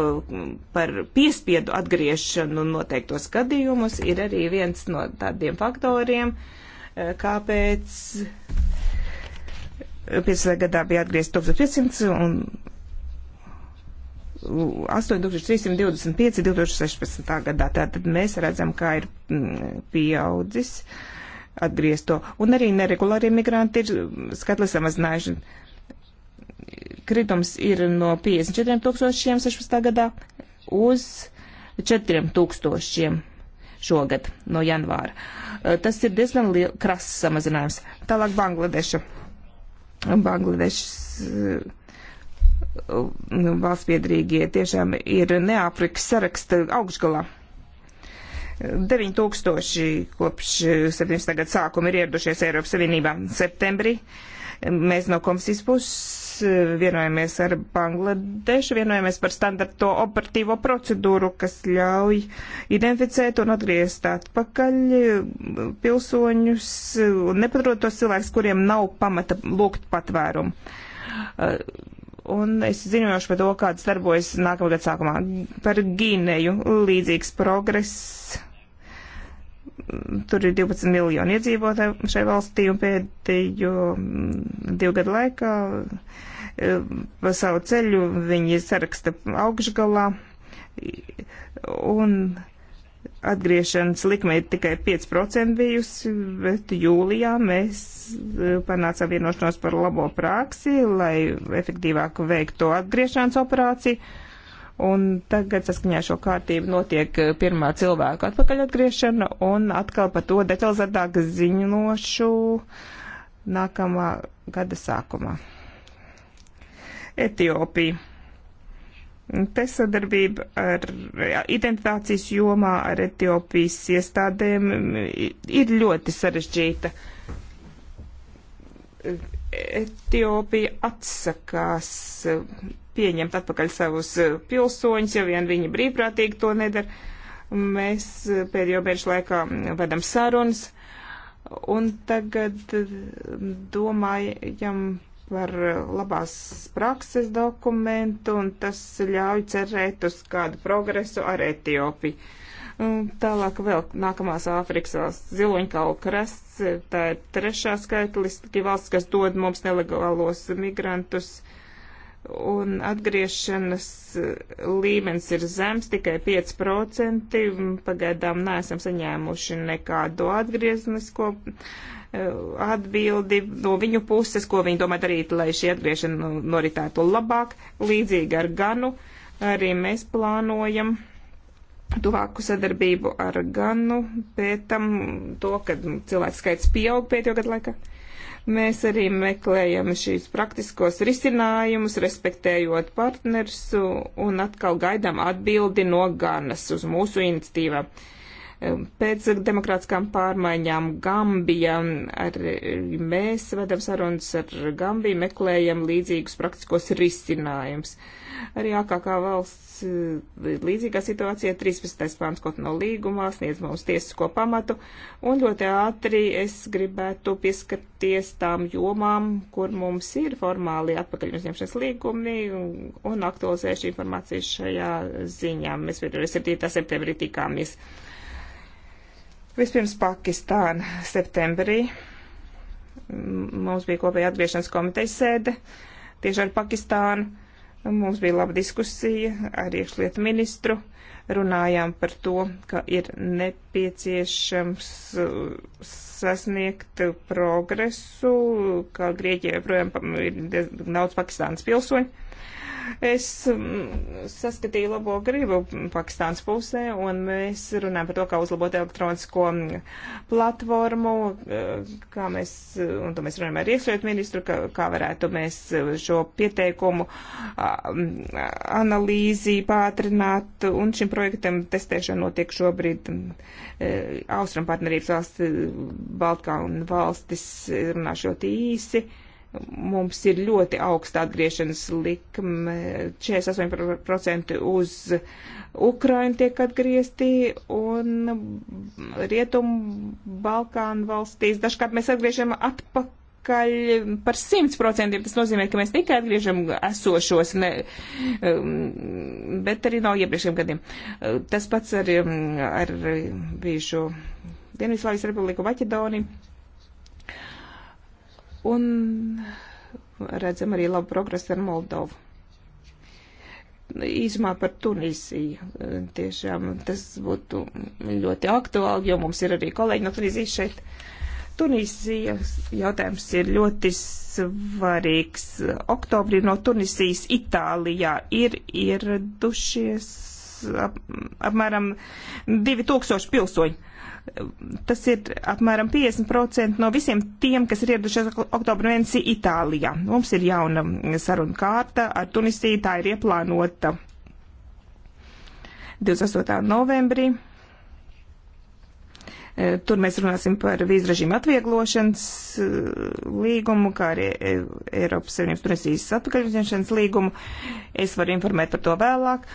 par piespiedu atgriešanu noteiktos gadījumus ir arī viens no tādiem faktoriem, kāpēc 15. gadā bija atgriezt 1500 un 8325 2016. gadā. Tātad mēs redzam, kā ir mm, pieaudzis atgriezto. Un arī neregulārie migranti ir skatli samazinājuši. Kritums ir no 54 tūkstošiem 16. gadā uz 4 tūkstošiem šogad no janvāra. Eh, tas ir diezgan krass samazinājums. Tālāk Bangladeša. Bangladešas eh, Nu, valstspiedrīgie tiešām ir neāpriks saraksta augšgalā. 9000 kopš 17. gada sākuma ir ieradušies Eiropas Savienībā septembrī. Mēs no komisijas puses vienojamies ar Bangladešu, vienojamies par standarto operatīvo procedūru, kas ļauj identificēt un atgriezt atpakaļ pilsoņus un nepatrotos cilvēkus, kuriem nav pamata lūgt patvērumu Un es ziņošu par to, kādas darbojas nākamā gada sākumā. Par Gīneju līdzīgs progress. Tur ir 12 miljoni iedzīvotāju šai valstī un pēdējo mm, divu gadu laikā eh, pa savu ceļu viņi saraksta augšgalā. Un atgriešanas likme ir tikai 5% bijusi, bet jūlijā mēs e, panācām vienošanos par labo praksi, lai efektīvāk veiktu atgriešanas operāciju. Un tagad saskaņā šo kārtību notiek e, pirmā cilvēka atpakaļ atgriešana un atkal par to detalizētāk ziņošu nākamā gada sākumā. Etiopija Te sadarbība ar identitācijas jomā ar Etiopijas iestādēm ir ļoti sarežģīta. Etiopija atsakās pieņemt atpakaļ savus pilsoņus, ja vien viņi brīvprātīgi to nedara. Mēs pēdējo mēnešu laikā vedam sarunas un tagad domājam par eh, labās prakses dokumentu, un tas ļauj cerēt uz kādu progresu ar Etiopiju. Tālāk vēl nākamās Āfrikas valsts Ziloņkalu krasts, eh, tā ir trešā skaitliski valsts, kas dod mums nelegālos migrantus, un atgriešanas eh, līmenis ir zems, tikai 5%, pagaidām neesam saņēmuši nekādu atgrieznisko. Uh, atbildi no viņu puses, ko viņi domā darīt, lai šī atgriešana noritētu labāk. Līdzīgi ar Ganu arī mēs plānojam tuvāku sadarbību ar Ganu, pētam to, kad cilvēks skaits pieaug pēdējo gadu laikā. Mēs arī meklējam šīs praktiskos risinājumus, respektējot partners un atkal gaidām atbildi no Ganas uz mūsu iniciatīvām. Uh, Pēc demokrātiskām pārmaiņām Gambija, arī mēs vedam sarunas ar Gambiju, meklējam līdzīgus praktiskos risinājumus. Arī AKK valsts e, līdzīgā situācija 13. pāns kaut no līgumā sniedz mums tiesisko pamatu, un ļoti ātri es gribētu pieskarties tām jomām, kur mums ir formāli atpakaļ uzņemšanas līgumi un, un aktualizēšu informāciju šajā ziņā. Mēs 7. septembrī tikāmies. Ja Vispirms Pakistāna septembrī. Mums bija kopēja atgriešanas komitejas sēde tieši ar Pakistānu. Mums bija laba diskusija ar iekšlietu ministru. Runājām par to, ka ir nepieciešams uh, sasniegt progresu, ka Grieķijā joprojām ir daudz Pakistānas pilsoņu. Es mm, saskatīju labo gribu Pakistāns pusē, un mēs runājam par to, kā uzlabot elektronisko mm, platformu, e, kā mēs, un to mēs runājam ar iekšļietu ministru, kā, kā varētu mēs šo pieteikumu analīzi pātrināt, un šim projektam testēšana notiek šobrīd e, Austrum partnerības valsts, Baltkānu valstis, runāšot īsi. Mums ir ļoti augsta atgriešanas likme, 48% uz Ukrainu tiek atgriezti, un Rietumu Balkānu valstīs dažkārt mēs atgriežam atpakaļ atpakaļ par 100%. Tas nozīmē, ka mēs tikai atgriežam esošos, ne, um, bet arī no iepriekšējiem gadiem. Uh, tas pats ar, um, ar bijušo Dienvidslāvijas republiku Maķedoniju Un redzam arī labu progresu ar Moldovu. Īsumā par Tunisiju. Tiešām tas būtu ļoti aktuāli, jo mums ir arī kolēģi no Tunisijas šeit. Tunisijas jautājums ir ļoti svarīgs. Oktobrī no Tunisijas Itālijā ir ieradušies ap, apmēram 2000 pilsoņi. Tas ir apmēram 50% no visiem tiem, kas ir ieradušies oktobra mēnesī Itālijā. Mums ir jauna saruna kārta ar Tunisiju, tā ir ieplānota 28. novembrī. Eh, tur mēs runāsim par vīzrežīmu atvieglošanas eh, līgumu, kā arī eh, Eiropas Savienības Tunisijas atpakaļņemšanas līgumu. Es varu informēt par to vēlāk.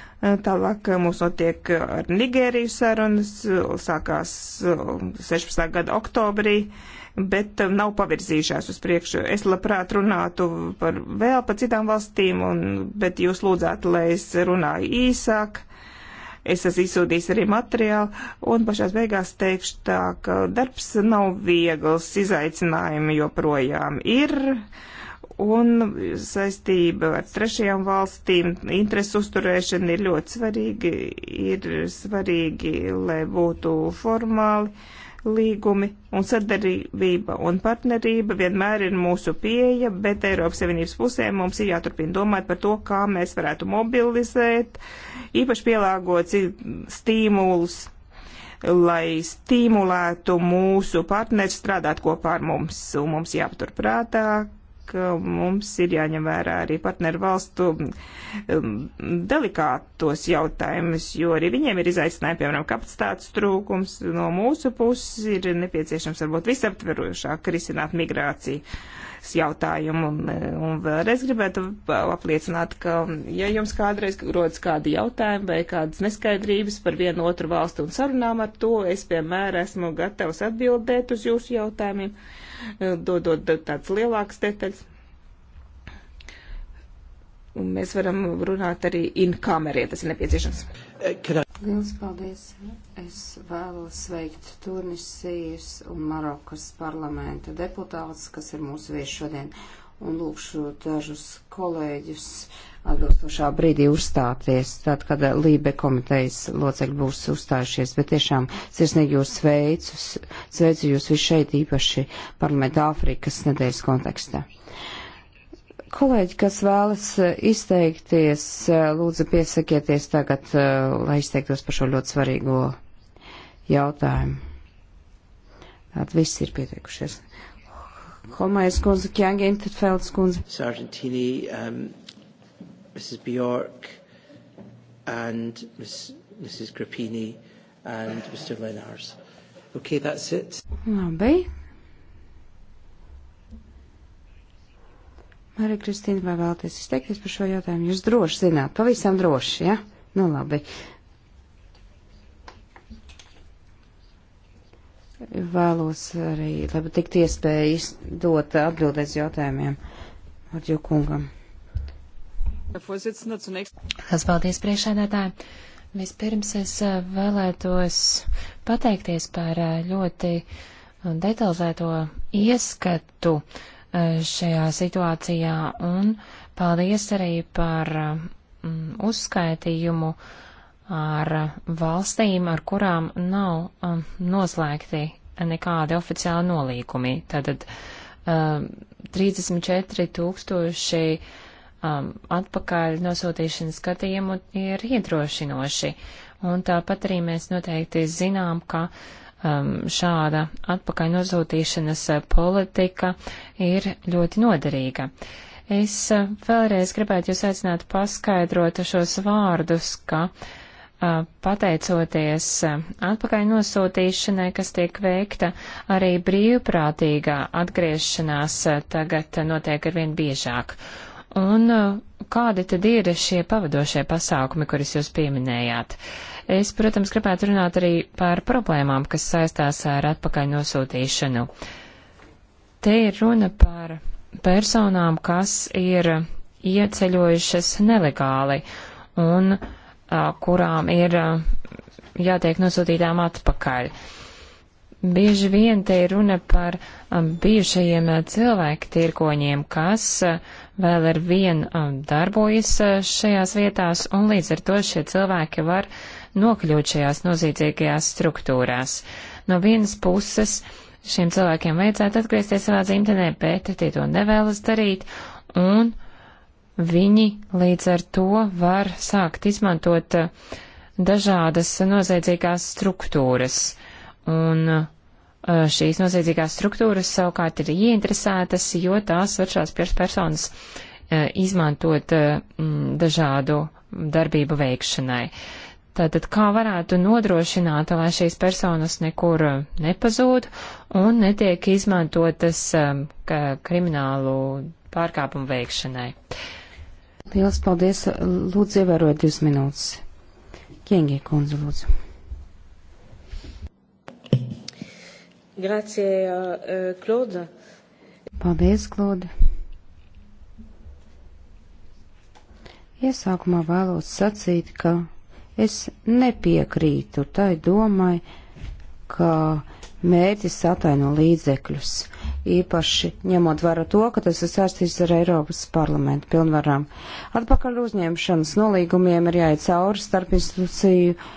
Tālāk mums notiek ar Nigēriju sarunas, sākās 16. gada oktobrī, bet nav pavirzījušās uz priekšu. Es labprāt runātu par vēl par citām valstīm, un, bet jūs lūdzētu, lai es runāju īsāk Es esmu izsūtījis arī materiālu, un pašās beigās teikšu tā, ka darbs nav viegls, izaicinājumi joprojām ir un saistība ar trešajām valstīm, interesu uzturēšana ir ļoti svarīga, ir svarīgi, lai būtu formāli līgumi un sadarbība un partnerība vienmēr ir mūsu pieeja, bet Eiropas Savienības pusē mums ir jāturpina domāt par to, kā mēs varētu mobilizēt, īpaši pielāgot stimulus, lai stimulētu mūsu partneri strādāt kopā ar mums. Un mums jāpaturprātā, ka mums ir jāņem vērā arī partneru valstu um, delikātos jautājumus, jo arī viņiem ir izaicinājumi, piemēram, kapacitātes trūkums. No mūsu puses ir nepieciešams varbūt visaptverošāk risināt migrāciju jautājumu. Un vēlreiz gribētu apliecināt, ka ja jums kādreiz rodas kādi jautājumi vai kādas neskaidrības par vienu otru valstu un sarunām ar to, es, piemēram, esmu gatavs atbildēt uz jūsu jautājumiem dodot tādas lielākas detaļas. Un mēs varam runāt arī in-kamerā, ja tas ir nepieciešams. Eh, Liels paldies! Es vēlos sveikt Tunisijas un Marokas parlamenta deputātus, kas ir mūsu viesi šodien, un lūkšu dažus kolēģus uh, atbilstošā brīdī uzstāties, tad, kad Lībe komitejas locekļi būs uzstājušies, bet tiešām sirsnīgi jūs sveicu, sveicu jūs visu šeit īpaši parlamentu Āfrikas nedēļas kontekstā. Kolēģi, kas vēlas izteikties, lūdzu piesakieties tagad, lai izteiktos par šo ļoti svarīgo jautājumu. Tātad viss ir pieteikušies. Holmais kundze, Kjāngi Interfelds kundze. Sargentini, um, Mrs. Bjork, and Ms, Mrs. Grappini, and Mr. Lenars. Okay, that's it. Labi. Marija Kristīna, vai vēlaties izteikties par šo jautājumu? Jūs droši zināt, pavisam droši, ja? Nu, labi. Vēlos arī, lai tiktu iespēja dot atbildēs jautājumiem ar jūkungam. Jau Kas paldies priekšēdētāji. Vispirms es eh, vēlētos pateikties par eh, ļoti eh, detalizēto ieskatu šajā situācijā un paldies arī par uzskaitījumu ar valstīm, ar kurām nav noslēgti nekādi oficiāli nolīkumi. Tātad 34 tūkstoši um, atpakaļ nosūtīšanas skatījumu ir iedrošinoši. Un tāpat arī mēs noteikti zinām, ka um, šāda atpakaļ nosūtīšanas uh, politika ir ļoti noderīga. Es uh, vēlreiz gribētu jūs aicināt paskaidrot šos vārdus, ka uh, pateicoties uh, atpakaļ nosūtīšanai, kas tiek veikta, arī brīvprātīgā atgriešanās uh, tagad notiek arvien biežāk Un uh, kādi tad ir šie pavadošie pasākumi, kurus jūs pieminējāt? Es, protams, gribētu runāt arī par problēmām, kas saistās ar atpakaļ nosūtīšanu. Te ir runa par personām, kas ir ieceļojušas nelegāli un a, uh, kurām ir a, uh, jātiek nosūtītām atpakaļ. Bieži vien te ir runa par um, bijušajiem cilvēku tirkoņiem, kas vēl ar vienu um, darbojas uh, šajās vietās, un līdz ar to šie cilvēki var nokļūt šajās nozīdzīgajās struktūrās. No vienas puses šiem cilvēkiem vajadzētu atgriezties savā dzimtenē, bet tie to nevēlas darīt, un viņi līdz ar to var sākt izmantot uh, dažādas noziedzīgās struktūras. Un uh, Eh, šīs noziedzīgās struktūras savukārt ir ieinteresētas, jo tās var šās personas eh, izmantot eh, dažādu darbību veikšanai. Tātad kā varētu nodrošināt, lai šīs personas nekur nepazūd un netiek izmantotas kriminālu pārkāpumu veikšanai? Lielas paldies! Lūdzu, ievērojiet divas minūtes. Kiengie kundze, lūdzu. Grazie, uh, eh, Klauda. Eh, Paldies, Klauda. Iesākumā vēlos sacīt, ka es nepiekrītu tai domai, ka mērķis ataino līdzekļus, īpaši ņemot vērā to, ka tas ir saistīts ar Eiropas parlamentu pilnvarām. Atpakaļ uzņemšanas nolīgumiem ir jāiet cauri starp institūciju uh,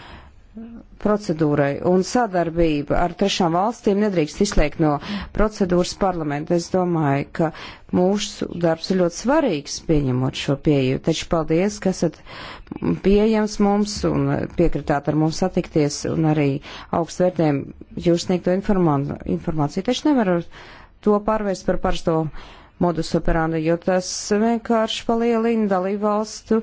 procedūrai, un sadarbība ar trešām valstīm nedrīkst izslēgt no procedūras parlamenta. Es domāju, ka mūsu darbs ir ļoti svarīgs pieņemot šo pieeju, taču paldies, ka esat pieejams mums un piekritāt ar mums satikties un arī augstvērtēm jūs sniegto informāciju, taču nevaru to pārvērst par parasto modus operandi, jo tas vienkārši palielina dalībvalstu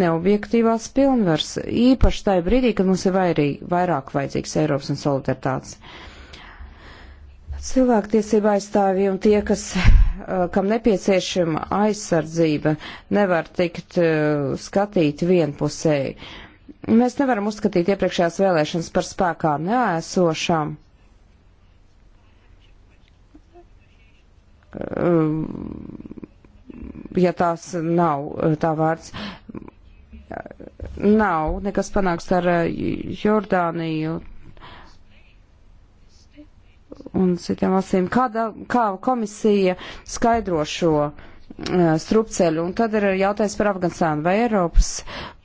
neobjektīvās pilnvars, īpaši tajā brīdī, kad mums ir vairī, vairāk vajadzīgs Eiropas un solidaritātes. Cilvēktiesība aizstāvji un tie, kas, eh, kam nepieciešama aizsardzība, nevar tikt eh, skatīti vienpusēji. Mēs nevaram uzskatīt iepriekšējās vēlēšanas par spēkā neēsošām Um, ja tās nav uh, tā vārds. Nav nekas panāks ar uh, Jordāniju un citiem valstīm. Kāda, kā komisija skaidro šo uh, strupceļu? Un tad ir jautājums par Afganistānu. Vai Eiropas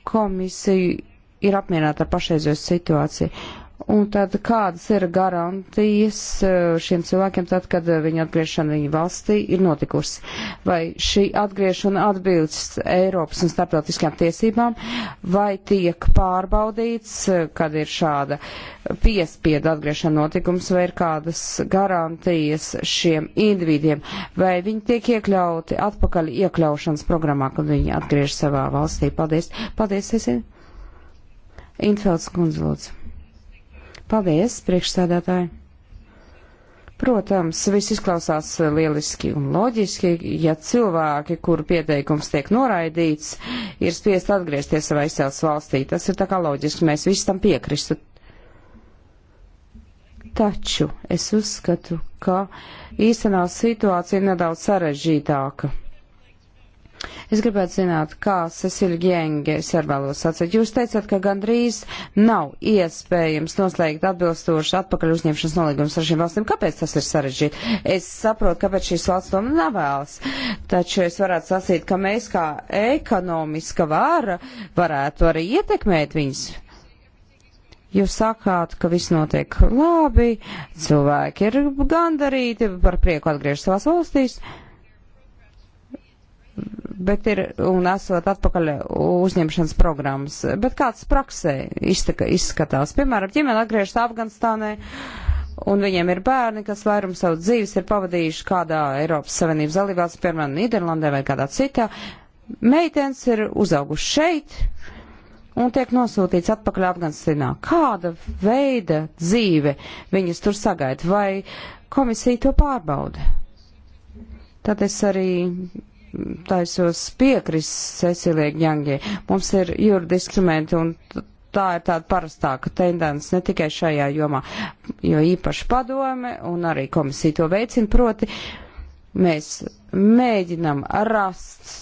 komisija ir apmierināta ar pašreizējo situāciju? Un tad kādas ir garantijas eh, šiem cilvēkiem tad, kad eh, viņa atgriešana viņa valstī ir notikusi? Vai šī atgriešana atbilst Eiropas un starptautiskajām tiesībām, vai tiek pārbaudīts, eh, kad ir šāda piespieda atgriešana notikums, vai ir kādas garantijas šiem individiem, vai viņi tiek iekļauti atpakaļ iekļaušanas programmā, kad viņi atgriež savā valstī? Paldies! Paldies, Esi! Infelds kundze, lūdzu! Paldies, priekšsēdētāji! Protams, viss izklausās lieliski un loģiski, ja cilvēki, kuru pieteikums tiek noraidīts, ir spiest atgriezties savā izcelsmes valstī. Tas ir tā kā loģiski, mēs visi tam piekristu. Taču es uzskatu, ka īstenā situācija ir nedaudz sarežģītāka. Es gribētu zināt, kā Cecilija Gjenge, es arī vēlos sacīt, jūs teicat, ka gandrīz nav iespējams noslēgt atbilstoši atpakaļ uzņemšanas nolīgumus ar šīm valstīm. Kāpēc tas ir sarežģīti? Es saprotu, kāpēc šīs valsts to nevēlas, taču es varētu sacīt, ka mēs kā ekonomiska vāra varētu arī ietekmēt viņus. Jūs sakāt, ka viss notiek labi, cilvēki ir gandarīti, par prieku atgriežas savās valstīs bet ir un esot atpakaļ uzņemšanas programmas. Bet kāds praksē iztaka, izskatās? Piemēram, ģimene atgriežas Afganistānē. Un viņiem ir bērni, kas vairums savu dzīves ir pavadījuši kādā Eiropas Savienības dalībvalstī, piemēram, Nīderlandē vai kādā citā. Meitenes ir uzauguši šeit un tiek nosūtīts atpakaļ Afganistānā. Kāda veida dzīve viņus tur sagaida? Vai komisija to pārbauda? Tad es arī taisos piekrist Cecilijai Gņangie. Mums ir juridiski instrumenti un tā ir tāda parastāka tendence ne tikai šajā jomā, jo īpaši padome un arī komisija to veicina, proti mēs mēģinam rast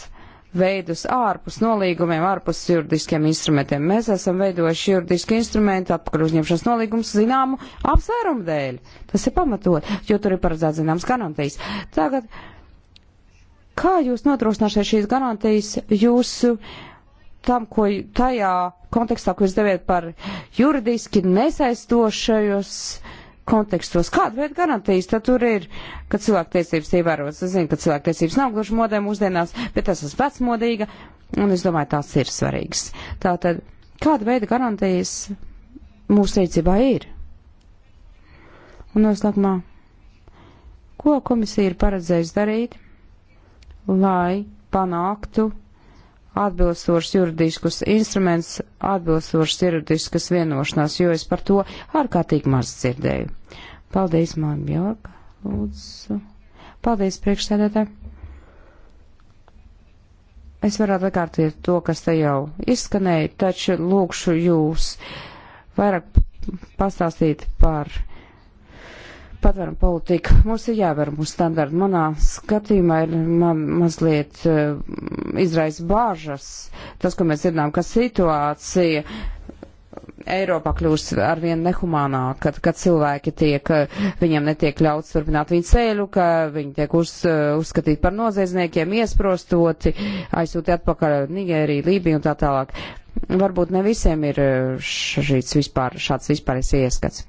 veidus ārpus nolīgumiem, ārpus juridiskiem instrumentiem. Mēs esam veidojuši juridiski instrumentu apkaru uzņemšanas nolīgumus zināmu apsvērumu dēļ. Tas ir pamatot, jo tur ir paredzēts zināms garantijas. Tagad Kā jūs nodrošināsiet šīs garantijas jūsu tam, ko tajā kontekstā, ko jūs deviet par juridiski nesaistošajos kontekstos? Kāda veida garantijas tad tur ir, ka cilvēktiesības ievērotas? Es zinu, ka cilvēktiesības nav gluži modē mūsdienās, bet tas esmu vecmodīga, un es domāju, tās ir svarīgas. Tātad, kāda veida garantijas mūsu rīcībā ir? Un noslēgumā, ko komisija ir paredzējusi darīt, lai panāktu atbilstošs juridiskus instruments, atbilstošs juridiskas vienošanās, jo es par to ārkārtīgi maz dzirdēju. Paldies, Mārim Bjork, lūdzu. Paldies, priekšsēdētāji. Es varētu atkārtot to, kas te jau izskanēja, taču lūkšu jūs vairāk pastāstīt par patvaram politika. Mums ir jāver mūsu standarti. Manā skatījumā ir man, mazliet uh, izraisa bāžas. Tas, ko mēs dzirdām, ka situācija Eiropā kļūst arvien nehumānāk, kad, kad cilvēki tiek, eh, viņiem netiek ļauts turpināt viņu ceļu, ka viņi tiek uz, eh, uzskatīti par noziedzniekiem, iesprostoti, aizsūti atpakaļ Nigēriju, Lībiju un tā tālāk. Varbūt ne visiem ir šāds vispār, šāds vispārējais ieskats.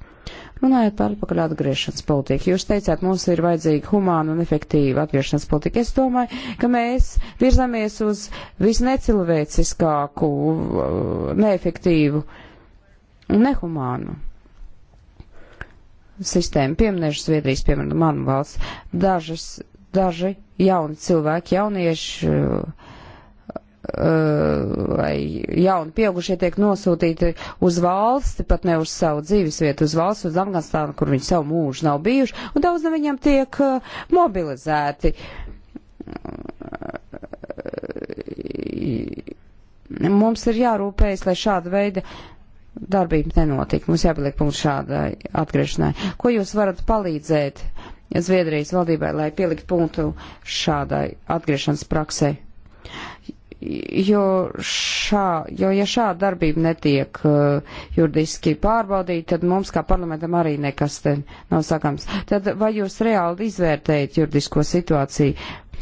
Runājot par atpakaļ atgriešanas politiku, jūs teicāt, mums ir vajadzīga humāna un efektīva atgriešanas politika. Es domāju, ka mēs virzamies uz visnecilvēciskāku, uh, neefektīvu un nehumānu sistēmu. Pieminēšu Zviedrijas, piemēram, manu valsts. Dažas, daži jauni cilvēki, jaunieši. Uh, Uh, vai jauni pieaugušie tiek nosūtīti uz valsti, pat ne uz savu dzīvesvietu, uz valsts, uz Afganistānu, kur viņi savu mūžu nav bijuši, un daudz no viņiem tiek uh, mobilizēti. Uh, mums ir jārūpējas, lai šāda veida darbība nenotika. Mums jāpieliek punkts šādai atgriešanai. Ko jūs varat palīdzēt Zviedrijas valdībai, lai pielikt punktu šādai atgriešanas praksei? jo, šā, jo ja šāda darbība netiek uh, juridiski pārbaudīta, tad mums kā parlamentam arī nekas te nav sakams. Tad vai jūs reāli izvērtējat juridisko situāciju?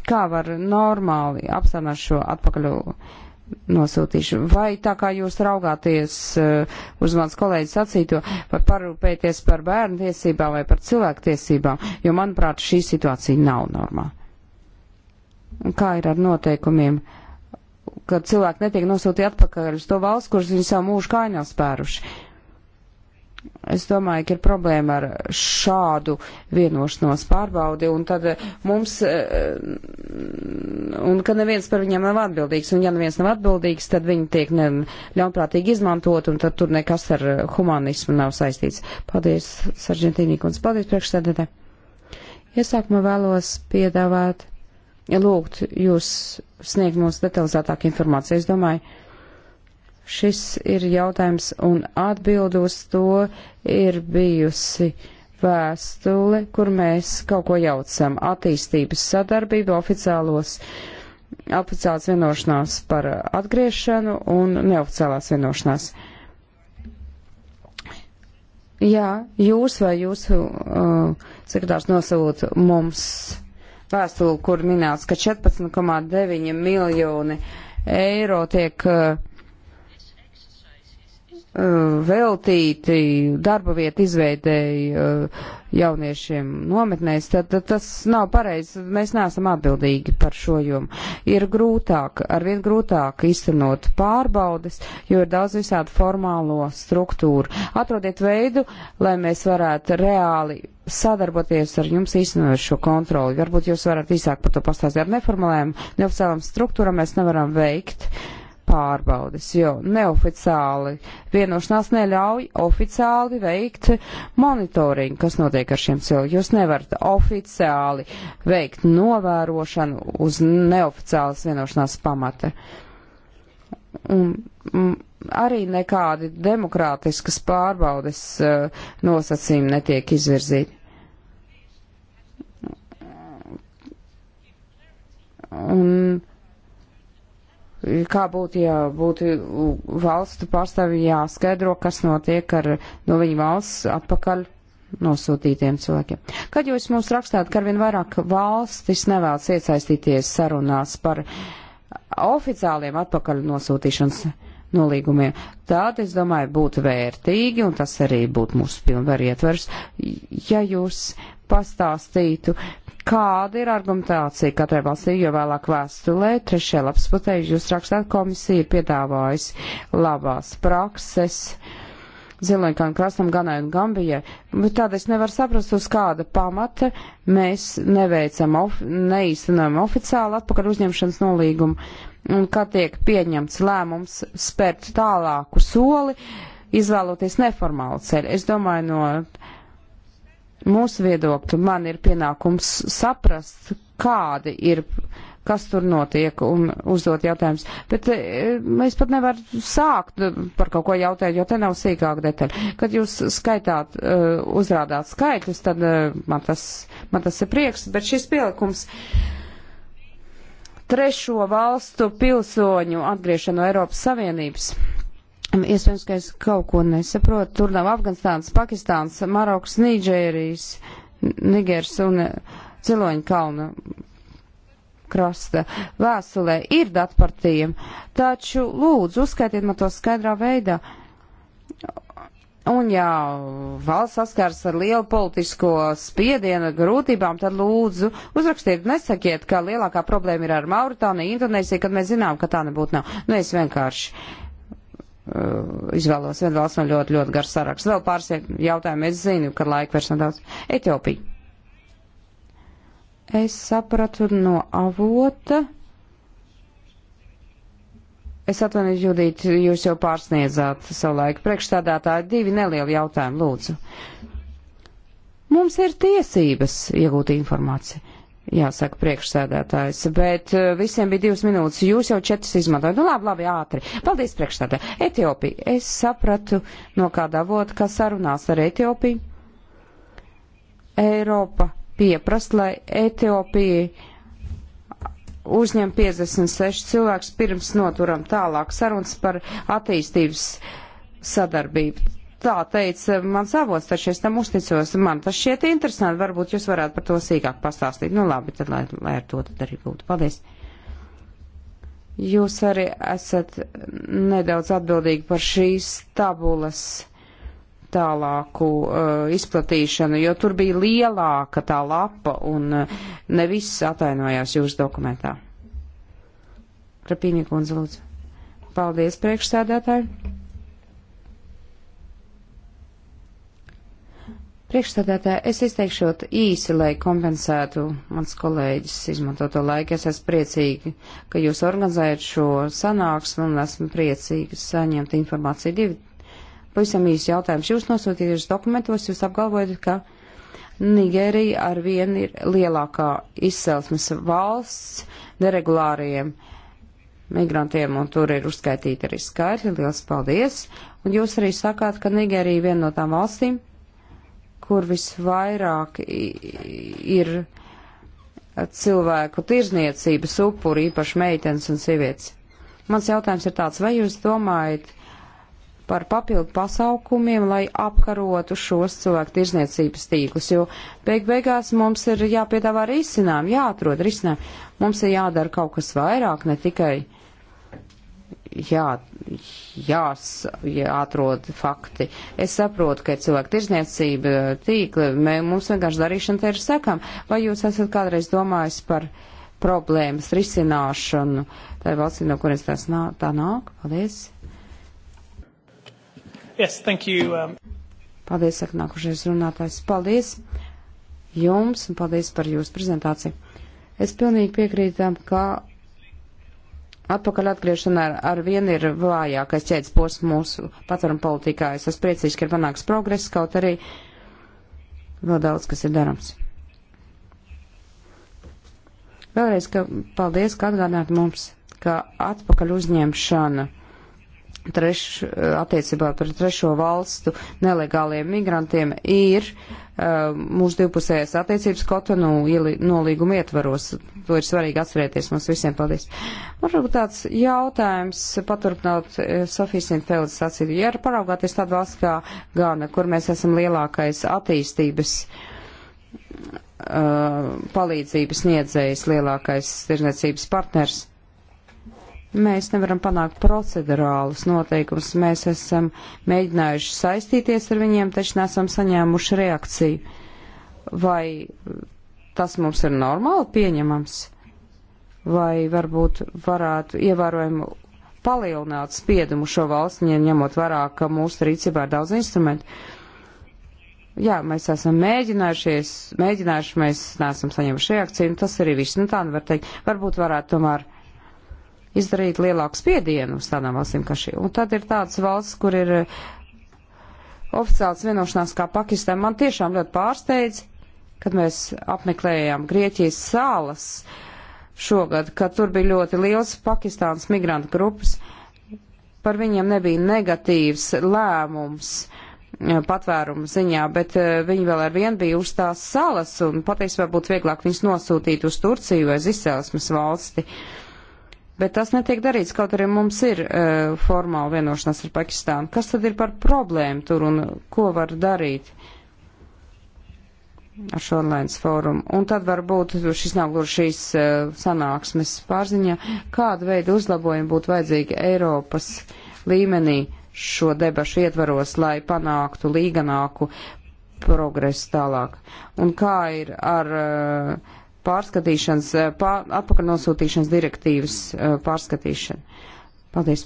Kā var normāli apstādināt šo atpakaļ nosūtīšanu? Vai tā kā jūs raugāties uh, uz mans kolēģis sacīto, vai parūpēties par bērnu tiesībām vai par cilvēku tiesībām? Jo, manuprāt, šī situācija nav normāla. Kā ir ar noteikumiem? Uh, ka cilvēki netiek nosūtīti atpakaļ uz to valsts, kuras viņi savu mūžu kājņā spēruši. Es domāju, ka ir problēma ar šādu vienošanos pārbaudi, un tad eh, mums, eh, un ka neviens par viņiem nav atbildīgs, un ja neviens nav atbildīgs, tad viņi tiek ne, ļaunprātīgi izmantot, un tad tur nekas ar eh, humanismu nav saistīts. Paldies, Sargentīnī kundze, paldies priekšsēdētē. Iesākumā vēlos piedāvāt lūgt jūs sniegt mums detalizētāku informāciju. Es domāju, šis ir jautājums un atbildos to ir bijusi vēstule, kur mēs kaut ko jaucam attīstības sadarbību oficiālos, oficiāls vienošanās par atgriešanu un neoficiālās vienošanās. Jā, jūs vai jūsu uh, sekretārs nosūta mums vēstuli, kur minēts, ka 14,9 miljoni eiro tiek uh, Uh, veltīti darba vietu izveidēji uh, jauniešiem nometnēs, tad, tad tas nav pareizi. Mēs neesam atbildīgi par šo jomu. Ir grūtāk, arvien grūtāk iztenot pārbaudes, jo ir daudz visādu formālo struktūru. Atrodiet veidu, lai mēs varētu reāli sadarboties ar jums īstenojot šo kontroli. Varbūt jūs varat īsāk par to pastāstīt ar neformālēm, neoficiālām struktūram mēs nevaram veikt. Uh, pārbaudes, jo neoficiāli vienošanās neļauj oficiāli veikt monitoringu, kas notiek ar šiem cilvēkiem. Jūs nevarat oficiāli veikt novērošanu uz neoficiālas vienošanās pamata. Un, un mm, arī nekādi demokrātiskas pārbaudes uh, nosacījumi netiek izvirzīti. Un, kā būtu, ja būtu valstu pārstāvji jāskaidro, kas notiek ar no viņu valsts atpakaļ nosūtītiem cilvēkiem. Kad jūs mums rakstāt, ka arvien vairāk valstis nevēlas iesaistīties sarunās par oficiāliem atpakaļ nosūtīšanas nolīgumiem, tad, es domāju, būtu vērtīgi, un tas arī būtu mūsu pilnvar ietvers, ja jūs pastāstītu, kāda ir argumentācija katrai valstī, jo vēlāk vēstulē trešajā lapsputē jūs rakstāt komisija piedāvājas labās prakses. Ziloņkānu krastam Ganai un Gambijai, bet tāda es nevaru saprast, uz kāda pamata mēs neveicam, of, neīstenojam oficiāli atpakaļ uzņemšanas nolīgumu, un kad tiek pieņemts lēmums spērt tālāku soli, izvēloties neformālu ceļu. Es domāju, no mūsu viedokļu, man ir pienākums saprast, kādi ir, kas tur notiek un uzdot jautājumus. Bet e, mēs pat nevaram sākt par kaut ko jautāt, jo te nav sīkāk detaļa. Kad jūs skaitāt, e, uzrādāt skaitļus, tad e, man tas, man tas ir prieks, bet šis pielikums trešo valstu pilsoņu atgriešanu no Eiropas Savienības Um, iespējams, ka es kaut ko nesaprotu. Tur nav Afganistāns, Pakistāns, Maroks, Nīģērijas, Nigers un uh, Ciloņa kalna krasta vēstulē ir dati par tiem, taču lūdzu uzskaitiet man to skaidrā veidā. Un ja valsts saskars ar lielu politisko spiedienu grūtībām, tad lūdzu uzrakstiet, nesakiet, ka lielākā problēma ir ar Mauritāniju, Indonēziju, kad mēs zinām, ka tā nebūtu nav. Nu, es vienkārši Eh, izvēlos vienu valsts, man ļoti, ļoti garš saraksts. Vēl pāris jautājumu es zinu, kad laika vairs nav daudz. Etiopija. Es sapratu no avota. Es atvainojos, Judīt, jūs jau pārsniedzāt savu laiku. Priekšstādātāji divi nelieli jautājumi, lūdzu. Mums ir tiesības iegūt informāciju. Jāsaka, priekšsēdētājs, bet eh, visiem bija divas minūtes, jūs jau četras izmantojat. Nu, labi, labi, ātri. Paldies, priekšsēdētāji. Etiopija. Es sapratu no kādā vota, kas sarunās ar Etiopiju. Eiropa pieprast, lai Etiopija uzņem 56 cilvēkus pirms noturam tālāk sarunas par attīstības sadarbību tā teica mans avots, taču es tam uzticos. Man tas šķiet interesanti, varbūt jūs varētu par to sīkāk pastāstīt. Nu labi, tad lai, lai ar to tad arī būtu. Paldies. Jūs arī esat nedaudz atbildīgi par šīs tabulas tālāku uh, izplatīšanu, jo tur bija lielāka tā lapa un uh, ne viss atainojās jūsu dokumentā. Krapīnī kundze, lūdzu. Paldies, priekšsēdētāji. Priekšstādātāji, es izteikšot īsi, lai kompensētu mans kolēģis izmantoto laiku. Es esmu priecīgi, ka jūs organizējat šo sanāksmu un esmu priecīgi saņemt informāciju. Divi pavisam īsi jautājums. Jūs nosūtījuši dokumentos, jūs apgalvojat, ka Nigērija ar vienu ir lielākā izcelsmes valsts neregulāriem migrantiem, un tur ir uzskaitīti arī skaitļi. Liels paldies! Un jūs arī sakāt, ka Nigērija ir viena no tām valstīm, kur visvairāk ir cilvēku tirzniecības upuri, īpaši meitenes un sievietes. Mans jautājums ir tāds, vai jūs domājat par papildu pasaukumiem, lai apkarotu šos cilvēku tirzniecības tīklus, jo beig beigās mums ir jāpiedāvā risinājumi, jāatrod risinājumi. Mums ir jādara kaut kas vairāk, ne tikai uh, jā, jās, jāatrod fakti. Es saprotu, ka ir cilvēku tirzniecība, tīkli, mē, mums vienkārši darīšana te ir sekam. Vai jūs esat kādreiz domājis par problēmas risināšanu? Tā ir valsts, no kurienes tās nā, tā nāk. Paldies. Yes, thank you. Um... Paldies, saka nākušais runātājs. Paldies jums un paldies par jūsu prezentāciju. Es pilnīgi piekrītam, ka Atpakaļ atgriešana ar, ar vienu ir vājākais ķēdes posms mūsu patvaram politikā. Es esmu priecīgs, ka ir panāks progress, kaut arī vēl daudz, kas ir darams. Vēlreiz, ka paldies, ka atgādināt mums, ka atpakaļ uzņemšana treš, attiecībā par trešo valstu nelegāliem migrantiem ir uh, mūsu divpusējās attiecības kotonu nolīguma ietvaros. To ir svarīgi atcerēties mums visiem. Paldies. Man varbūt tāds jautājums, paturpinot Sofijas Infeldes sacītu, ja paraugāties tādu valsts kā Gana, kur mēs esam lielākais attīstības palīdzības sniedzējs, lielākais tirdzniecības partners. Mēs nevaram panākt procedurālus noteikumus. Mēs esam mēģinājuši saistīties ar viņiem, taču nesam saņēmuši reakciju. Vai tas mums ir normāli pieņemams? Vai varbūt varētu ievērojami palielināt spiedumu šo valstu, ņemot vērā, ka mūsu rīcībā ir daudz instrumentu? Jā, mēs esam mēģinājušies, mēģinājuši, mēs neesam saņēmuši reakciju, un tas arī viss. Nu tā nevar nu teikt. Varbūt varētu tomēr izdarīt lielāku spiedienu uz tādām valstīm kā šī. Un tad ir tādas valsts, kur ir eh, oficiāls vienošanās kā Pakistāna. Man tiešām ļoti pārsteidz, kad mēs apmeklējām Grieķijas salas šogad, ka tur bija ļoti liels Pakistānas migrantu grupas. Par viņiem nebija negatīvs lēmums eh, patvērumu ziņā, bet eh, viņi vēl ar vienu bija uz tās salas un patiesībā būtu vieglāk viņus nosūtīt uz Turciju vai uz izcelsmes valsti. Uh, bet tas netiek darīts, kaut arī mums ir uh, formāla vienošanās ar Pakistānu. Kas tad ir par problēmu tur un ko var darīt ar šo online fórumu? Un tad varbūt šis nav gluži šīs uh, sanāksmes pārziņā, kāda veida uzlabojumi būtu vajadzīgi Eiropas līmenī šo debašu ietvaros, lai panāktu līganāku progresu tālāk. Un kā ir ar uh, pārskatīšanas, eh, pār, apakaļnosūtīšanas direktīvas eh, pārskatīšana. Paldies.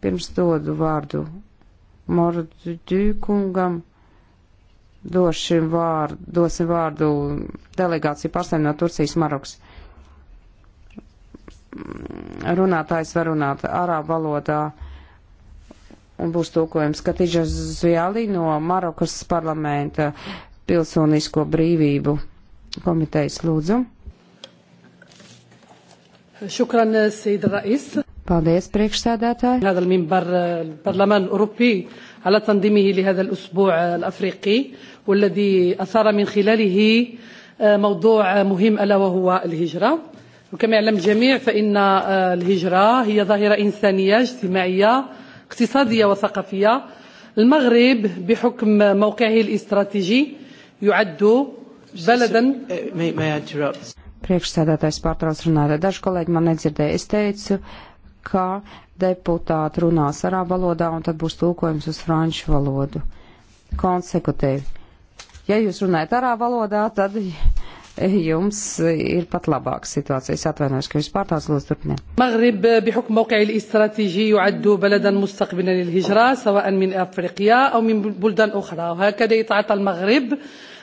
Pirms dodu vārdu Mordu kungam došim vārdu, dosim vārdu delegāciju pārstāvjiem no Turcijas Maroks. Runātājs var runāt arābu valodā un būs tulkojums Katidža Zvialī no Marokas parlamenta pilsonisko brīvību komitejas lūdzu. Šukran, Sīda Rais. Paldies, priekšsēdētāji. هذا المنبر البرلمان الأوروبي على تنظيمه لهذا الأسبوع الأفريقي والذي أثار من خلاله موضوع مهم ألا وهو الهجرة وكما يعلم الجميع فإن الهجرة هي ظاهرة إنسانية اجتماعية اقتصادية وثقافية المغرب بحكم موقعه الاستراتيجي يعد Beledan. Priekšsēdētājs pārtrauc runāt. Daži kolēģi man nedzirdēja. Es teicu, ka deputāti runās arā valodā un tad būs tulkojums uz franču valodu. Konsekutīvi. Ja jūs runājat arā valodā, tad jums ir pat labāka situācija. Es atvainojos, ka jūs pārtās lūdzu turpiniet. مغرب بحكم موقعه الاستراتيجي يعد بلدا مستقبلا للهجرة سواء من أفريقيا أو من بلدان أخرى وهكذا يتعاطى المغرب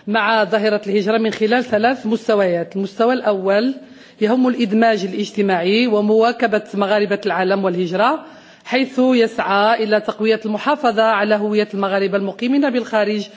مع ظاهرة الهجرة من خلال ثلاث مستويات المستوى الأول يهم الإدماج الاجتماعي ومواكبة مغاربة العالم والهجرة حيث يسعى إلى تقوية المحافظة على هوية المغاربة المقيمين بالخارج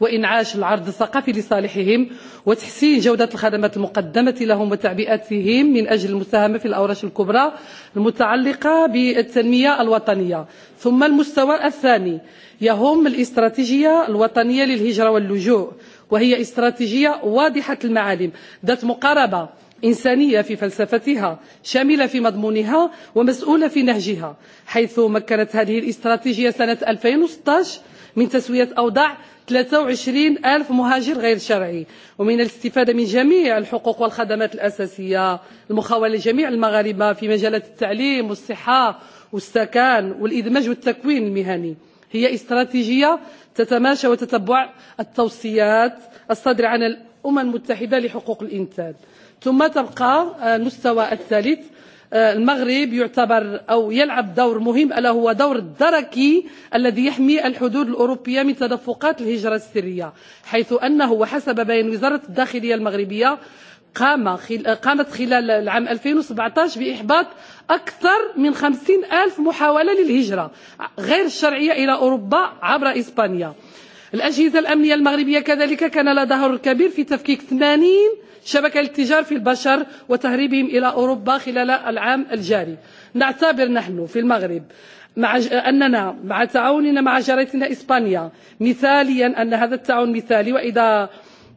وإنعاش العرض الثقافي لصالحهم وتحسين جودة الخدمات المقدمة لهم وتعبئتهم من أجل المساهمة في الأورش الكبرى المتعلقة بالتنمية الوطنية ثم المستوى الثاني يهم الاستراتيجية الوطنية للهجرة واللجوء وهي استراتيجية واضحة المعالم ذات مقاربة إنسانية في فلسفتها شاملة في مضمونها ومسؤولة في نهجها حيث مكنت هذه الاستراتيجية سنة 2016 من تسوية أوضاع 23 ألف مهاجر غير شرعي ومن الاستفادة من جميع الحقوق والخدمات الأساسية المخاولة لجميع المغاربة في مجالات التعليم والصحة والسكن والإدماج والتكوين المهني هي استراتيجية تتماشى وتتبع التوصيات الصادرة عن الأمم المتحدة لحقوق الإنسان ثم تبقى المستوى الثالث المغرب يعتبر أو يلعب دور مهم ألا هو دور الدركي الذي يحمي الحدود الأوروبية من تدفقات الهجرة السرية حيث أنه وحسب بيان وزارة الداخلية المغربية قام قامت خلال العام 2017 بإحباط أكثر من 50 ألف محاولة للهجرة غير الشرعية إلى أوروبا عبر إسبانيا الأجهزة الأمنية المغربية كذلك كان لها دور كبير في تفكيك 80 شبكة التجار في البشر وتهريبهم إلى أوروبا خلال العام الجاري نعتبر نحن في المغرب مع أننا مع تعاوننا مع جارتنا إسبانيا مثاليا أن هذا التعاون مثالي وإذا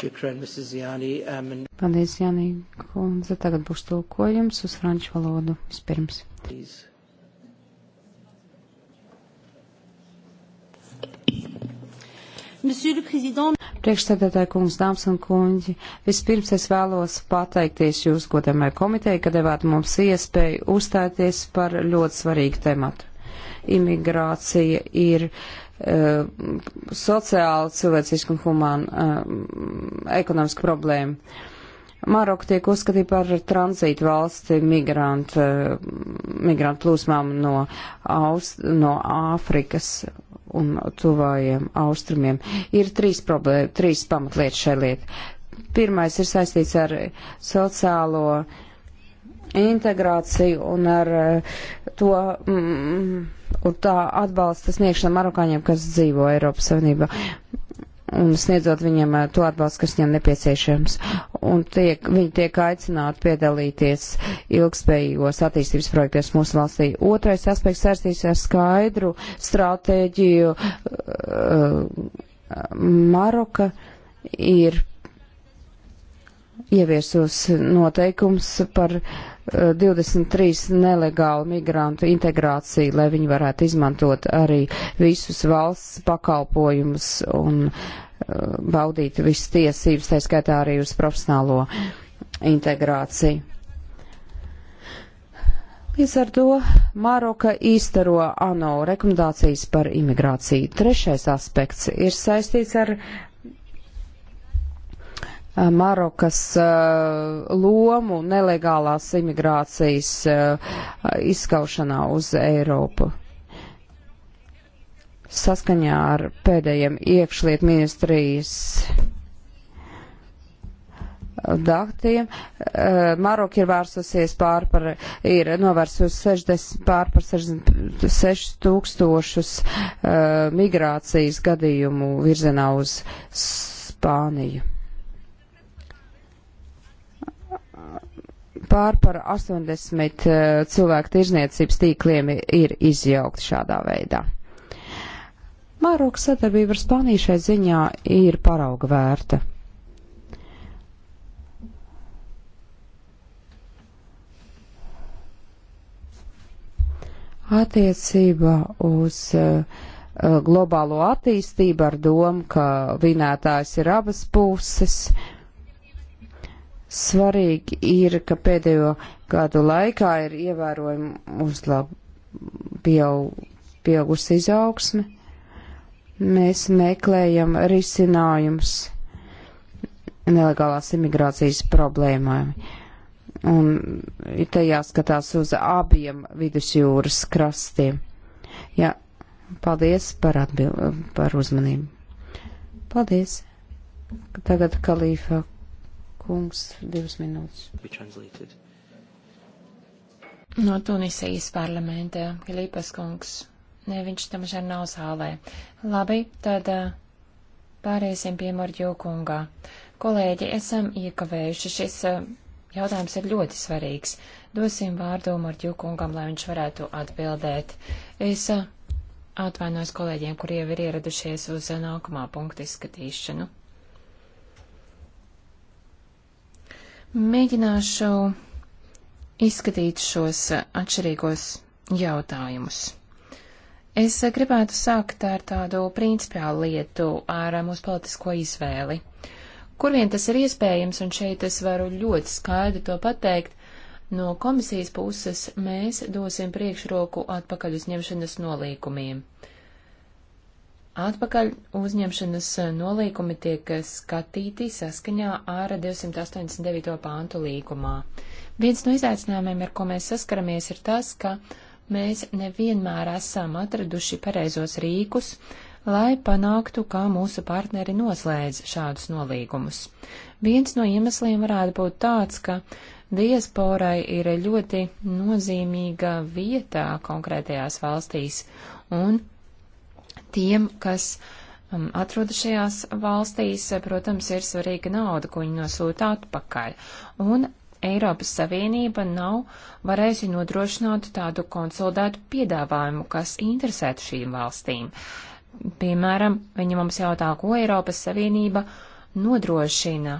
Um, Paldies, Jānī kundze. Tagad būs tulkojums uz franču valodu vispirms. Priekšsēdētāji kungs, dāmas un kungi, vispirms es vēlos pateikties jūs godamai komitei, ka devāt mums iespēju uzstāties par ļoti svarīgu tematu. Imigrācija ir uh, Uh, sociāla, cilvēciska un humāna uh, ekonomiska problēma. Maroka tiek uzskatīta par tranzītu valsti migrantu, uh, migrantu plūsmām no, Aust, no Āfrikas un tuvājiem austrumiem. Ir trīs problēma, trīs pamatlietas šai lietai. Pirmais ir saistīts ar sociālo integrāciju un ar uh, to mm, un tā atbalsta sniegšana marokāņiem, kas dzīvo Eiropas Savienībā. Un sniedzot viņiem eh, to atbalstu, kas viņiem nepieciešams. Un tiek, viņi tiek aicināti piedalīties ilgspējīgos attīstības projektos mūsu valstī. Otrais aspekts saistīs ar skaidru stratēģiju. Eh, Maroka ir ieviesus noteikums par uh, 23 eh, nelegālu migrantu integrāciju, lai viņi varētu izmantot arī visus valsts pakalpojumus un eh, baudīt visas tiesības, tā skaitā arī uz profesionālo integrāciju. Līdz ar to Māroka īstaro ANO rekomendācijas par imigrāciju. Trešais aspekts ir saistīts ar Eh, Marokas eh, lomu nelegālās imigrācijas eh, izskaušanā uz Eiropu. Saskaņā ar pēdējiem iekšliet ministrijas datiem. Maroka ir vērsusies pār par, ir novērsusi 60, pār par 66 tūkstošus uh, migrācijas gadījumu virzienā uz Spāniju. pār par 80 eh, cilvēku tirzniecības tīkliem ir izjaukti šādā veidā. Māroka sadarbība ar Spāniju šai ziņā ir parauga vērta. Attiecībā uz uh, globālo attīstību ar domu, ka vinētājs ir abas puses. Uh, Svarīgi ir, ka pēdējo gadu laikā ir ievērojami uzlab pieaug, pieaugusi izaugsme. Mēs meklējam risinājums nelegālās imigrācijas problēmām. Un te jāskatās uz abiem vidusjūras krastiem. Jā, paldies par, atbil, par uzmanību. Paldies. Tagad kalīfa kungs, divas minūtes. No Tunisijas parlamenta Filipas kungs. Nē, viņš tam žēl nav zālē. Labi, tad pāriesim pie Marģo kungā. Kolēģi, esam iekavējuši. Šis jautājums ir ļoti svarīgs. Dosim vārdu Marģo kungam, lai viņš varētu atbildēt. Es atvainos kolēģiem, kuri jau ir ieradušies uz nākamā punkta izskatīšanu. Mēģināšu izskatīt šos atšķirīgos jautājumus. Es gribētu sākt ar tādu principiālu lietu, ar mūsu politisko izvēli. Kur vien tas ir iespējams, un šeit es varu ļoti skaidri to pateikt, no komisijas puses mēs dosim priekšroku atpakaļ uzņemšanas nolīkumiem. Atpakaļ uzņemšanas nolīkumi tiek skatīti saskaņā ar 289. pāntu līgumā. Viens no izaicinājumiem, ar ko mēs saskaramies, ir tas, ka mēs nevienmēr esam atraduši pareizos rīkus, lai panāktu, kā mūsu partneri noslēdz šādus nolīgumus. Viens no iemesliem varētu būt tāds, ka diasporai ir ļoti nozīmīga vietā konkrētajās valstīs, un Tiem, kas um, atrodas šajās valstīs, protams, ir svarīga nauda, ko viņi nosūta atpakaļ. Un Eiropas Savienība nav varējusi nodrošināt tādu konsolidētu piedāvājumu, kas interesētu šīm valstīm. Piemēram, viņi mums jautā, ko Eiropas Savienība nodrošina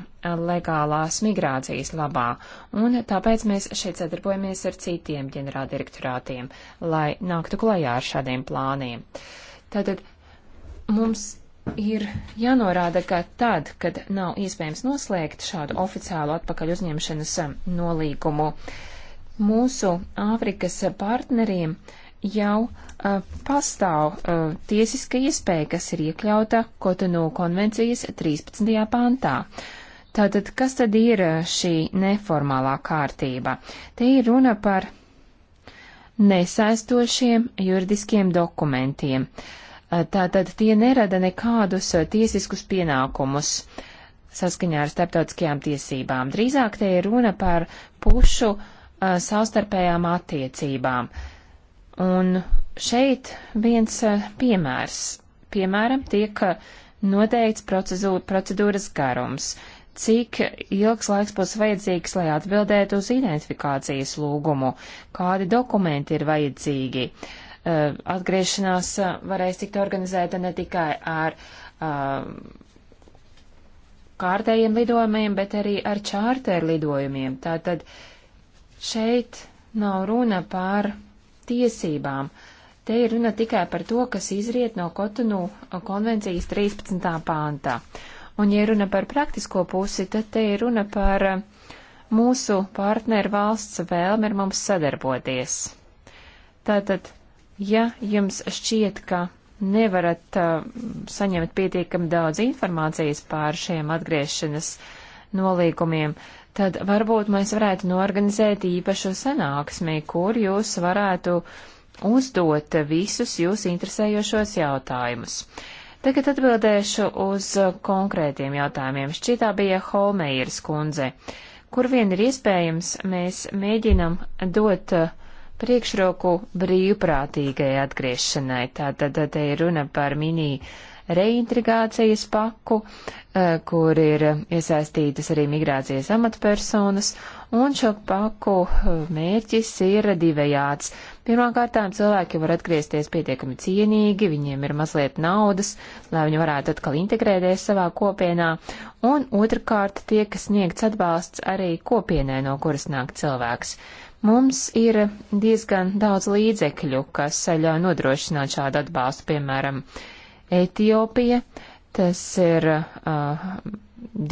legālās migrācijas labā, un tāpēc mēs šeit sadarbojamies ar citiem ģenerāldirektorātiem, lai nāktu klajā ar šādiem plāniem. Uh, Tātad mums ir jānorāda, ka tad, kad nav iespējams noslēgt šādu oficiālu atpakaļ uzņemšanas um, nolīgumu, mūsu Āfrikas partneriem jau uh, pastāv uh, tiesiska iespēja, kas ir iekļauta Kotonu konvencijas 13. pantā. Tātad, kas tad ir uh, šī neformālā kārtība? Te ir runa par nesaistošiem juridiskiem dokumentiem. Eh, tātad tie nerada nekādus eh, tiesiskus pienākumus saskaņā ar starptautiskajām tiesībām. Drīzāk te ir runa par pušu uh, savstarpējām attiecībām. Un šeit viens uh, piemērs. Piemēram, tiek noteikts procedūras garums. Uh, cik ilgs laiks būs vajadzīgs, lai atbildētu uz identifikācijas lūgumu, kādi dokumenti ir vajadzīgi. Atgriešanās varēs tikt organizēta ne tikai ar kārtējiem lidojumiem, bet arī ar čārteru lidojumiem. Tātad šeit nav runa par tiesībām. Te ir runa tikai par to, kas izriet no Kotonu konvencijas 13. pāntā. Uh, Un, ja runa par praktisko pusi, tad te ir runa par eh, mūsu partneru valsts vēlmi ar mums sadarboties. Tātad, ja jums šķiet, ka nevarat uh, saņemt pietiekami daudz informācijas pār šiem atgriešanas nolīgumiem, tad varbūt mēs varētu norganizēt īpašu sanāksmi, kur jūs varētu uzdot visus jūs interesējošos jautājumus. Uh, Tagad atbildēšu uz uh, konkrētiem jautājumiem. Šķitā bija Holmeiras kundze. Kur vien ir iespējams, mēs mēģinam dot uh, priekšroku brīvprātīgai atgriešanai. Tātad uh, te ir runa par mini reintegrācijas paku, kur ir iesaistītas arī migrācijas amatpersonas, un šo paku mērķis ir divējāds Pirmkārtām cilvēki var atgriezties pietiekami cienīgi, viņiem ir mazliet naudas, lai viņi varētu atkal integrēties savā kopienā, un otrkārt tiek sniegts atbalsts arī kopienai, no kuras nāk cilvēks. Mums ir diezgan daudz līdzekļu, kas ļauj nodrošināt šādu atbalstu, piemēram, Etiopija, tas ir uh,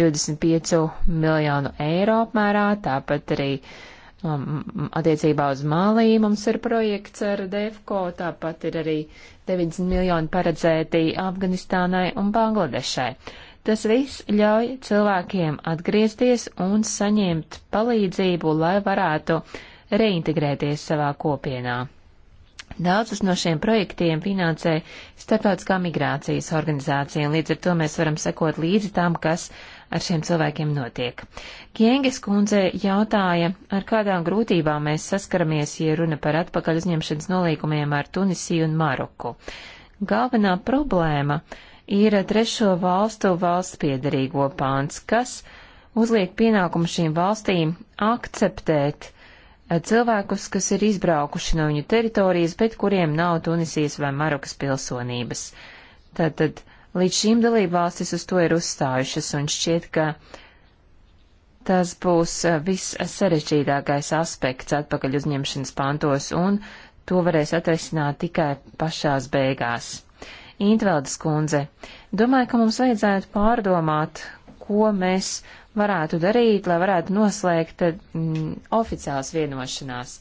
25 miljonu eiro apmērā, tāpat arī uh, Um, attiecībā uz Mālī mums ir projekts ar DFCO, tāpat ir arī 90 miljoni paredzēti Afganistānai un Bangladešai. Tas viss ļauj cilvēkiem atgriezties un saņemt palīdzību, lai varētu reintegrēties savā kopienā. Daudzus no šiem projektiem finansē Startautiskā migrācijas organizācija, un līdz ar to mēs varam sekot līdzi tam, kas uh, ar šiem cilvēkiem notiek. Kienges kundze jautāja, ar kādām grūtībām mēs saskaramies, ja runa par atpakaļ uzņemšanas nolīgumiem ar Tunisiju un Maroku. Galvenā problēma ir trešo valstu valsts piedarīgo pāns, kas uzliek pienākumu šīm valstīm akceptēt eh, cilvēkus, kas ir izbraukuši no viņu teritorijas, bet kuriem nav Tunisijas vai Marokas pilsonības. Tātad, tad Līdz šīm dalībvalstis uz to ir uzstājušas, un šķiet, ka tas būs eh, viss sarežģītākais aspekts atpakaļ uzņemšanas pantos, un to varēs atrisināt tikai pašās beigās. Intveldes kundze, domāju, ka mums vajadzētu pārdomāt, ko mēs varētu darīt, lai varētu noslēgt mm, oficiāls vienošanās.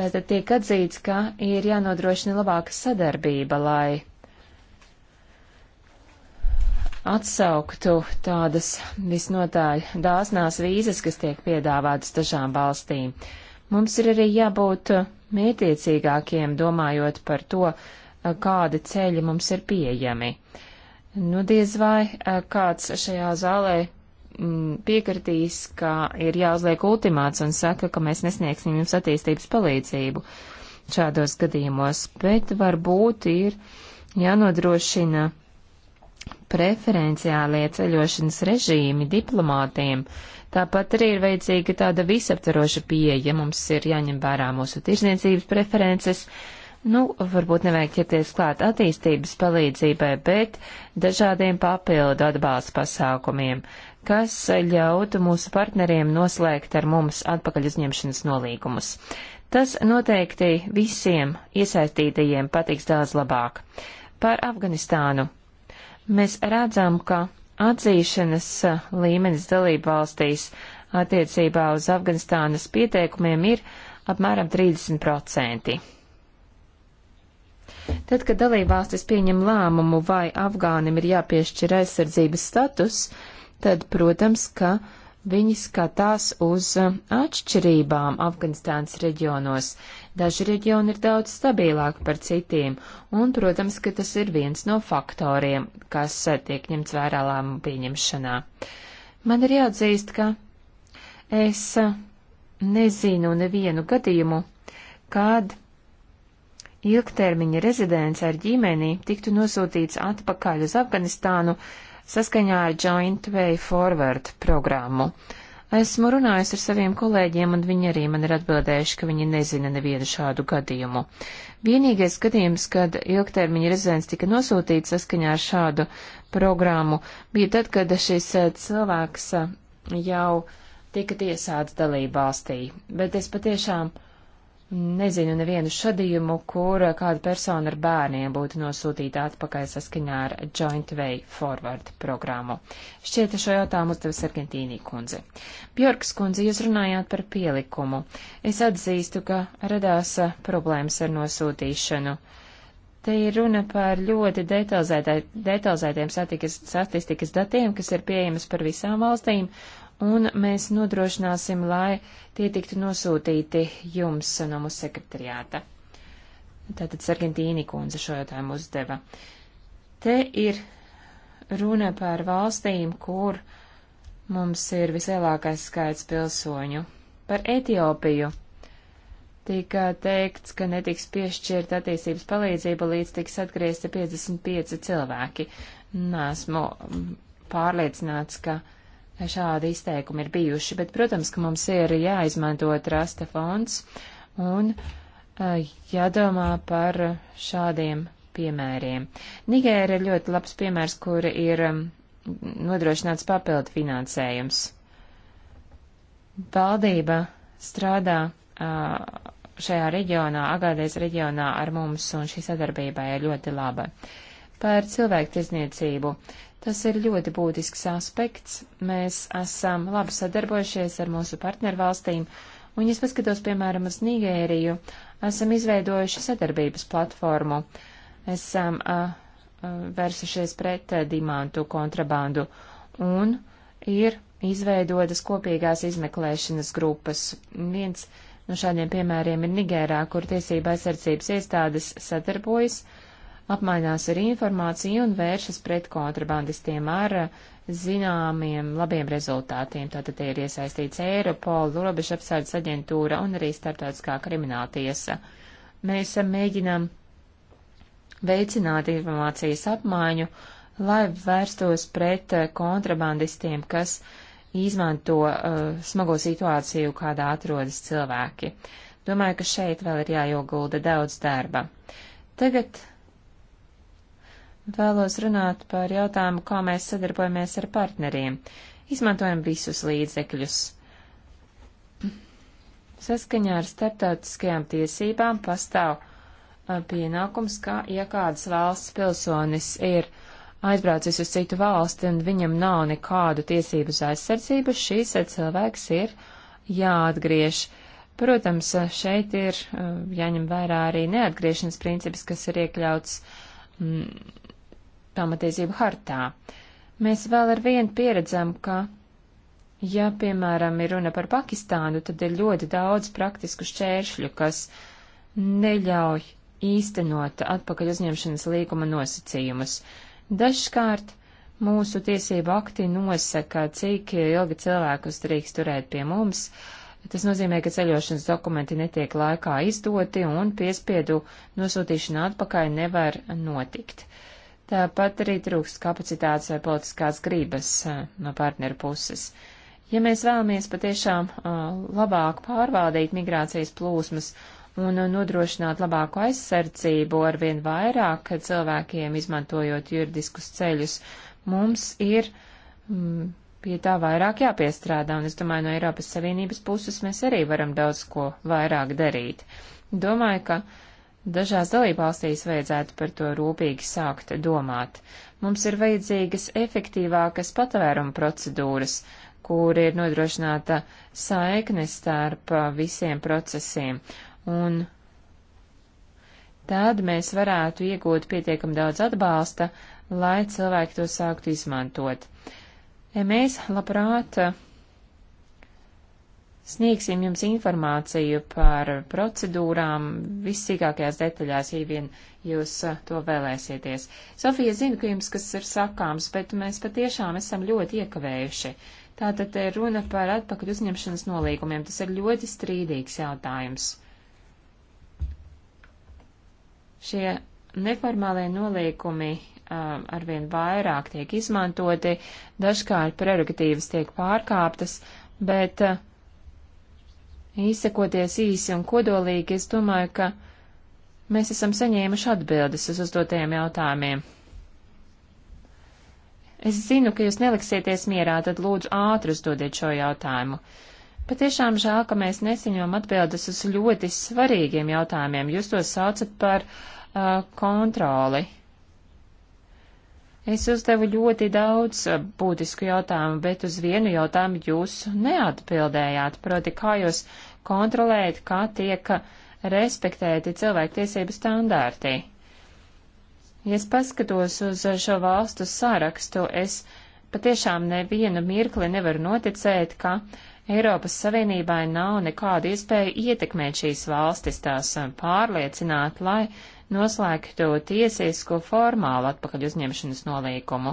Tātad tiek atzīts, ka ir jānodrošina labāka sadarbība, lai atsauktu tādas visnotaļ dāsnās vīzas, kas tiek piedāvātas dažām valstīm. Mums ir arī jābūt mētiecīgākiem, domājot par to, kādi ceļi mums ir pieejami. Nu, diez vai eh, kāds šajā zālē mm, piekritīs, ka ir jāuzliek ultimāts un saka, ka mēs nesniegsim jums attīstības palīdzību šādos gadījumos, bet varbūt ir jānodrošina preferenciālie ceļošanas režīmi diplomātiem. Tāpat arī ir vajadzīga tāda visaptvaroša pieeja. Mums ir jāņem vērā mūsu tirzniecības preferences. Nu, varbūt nevajag ķerties klāt attīstības palīdzībai, bet dažādiem papildu atbalsta pasākumiem, kas ļautu mūsu partneriem noslēgt ar mums atpakaļ uzņemšanas nolīgumus. Tas noteikti visiem iesaistītajiem patiks daudz labāk. Par Afganistānu Mēs redzam, ka atzīšanas līmenis dalību valstīs attiecībā uz Afganistānas pieteikumiem ir apmēram 30%. Tad, kad dalībvalstis pieņem lēmumu, vai Afgānim ir jāpiešķir aizsardzības status, tad, protams, ka viņi skatās uz atšķirībām Afganistānas reģionos, Daži reģioni ir daudz stabilāki par citiem, un, protams, ka tas ir viens no faktoriem, kas eh, tiek ņemts vērā lēmumu pieņemšanā. Man ir jāatzīst, ka es eh, nezinu nevienu gadījumu, kad ilgtermiņa rezidents ar ģimeni tiktu nosūtīts atpakaļ uz Afganistānu saskaņā ar Joint Way Forward programmu. Uh, Esmu runājis ar saviem kolēģiem, un viņi arī man ir atbildējuši, ka viņi nezina nevienu šādu gadījumu. Vienīgais gadījums, kad ilgtermiņa rezidents tika nosūtīts saskaņā ar šādu programmu, bija tad, kad šis eh, cilvēks eh, jau tika tiesāts dalībvalstī. Bet es patiešām Nezinu nevienu šadījumu, kur kāda persona ar bērniem būtu nosūtīta atpakaļ saskaņā ar Joint Way Forward programmu. Šķiet, šo jautājumu uzdeva Sargentīnī kundze. Bjorks kundze, jūs runājāt par pielikumu. Es atzīstu, ka radās problēmas ar nosūtīšanu. Te ir runa par ļoti detalizētiem statistikas datiem, kas ir pieejamas par visām valstīm, un mēs nodrošināsim, lai tie tiktu nosūtīti jums no mūsu sekretariāta. Tātad Sargentīni kundze šo jautājumu uzdeva. Te ir runa par valstīm, kur mums ir vislielākais skaits pilsoņu. Par Etiopiju tika teikts, ka netiks piešķirt attīstības palīdzība, līdz tiks atgriezti 55 cilvēki. Nāsmu pārliecināts, ka uh, šādi izteikumi ir bijuši, bet, protams, ka mums ir jāizmanto trasta fonds un eh, jādomā par šādiem piemēriem. Nigēra ir ļoti labs piemērs, kur ir nodrošināts papildu finansējums. Valdība strādā šajā reģionā, Agādēs reģionā ar mums, un šī sadarbība ir ļoti laba. Par cilvēku tirzniecību. Tas ir ļoti būtisks aspekts. Mēs esam labi sadarbojušies ar mūsu partnervalstīm, un, ja paskatos, piemēram, uz Nigēriju, esam izveidojuši sadarbības platformu. Esam uh, vērsušies pret uh, dimantu kontrabandu, un ir izveidotas kopīgās izmeklēšanas grupas. Viens no šādiem piemēriem ir Nigērā, kur tiesība aizsardzības iestādes sadarbojas, uh, apmainās ar informāciju un vēršas pret kontrabandistiem ar eh, zināmiem labiem rezultātiem. Tātad tie ir iesaistīts Eiropola, Robeža apsardzes aģentūra un arī starptautiskā krimināltiesa. Mēs eh, mēģinām veicināt informācijas apmaiņu, lai vērstos pret eh, kontrabandistiem, kas izmanto uh, smago situāciju, kādā atrodas cilvēki. Domāju, ka šeit vēl ir jāiegulda daudz darba. Tagad Vēlos runāt par jautājumu, kā mēs sadarbojamies ar partneriem. Izmantojam visus līdzekļus. Saskaņā ar starptautiskajām tiesībām pastāv pienākums, ka, ja kādas valsts pilsonis ir aizbraucis uz citu valsti un viņam nav nekādu tiesību uz aizsardzību, šīs cilvēks ir jāatgriež. Protams, šeit ir jāņem vērā arī neatgriešanas princips, kas ir iekļauts mm, pamatiesību hartā. Mēs vēl ar vienu pieredzam, ka, ja, piemēram, ir runa par Pakistānu, tad ir ļoti daudz praktisku šķēršļu, kas neļauj īstenot atpakaļ uzņemšanas līguma nosacījumus. Dažkārt mūsu tiesību akti nosaka, cik ilgi cilvēkus drīkst turēt pie mums, Tas nozīmē, ka ceļošanas dokumenti netiek laikā izdoti un piespiedu nosūtīšana atpakaļ nevar notikt. Tāpat arī trūkst kapacitātes vai politiskās gribas eh, no partneru puses. Ja mēs vēlamies patiešām eh, labāk pārvaldīt migrācijas plūsmas un eh, nodrošināt labāku aizsardzību ar vien vairāk cilvēkiem, izmantojot juridiskus ceļus, mums ir m, mm, pie tā vairāk jāpiestrādā, un es domāju, no Eiropas Savienības puses mēs arī varam daudz ko vairāk darīt. Domāju, ka uh, Dažās dalībvalstīs vajadzētu par to rūpīgi sākt domāt. Mums ir vajadzīgas efektīvākas patvēruma procedūras, kur ir nodrošināta saikne starp uh, visiem procesiem, un tad mēs varētu iegūt pietiekam daudz atbalsta, lai cilvēki to sāktu izmantot. Ja mēs labprāt Sniegsim jums informāciju par procedūrām vissīkākajās detaļās, ja vien jūs eh, to vēlēsieties. Sofija, zinu, ka jums kas ir sakāms, bet mēs patiešām esam ļoti iekavējuši. Tātad eh, runa par atpakaļ uzņemšanas nolīgumiem. Tas ir ļoti strīdīgs jautājums. Šie neformālie nolīgumi um, arvien vairāk tiek izmantoti, dažkārt prerogatīvas tiek pārkāptas, bet uh, Izsekoties īsi un kodolīgi, es domāju, ka mēs esam saņēmuši atbildes uz uzdotajiem jautājumiem. Es zinu, ka jūs neliksieties mierā, tad lūdzu ātri uzdodiet šo jautājumu. Patiešām žēl, ka mēs nesaņemam atbildes uz ļoti svarīgiem jautājumiem. Jūs to saucat par uh, kontroli. Es uzdevu ļoti daudz eh, būtisku jautājumu, bet uz vienu jautājumu jūs neatbildējāt, proti, kā jūs kontrolējat, kā tiek respektēti cilvēktiesību standārti. Ja es paskatos uz šo valstu sārakstu, es patiešām nevienu mirkli nevaru noticēt, ka Eiropas Savienībai nav nekāda iespēja ietekmēt šīs valstis, tās eh, pārliecināt, lai noslēgtu tiesisko formālu atpakaļ uzņemšanas nolīkumu.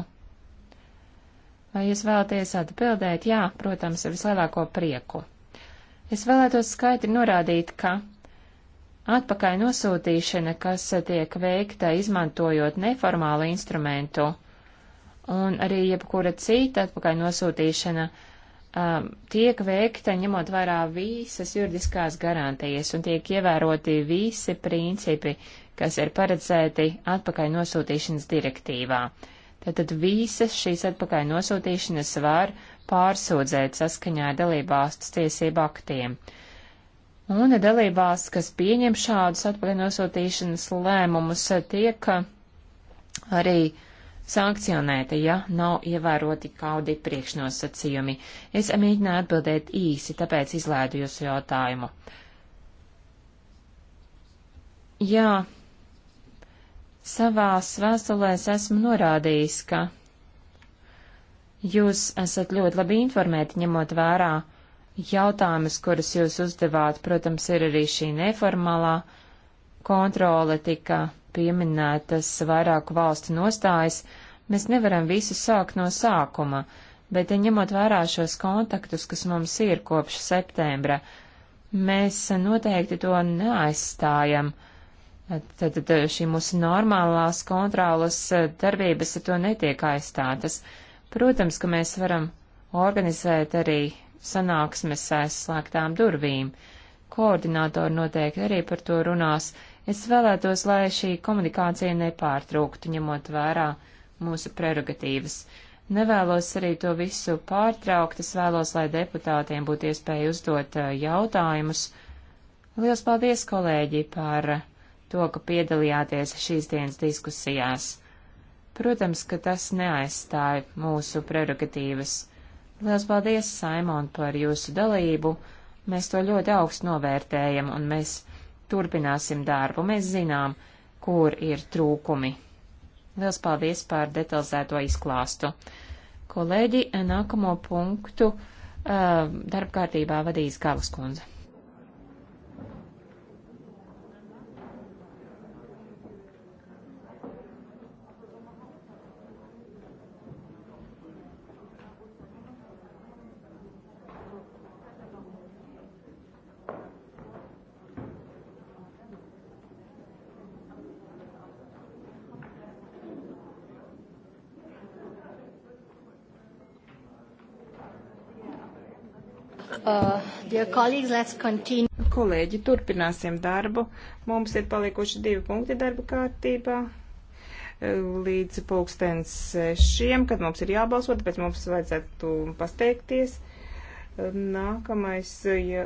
Vai jūs vēlaties atbildēt? Jā, protams, ar vislielāko prieku. Es vēlētos skaidri norādīt, ka atpakaļ nosūtīšana, kas tiek veikta izmantojot neformālu instrumentu, un arī jebkura cita atpakaļ nosūtīšana um, tiek veikta ņemot vairā visas juridiskās garantijas un tiek ievēroti visi principi, kas ir paredzēti atpakaļ nosūtīšanas direktīvā. Tātad visas šīs atpakaļ nosūtīšanas var pārsūdzēt saskaņā ar dalībvalsts tiesību aktiem. Un dalībvalsts, kas pieņem šādus atpakaļ nosūtīšanas lēmumus, tiek arī uh, sankcionēta, ja nav ievēroti kādi priekšnosacījumi. Es mēģināju atbildēt īsi, tāpēc izlēdu jūsu jautājumu. Jā, savās vēstulēs esmu norādījis, ka jūs esat ļoti labi informēti, ņemot vērā jautājumus, kurus jūs uzdevāt. Protams, ir arī šī neformālā kontrole tika pieminētas vairāku valstu nostājas, mēs nevaram visu sākt no sākuma, bet ņemot vērā šos kontaktus, kas mums ir kopš septembra, mēs noteikti to neaizstājam. Tad, tad šī mūsu normālās kontrolas darbības ar to netiek aizstātas. Protams, ka mēs varam organizēt arī sanāksmes aizslēgtām durvīm. Koordinātori noteikti arī par to runās, Es vēlētos, lai šī komunikācija nepārtrūktu, ņemot vērā mūsu prerogatīvas. Nevēlos arī to visu pārtraukt, es vēlos, lai deputātiem būtu iespēja uzdot eh, jautājumus. Lielas paldies, kolēģi, par to, ka piedalījāties šīs dienas diskusijās. Protams, ka tas neaizstāja mūsu prerogatīvas. Lielas paldies, Saimon, par jūsu dalību. Mēs to ļoti augstu novērtējam, un mēs turpināsim darbu. Mēs zinām, kur ir trūkumi. Liels paldies par detalizēto izklāstu. Kolēģi, nākamo punktu uh, darbkārtībā vadīs Galas kundze. Uh, Kolēģi, turpināsim darbu. Mums ir palikuši divi punkti darba kārtībā uh, līdz pulkstens šiem, kad mums ir jābalso, tāpēc mums vajadzētu pasteikties. Uh, nākamais ja,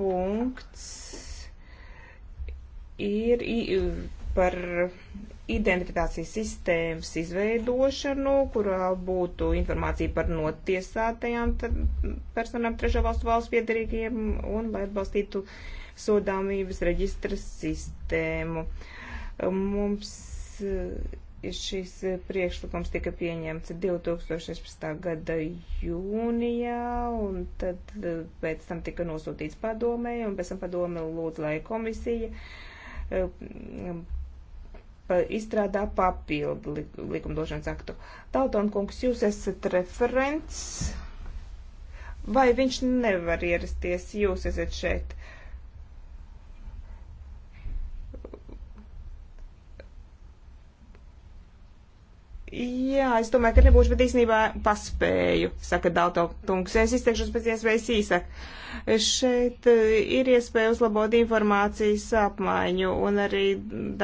punkts ir. ir par identifikācijas sistēmas izveidošanu, kurā būtu informācija par notiesātajām personām trešo valstu valsts piedarīgiem un lai atbalstītu sodāmības reģistra sistēmu. Mums eh, šis priekšlikums tika pieņemts 2016. gada jūnijā, un tad eh, pēc tam tika nosūtīts padomē, un pēc tam padome lūdz, lai komisija eh, izstrādā papildu likumdošanas aktu. Dalton kungs, jūs esat referents, vai viņš nevar ierasties, jūs esat šeit? Jā, es domāju, ka nebūšu, bet īstenībā paspēju, saka Daltokungs. Es izteikšos pēc iespējas īsāk. Šeit eh, ir iespēja uzlabot informācijas apmaiņu un arī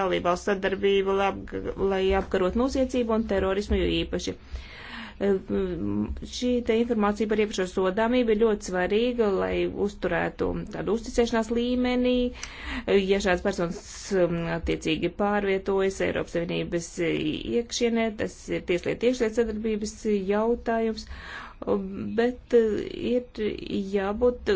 dalībvalsts sadarbību, lai, apg lai apkarot noziedzību un terorismu jo īpaši. Uh, Ehm, šī te informācija par iepriekšējo sodāmību ir ļoti svarīga, lai uzturētu tādu uzticēšanās līmenī. E, ja šāds personas ehm, attiecīgi pārvietojas Eiropas Savienības iekšienē, tas ir tieslietu iekšlietu sadarbības jautājums, ehm, bet e, ir jābūt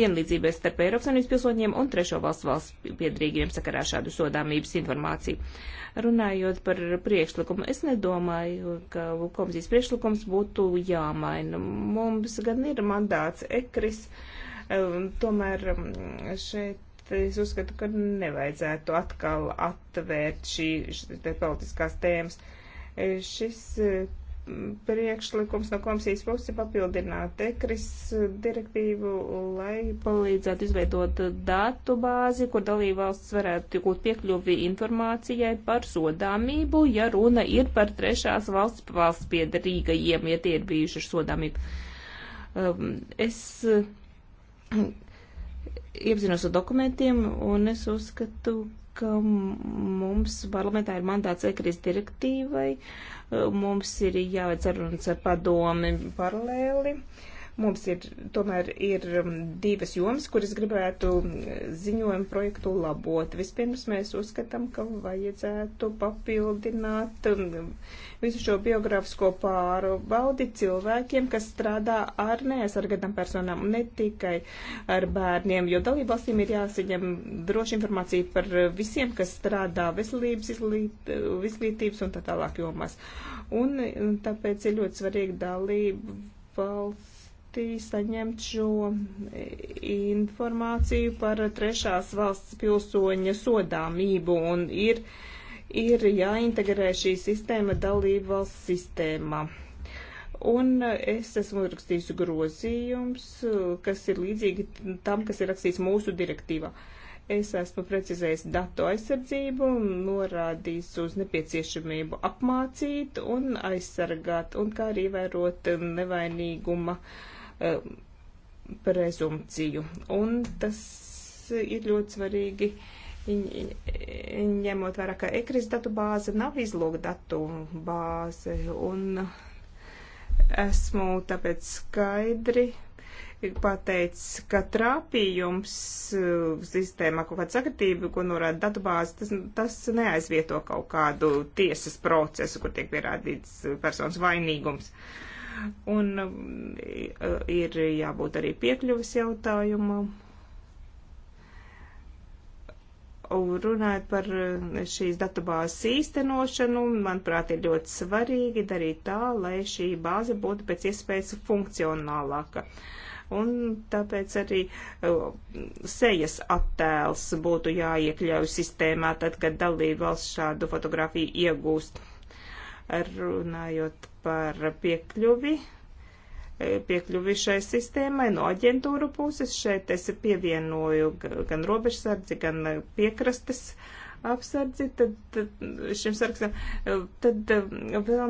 vienlīdzībai starp Eiropas Savienības pilsoņiem un trešo valstu valsts piedrīgiem sakarā šādu sodāmības informāciju. Runājot par priekšlikumu, es nedomāju, ka komisijas priekšlikums būtu jāmaina. Mums gan ir mandāts ekris, um, tomēr um, šeit es uzskatu, ka nevajadzētu atkal atvērt šī, šī te politiskās tēmas. Šis priekšlikums no komisijas puses ir papildināt ekris direktīvu, lai palīdzētu izveidot datu bāzi, kur dalībvalsts varētu iegūt piekļuvi informācijai par sodāmību, ja runa ir par trešās valsts valsts piedarīgajiem, ja tie ir bijuši ar sodāmību. Um, es iepazinos ar dokumentiem un es uzskatu, ka mums parlamentā ir mandāts ekris direktīvai Mums ir jāveic sarunas ar padomi paralēli. Uh, Mums ir tomēr ir um, divas jomas, kuras gribētu um, ziņojumu projektu labot. Vispirms mēs uzskatām, ka vajadzētu papildināt um, visu šo biografisko pārbaudi cilvēkiem, kas strādā ar neaizsargātām personām, ne tikai ar bērniem, jo dalībvalstīm ir jāsaņem droši informācija par visiem, kas strādā veselības, izglīt, izglītības un tā tālāk jomās. Un tāpēc ir ļoti svarīgi dalība valsts ļoti saņemt šo informāciju par trešās valsts pilsoņa sodāmību un ir, ir jāintegrē šī sistēma dalību valsts sistēmā. Un es esmu rakstījusi grozījums, kas ir līdzīgi tam, kas ir rakstīts mūsu direktīvā. Es esmu precizējis datu aizsardzību, norādījis uz nepieciešamību apmācīt un aizsargāt, un kā arī vērot nevainīguma uh, Um, prezumciju. Un tas ir ļoti svarīgi, ņemot vērā, ka ekris datu bāze nav izlūk datu bāze. Un esmu tāpēc skaidri pateicis, ka trāpījums uh, sistēmā kaut kāda sakritība, ko norāda datubāze, tas, tas neaizvieto kaut kādu tiesas procesu, kur tiek pierādīts uh, personas vainīgums. Uh, un eh, ir jābūt arī piekļuvis jautājumam. Runājot par eh, šīs datubāzes īstenošanu, manuprāt, ir ļoti svarīgi darīt tā, lai šī bāze būtu pēc iespējas funkcionālāka. Un tāpēc arī eh, sejas attēls būtu jāiekļauj sistēmā, tad, kad dalība valsts šādu fotografiju iegūst runājot par piekļuvi, e, piekļuvi šai sistēmai no aģentūru puses. Šeit es pievienoju gan robežsardzi, gan e, piekrastes uh, apsardzi, tad, tad šim sarakstam, tad eh,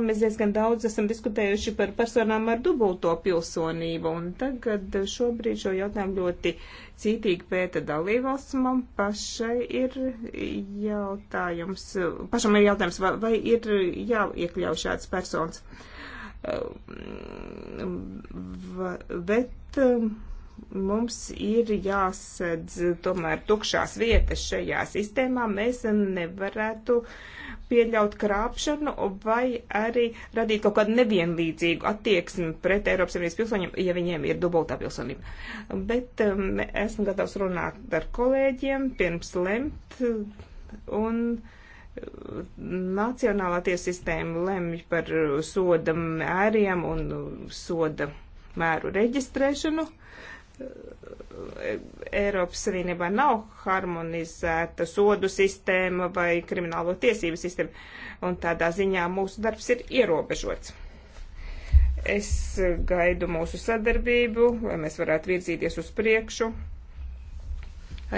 mēs diezgan daudz esam diskutējuši par personām ar dubulto pilsonību, un tagad šobrīd šo jautājumu ļoti cītīgi pēta dalībvalsts, man pašai ir jautājums, pašam ir jautājums, vai, vai ir jāiekļauj šāds personas. Eh, bet eh, mums ir jāsadz tomēr tukšās vietas šajā sistēmā. Mēs nevarētu pieļaut krāpšanu vai arī radīt kaut kādu nevienlīdzīgu attieksmi pret Eiropas Savienības pilsoņiem, ja viņiem ir dubultā pilsonība. Bet um, esmu gatavs runāt ar kolēģiem pirms lemt. Un, Nacionālā tiesa sistēma lemj par soda mēriem un soda mēru reģistrēšanu. Uh, Eiropas Savienībā nav harmonizēta sodu sistēma vai kriminālo tiesību sistēma, un tādā ziņā mūsu darbs ir ierobežots. Es gaidu mūsu sadarbību, lai mēs varētu virzīties uz priekšu.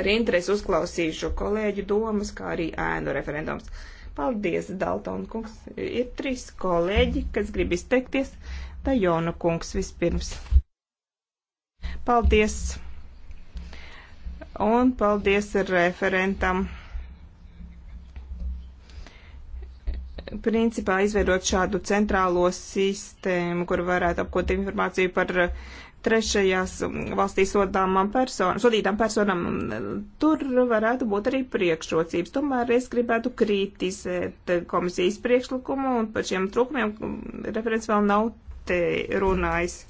Ar interesi uzklausīšu kolēģu domas, kā arī ēnu referendums. Paldies, Dalton kungs. Ir trīs kolēģi, kas grib izteikties. Tajona kungs vispirms. Paldies! Un paldies referentam. Principā izveidot šādu centrālo sistēmu, kur varētu apkot informāciju par eh, trešajās valstīs sodāmām personām, sodītām personām, tur varētu būt arī priekšrocības. Tomēr es gribētu kritizēt komisijas priekšlikumu un par šiem trūkumiem referents vēl nav te runājis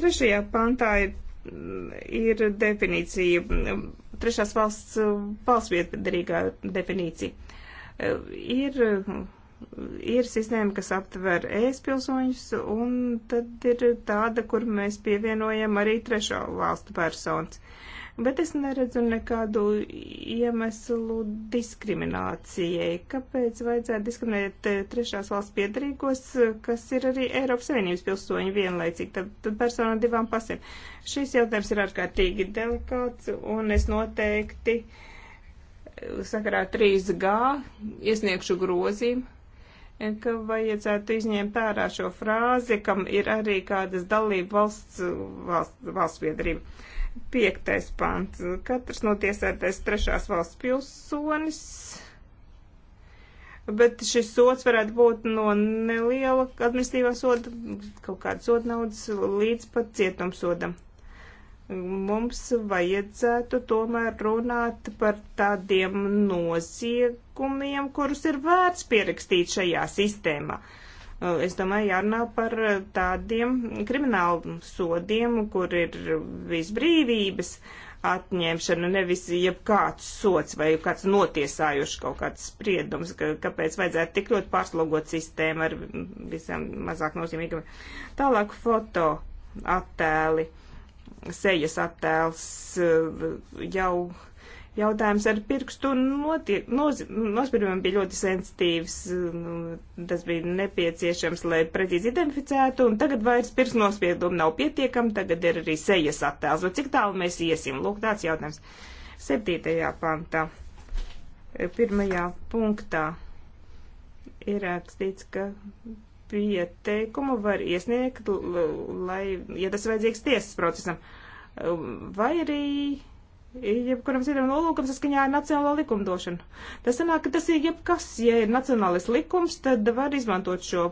Trešajā pantā ir, ir definīcija, trešās valsts valsts vietpadarīgā definīcija. Ir, ir sistēma, kas aptver ēs pilsoņus, un tad ir tāda, kur mēs pievienojam arī trešo valstu personas bet es neredzu nekādu iemeslu diskriminācijai. Kāpēc vajadzētu diskriminēt eh, trešās valsts piedarīgos, eh, kas ir arī Eiropas Savienības pilsoņi vienlaicīgi, tad, tad persona ar divām pasēm? Šis jautājums ir ārkārtīgi delikāts, un es noteikti eh, sakarā 3G iesniegšu grozīmu ka vajadzētu izņemt ārā šo frāzi, kam ir arī kādas dalība valsts, valsts, valsts viedrība. Piektais pants. Katrs notiesētais trešās valsts pilsonis. Bet šis sots varētu būt no neliela administratīvā soda, kaut kāda soda naudas, līdz pat cietumsodam mums vajadzētu tomēr runāt par tādiem noziegumiem, kurus ir vērts pierakstīt šajā sistēmā. Uh, es domāju, jārunā par uh, tādiem kriminālu sodiem, kur ir visbrīvības atņemšana, nevis jebkāds sots vai kāds notiesājuši kaut kāds spriedums, ka, kāpēc vajadzētu tik ļoti pārslogot sistēmu ar visām mazāk nozīmīgām. Tālāk foto attēli, sejas attēls uh, jau jautājums ar pirkstu notiek, noz, nospiedumiem bija ļoti sensitīvs. Nu, tas bija nepieciešams, lai precīzi identificētu, un tagad vairs pirkstu nospiedumu nav pietiekami, tagad ir arī sejas attēls. Vai nu, cik tālu mēs iesim? Lūk, tāds jautājums. Septītajā pantā, pirmajā punktā ir rakstīts, ka pieteikumu var iesniegt, lai, ja tas vajadzīgs tiesas procesam, vai arī jebkuram citam nolūkam saskaņā ar nacionālo likumdošanu. Tas sanāk, ka tas ir jebkas, ja ir nacionālis likums, tad var izmantot šo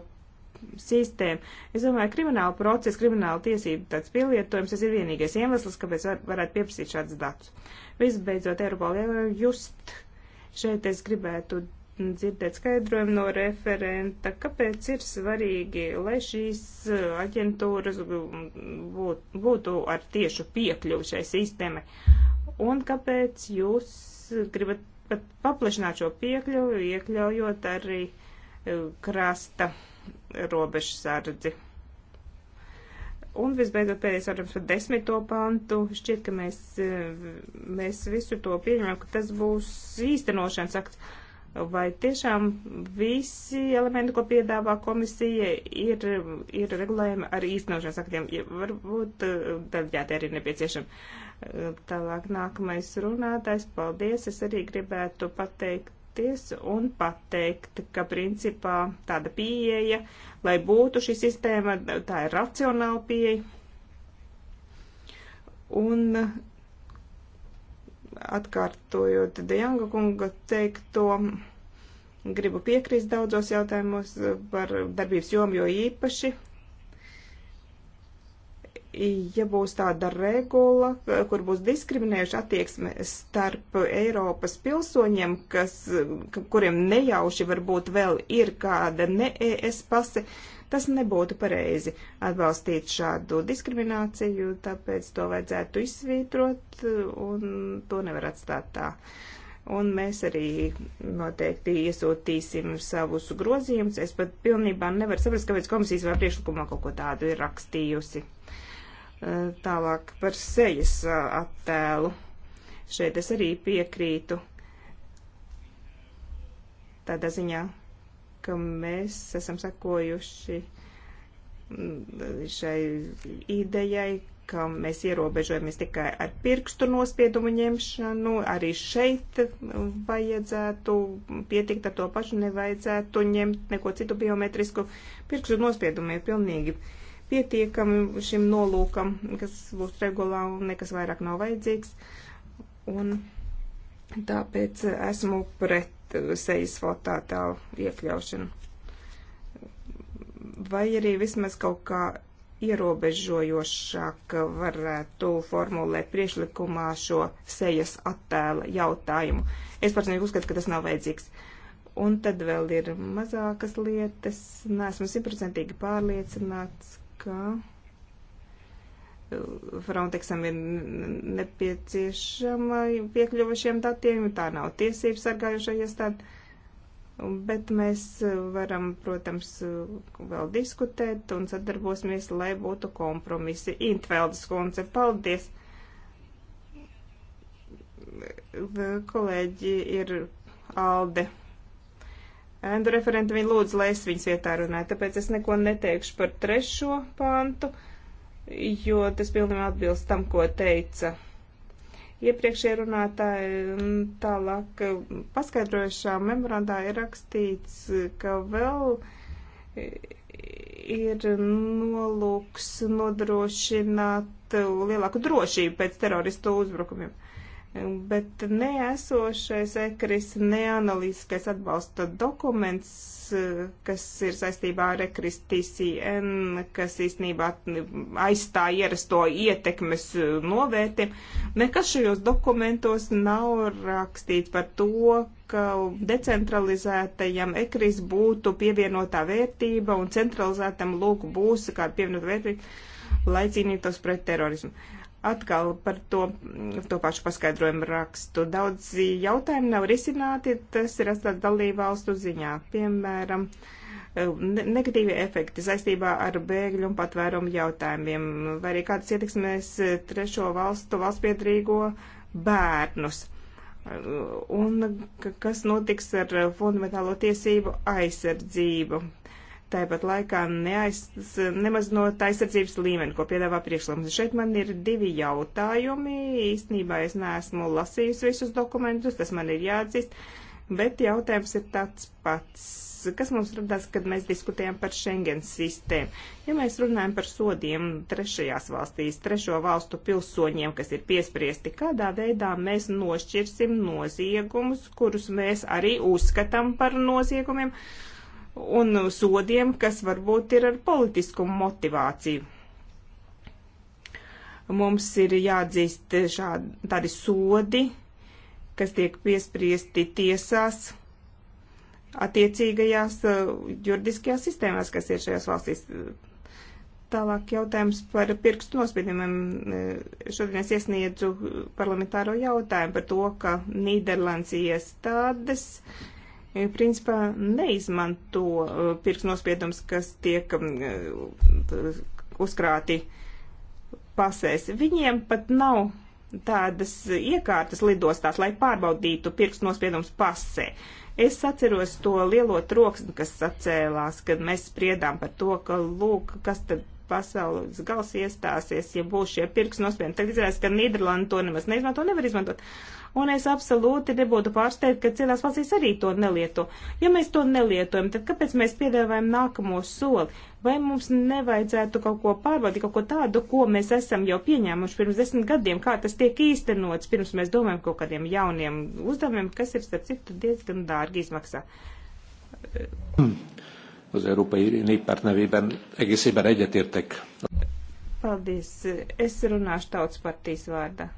sistēmu. Es domāju, krimināla procesa, krimināla tiesība tāds pielietojums, tas ir vienīgais iemesls, kāpēc var, varētu pieprasīt šādus datus. Visbeidzot, Eiropola just šeit es gribētu dzirdēt skaidrojumu no referenta, kāpēc ir svarīgi, lai šīs uh, aģentūras būtu, būtu ar tiešu piekļuvu šai sistēmai un kāpēc jūs gribat pat paplašināt šo piekļuvi, iekļaujot arī e, krasta robežsardzi. Un visbeidzot pēdējais vārdams par desmito pantu. Šķiet, ka mēs, e, mēs visu to pieņemam, ka tas būs īstenošanas akts. Vai tiešām visi elementi, ko piedāvā komisija, ir, ir regulējami ar īstenošanas aktiem? Ja varbūt e, daļģēti arī nepieciešami. Uh, Tālāk nākamais runātājs, paldies. Es arī gribētu pateikties un pateikt, ka principā tāda pieeja, lai būtu šī sistēma, tā ir racionāla pieeja. Un atkārtojot Dejanga kunga teikto, gribu piekrist daudzos jautājumos par darbības jomu, jo īpaši ja būs tāda regula, kur būs diskriminējuša attieksme starp Eiropas pilsoņiem, kas, kuriem nejauši varbūt vēl ir kāda ne-ES pase, tas nebūtu pareizi atbalstīt šādu diskrimināciju, tāpēc to vajadzētu izsvītrot un to nevar atstāt tā. Un mēs arī noteikti iesūtīsim savus grozījumus. Es pat pilnībā nevaru saprast, kāpēc komisijas vai priekšlikumā kaut ko tādu ir rakstījusi. Tālāk par sejas attēlu. Šeit es arī piekrītu tādā ziņā, ka mēs esam sakojuši mm, šai idejai, ka mēs ierobežojamies tikai ar pirkstu nospiedumu ņemšanu. Arī šeit vajadzētu pietikt ar to pašu, nevajadzētu ņemt neko citu biometrisku. Pirkstu nospiedumi ir pilnīgi pietiekami šim nolūkam, kas būs regulā un nekas vairāk nav vajadzīgs. Un tāpēc esmu pret sejas fotā tēlu iekļaušanu. Vai arī vismaz kaut kā ierobežojošāk varētu formulēt priešlikumā šo sejas attēla jautājumu. Es personīgi uzskatu, ka tas nav vajadzīgs. Un tad vēl ir mazākas lietas. Nesmu simtprocentīgi pārliecināts, ka uh, Frontexam ir nepieciešama piekļuva šiem datiem, tā nav tiesības sargājušā iestāde, bet mēs uh, varam, protams, uh, vēl diskutēt un sadarbosimies, lai būtu kompromisi. Intveldes kundze, paldies! Kolēģi ir Alde Ēnu referenti viņa lūdzu, lai es viņas vietā runāju, tāpēc es neko neteikšu par trešo pantu, jo tas pilnībā atbilst tam, ko teica iepriekšējā runātāja. Tālāk paskaidrojušā memorandā ir rakstīts, ka vēl ir nolūks nodrošināt lielāku drošību pēc teroristu uzbrukumiem bet neesošais ekris, neanalītiskais atbalsta dokuments, eh, kas ir saistībā ar ekris TCN, kas īstenībā aizstāja ierasto ietekmes eh, novērti, nekas šajos dokumentos nav rakstīts par to, ka decentralizētajam ekris būtu pievienotā vērtība un centralizētam lūk būs kāda pievienotā vērtība, lai cīnītos pret terorismu. Uh, atkal par to, to pašu paskaidrojumu rakstu. Daudz jautājumu nav risināti, tas ir atstāt dalībvalstu ziņā. Piemēram, negatīvie efekti saistībā ar bēgļu un patvērumu jautājumiem, vai arī kādas ietekmēs trešo valstu valstspiedrīgo bērnus. Un kas notiks ar fundamentālo tiesību aizsardzību? tāpat laikā neaiz, nemazinot aizsardzības līmeni, ko piedāvā priekšlikums. Šeit man ir divi jautājumi. Īstenībā es neesmu lasījusi visus dokumentus, tas man ir jāatzīst, bet jautājums ir tāds pats. Kas mums radās, kad mēs diskutējam par Schengen sistēmu? Ja mēs runājam par sodiem trešajās valstīs, trešo valstu pilsoņiem, kas ir piespriesti, kādā veidā mēs nošķirsim noziegumus, kurus mēs arī uzskatām par noziegumiem, uh, un sodiem, kas varbūt ir ar politisku motivāciju. Mums ir jāatzīst šādi, tādi sodi, kas tiek piespriesti tiesās attiecīgajās uh, juridiskajās sistēmās, kas ir šajās valstīs. Tālāk jautājums par pirkstu nospiedumiem. Uh, šodien es iesniedzu parlamentāro jautājumu par to, ka Nīderlands iestādes uh, E, principā neizmanto e, pirksnospiedums, kas tiek e, uzkrāti pasēs. Viņiem pat nav tādas iekārtas lidostās, lai pārbaudītu pirksnospiedums pasē. Es atceros to lielo troksni, kas sacēlās, kad mēs spriedām par to, ka lūk, kas tad pasaules gals iestāsies, ja būs šie pirksnospiedumi. Tagad izrādās, ka Nīderlanda to nemaz neizmanto, nevar izmantot. Uh, un es absolūti nebūtu pārsteigta, ka citās valstīs arī to nelieto. Ja mēs to nelietojam, tad kāpēc mēs piedāvājam nākamo soli? Vai mums nevajadzētu kaut ko pārbaudīt, kaut ko tādu, ko mēs esam jau pieņēmuši pirms desmit gadiem, kā tas tiek īstenots, pirms mēs domājam kaut kādiem jauniem uzdevumiem, kas ir, starp citu, diezgan dārgi izmaksā? Az Európai Néppárt nevében egészében egyetértek. Paldies. Es runāšu tautas partijas vārdā.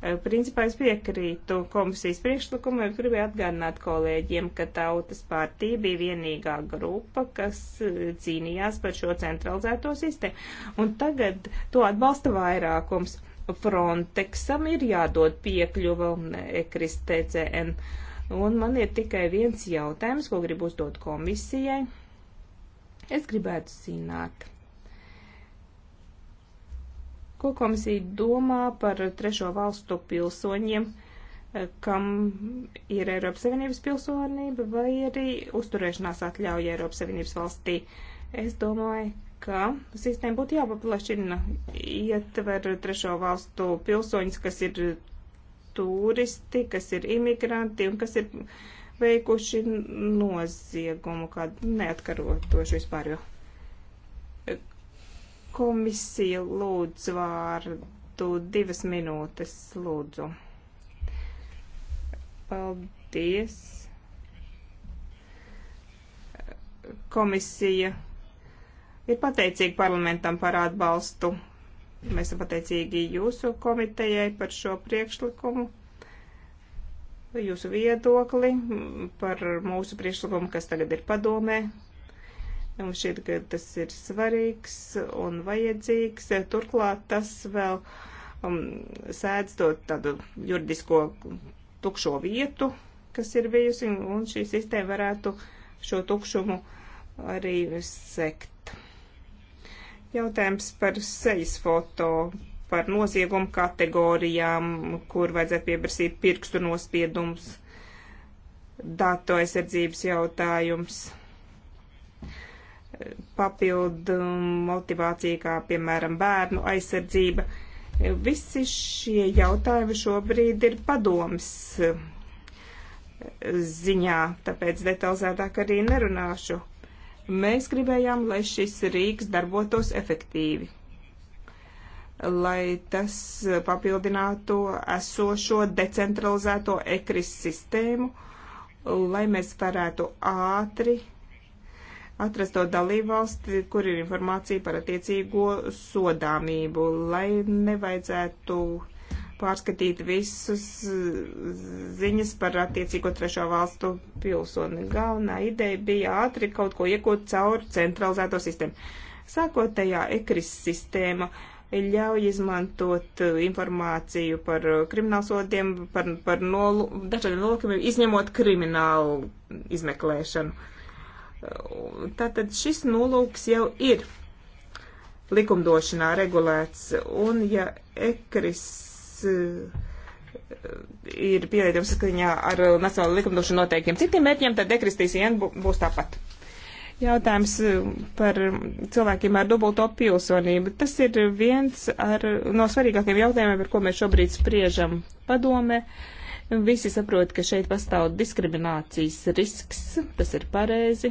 Eh, principā es piekrītu komisijas priekšlikumiem, gribēju atgādināt kolēģiem, ka Tautas partija bija vienīgā grupa, kas eh, cīnījās par šo centralizēto sistēmu. Un tagad to atbalsta vairākums. Frontexam ir jādod piekļuva ECRIS TCN. Un man ir tikai viens jautājums, ko gribu uzdot komisijai. Es gribētu zināt Ko komisija domā par trešo valstu pilsoņiem, eh, kam ir Eiropas Savienības pilsonība vai arī uzturēšanās atļauja Eiropas Savienības valstī? Es domāju, ka sistēma būtu jāpaplašina, ietver trešo valstu pilsoņus, kas ir turisti, kas ir imigranti un kas ir veikuši noziegumu kādu neatkarotošu vispār jau. Komisija lūdz vārdu divas minūtes, lūdzu. Paldies. Komisija ir pateicīga parlamentam par atbalstu. Mēs esam pateicīgi jūsu komitejai par šo priekšlikumu jūsu viedokli par mūsu priekšlikumu, kas tagad ir padomē. Mums šķiet, ka tas ir svarīgs un vajadzīgs. Turklāt tas vēl um, sēdz to tādu juridisko tukšo vietu, kas ir bijusi, un šī sistēma varētu šo tukšumu arī sekt. Jautājums par sejas foto, par noziegumu kategorijām, kur vajadzētu pieprasīt pirkstu nospiedumus, datu aizsardzības jautājums papildu motivācija, kā piemēram bērnu aizsardzība. Visi šie jautājumi šobrīd ir padoms ziņā, tāpēc detalizētāk arī nerunāšu. Mēs gribējām, lai šis rīks darbotos efektīvi, lai tas papildinātu esošo decentralizēto ekris sistēmu, lai mēs varētu ātri atrast to dalībvalsti, kur ir informācija par attiecīgo sodāmību, lai nevajadzētu pārskatīt visus ziņas par attiecīgo trešo valstu pilsoni. Galvenā ideja bija ātri kaut ko iekot cauri centralizēto sistēmu. Sākotējā ekris sistēma ļauj izmantot informāciju par kriminālsodiem, par, par nolu, dažādiem nolūkiem, izņemot kriminālu izmeklēšanu. Uh, Tātad šis nolūks jau ir likumdošanā regulēts, un ja ekris eh, ir pieļaujams saskaņā ar nacionālu likumdošanu noteiktiem citiem mērķiem, tad dekristīs ien būs tāpat. Jautājums eh, par cilvēkiem ar dubulto pilsonību. Tas ir viens ar, no svarīgākiem jautājumiem, par ko mēs šobrīd spriežam padome. Visi saprot, ka šeit pastāv diskriminācijas risks, tas ir pareizi,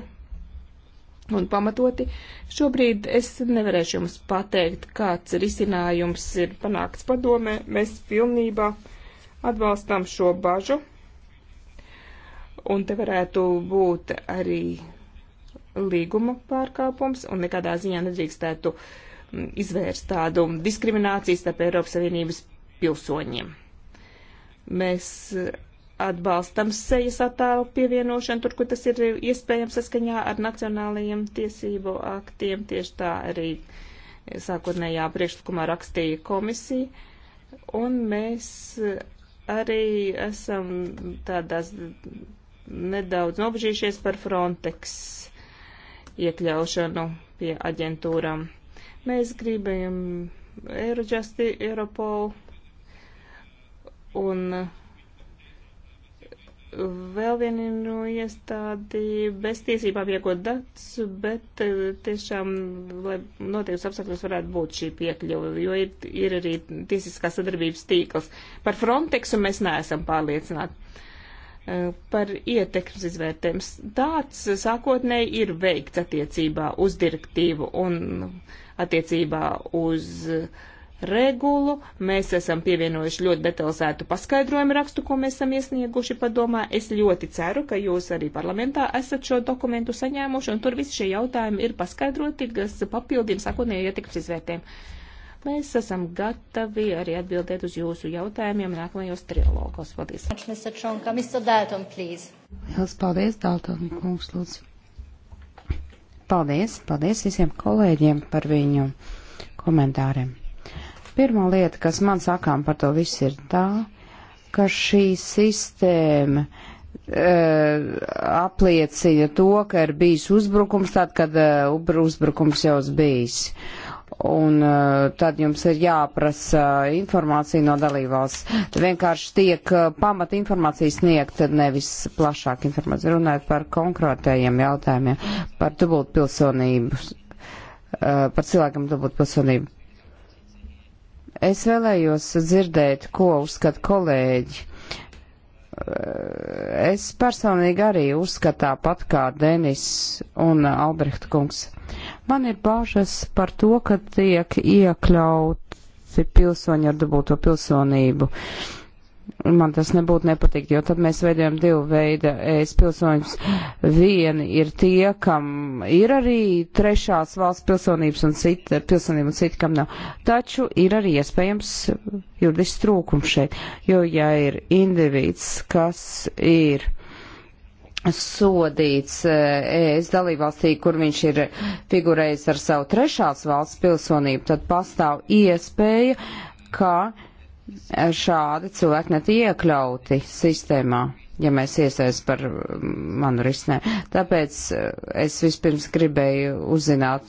un pamatoti. Šobrīd es nevarēšu jums pateikt, kāds risinājums ir panākts padomē. Mēs pilnībā atbalstām šo bažu. Un te varētu būt arī līguma pārkāpums, un nekādā ziņā nedrīkstētu mm, izvērst tādu diskrimināciju starp Eiropas Savienības pilsoņiem. Mēs atbalstam sejas attēlu pievienošanu, tur, kur tas ir iespējams saskaņā ar nacionālajiem tiesību aktiem. Tieši tā arī sākotnējā priekšlikumā rakstīja komisija. Un mēs arī esam tādās nedaudz nobežījušies par Frontex iekļaušanu pie aģentūrām. Mēs gribējam Eurojust, Europol un uh, vēl viena no iestādi bez tiesībām iegūt datus, bet eh, tiešām, lai noteikts apstākļos varētu būt šī piekļuva, jo ir, ir arī tiesiskās sadarbības tīkls. Par Frontexu mēs neesam pārliecināti eh, par ietekmes izvērtējums. Tāds sākotnēji ir veikts attiecībā uz direktīvu un attiecībā uz uh, regulu. Mēs esam pievienojuši ļoti detalizētu paskaidrojumu rakstu, ko mēs esam iesnieguši padomā. Es ļoti ceru, ka jūs arī parlamentā esat šo dokumentu saņēmuši, un tur visi šie jautājumi ir paskaidroti, kas papildina sākotnējo ietekmes izvērtējumu. Mēs esam gatavi arī atbildēt uz jūsu jautājumiem nākamajos trilogos. Paldies. Lielas paldies, Dalton kungs, lūdzu. Paldies, paldies visiem kolēģiem par viņu komentāriem. Pirmā lieta, kas man sakām par to visu, ir tā, ka šī sistēma uh, apliecina to, ka ir bijis uzbrukums tad, kad uh, uzbrukums jau ir bijis. Un uh, tad jums ir jāprasa informācija no dalībvalsts. Vienkārši tiek pamat informācija sniegta, nevis plašāk informācija. Runājot par konkrētajiem jautājumiem, par dubultpilsonību, par cilvēkam dubultpilsonību Es vēlējos dzirdēt, ko uzskata kolēģi. Eh, es personīgi arī uzskatu tāpat kā Denis un Albrehta kungs. Man ir bāžas par to, ka tiek iekļauti pilsoņi ar dubulto pilsonību. Uh, man tas nebūtu nepatīk, jo tad mēs veidojam divu veidu es pilsoņus. Vieni ir tie, kam ir arī trešās valsts pilsonības un cita pilsonība un cita, kam nav. Taču ir arī iespējams juridisks trūkums šeit, jo ja ir individs, kas ir sodīts ES dalībvalstī, kur viņš ir figurējis ar savu trešās valsts pilsonību, tad pastāv iespēja, ka uh, šādi cilvēki netiek iekļauti sistēmā, ja mēs iesaist par manu risinē. Tāpēc e, es vispirms gribēju uzzināt,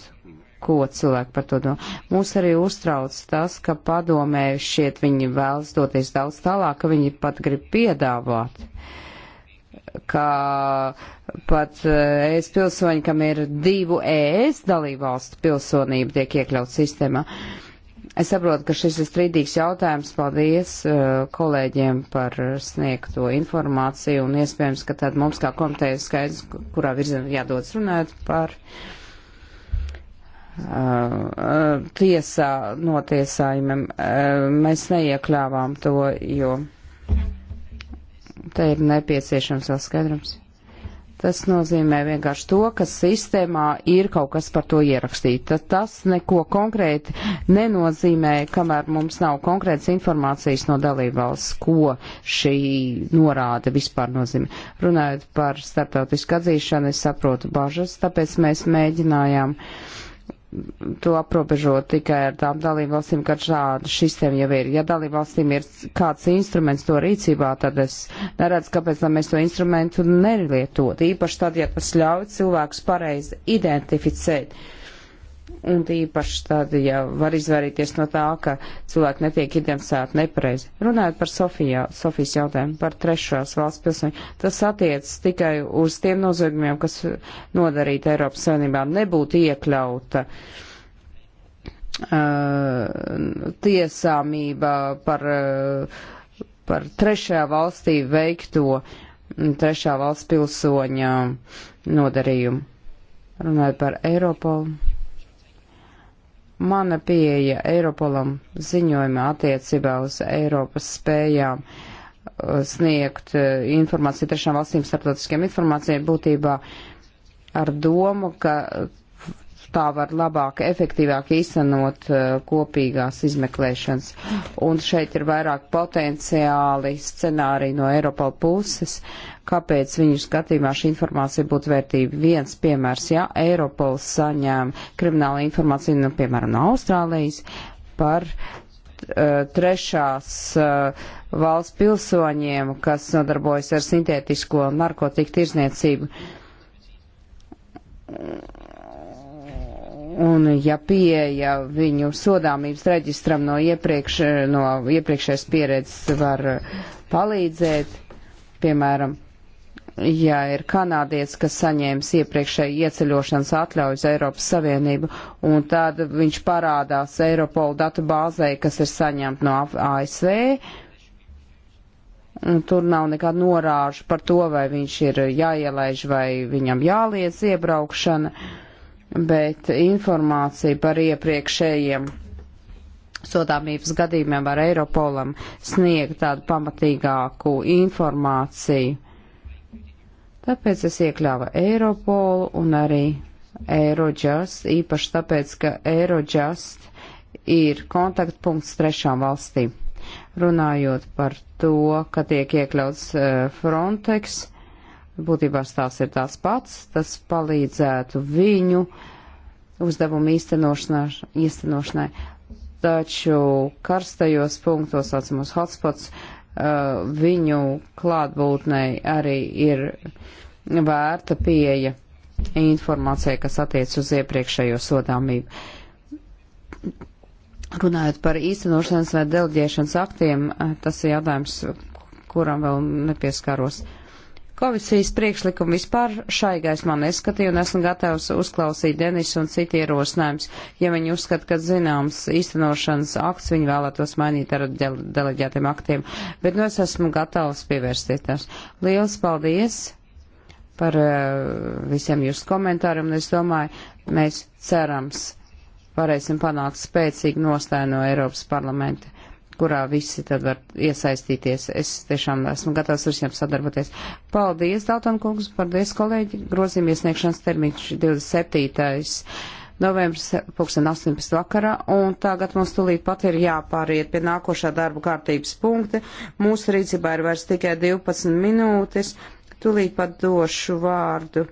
ko cilvēki par to domā. Mūs arī uztrauc tas, ka padomē šiet viņi vēlas doties daudz tālāk, ka viņi pat grib piedāvāt ka pat e, es pilsoņi, kam ir divu ES dalībvalstu pilsonība, tiek iekļauts sistēmā. Uh, Es saprotu, ka šis ir strīdīgs jautājums. Paldies uh, kolēģiem par sniegto informāciju un iespējams, ka tad mums kā komiteja skaidrs, kurā virzienā jādodas runāt par uh, uh, tiesā notiesājumiem. Uh, mēs neiekļāvām to, jo te ir nepieciešams vēl skaidrums. Tas nozīmē vienkārši to, ka sistēmā ir kaut kas par to ierakstīts. Tas neko konkrēti nenozīmē, kamēr mums nav konkrētas informācijas no dalībvalsts, ko šī norāde vispār nozīmē. Runājot par starptautisku atzīšanu, es saprotu bažas, tāpēc mēs mēģinājām uh, to aprobežot tikai ar tām dalībvalstīm, kad šāda sistēma jau ir. Ja dalībvalstīm ir kāds instruments to rīcībā, tad es neredzu, kāpēc mēs to instrumentu nelietot. Īpaši tad, ja tas ļauj cilvēkus pareizi identificēt. Uh, Un īpaši tad, ja var izvairīties no tā, ka cilvēki netiek identificēti nepareizi. Runājot par Sofijā, Sofijas jautājumu, par trešās valsts pilsoņu, tas attiec tikai uz tiem noziegumiem, kas nodarīti Eiropas Savienībā, nebūtu iekļauta uh, tiesāmība par, uh, par trešajā valstī veikto trešā valsts pilsoņa nodarījumu. Runājot par Eiropolu mana pieeja Eiropolam ziņojumā attiecībā uz Eiropas spējām uh, sniegt uh, informāciju trešām valstīm starptautiskiem informācijai būtībā ar domu, ka tā var labāk, efektīvāk īstenot uh, kopīgās izmeklēšanas. Un šeit ir vairāk potenciāli scenāriji no Eiropa puses, kāpēc viņu skatījumā šī informācija būtu vērtība. Viens piemērs, ja Eiropols saņēma kriminālu informāciju, nu, piemēram, no Austrālijas par uh, trešās uh, valsts pilsoņiem, kas nodarbojas ar sintētisko narkotiku tirzniecību Un ja pieeja viņu sodāmības reģistram no, iepriekš, no iepriekšējās pieredzes var palīdzēt, piemēram, ja ir kanādietis, kas saņēmis iepriekšēju ieceļošanas atļauju uz Eiropas Savienību, un tad viņš parādās Eiropola datu bāzē, kas ir saņemta no ASV, un tur nav nekāda norāža par to, vai viņš ir jāielaiž vai viņam jāliec iebraukšana. Uh, bet informācija par iepriekšējiem sodāmības gadījumiem var Eiropolam sniegt tādu pamatīgāku informāciju. Tāpēc es iekļāvu Eiropolu un arī Eirojust, īpaši tāpēc, ka Eirojust ir kontaktpunkts trešām valstīm. Runājot par to, ka tiek iekļauts eh, Frontex, uh, būtībā tās ir tās pats, tas palīdzētu viņu uzdevumu īstenošanai. Taču karstajos punktos, saucamos hotspots, uh, viņu klātbūtnei arī ir vērta pieeja informācijai, kas attiec uz iepriekšējo sodāmību. Runājot par īstenošanas vai delģēšanas aktiem, uh, tas ir jautājums, kuram vēl nepieskāros. Uh, Komisijas priekšlikumu vispār šai gaismā neskatīju un esmu gatavs uzklausīt Denis un citi ierosinājums, ja viņi uzskata, ka zināms īstenošanas akts viņi vēlētos mainīt ar deleģētiem aktiem, bet nu es esmu gatavs pievērsties. Liels paldies par uh, visiem jūsu komentāriem un es domāju, mēs cerams varēsim panākt spēcīgu nostāju no Eiropas parlamenta kurā visi tad var iesaistīties. Es tiešām esmu gatavs ar visiem sadarboties. Paldies, Dalton kungs, paldies, kolēģi. Grozījuma iesniegšanas termiņš 27. novembris, 2018. vakarā, un tagad mums tūlīt pat ir jāpāriet pie nākošā darba kārtības punkta. Mūsu rīcībā ir vairs tikai 12 minūtes. Tūlīt pat došu vārdu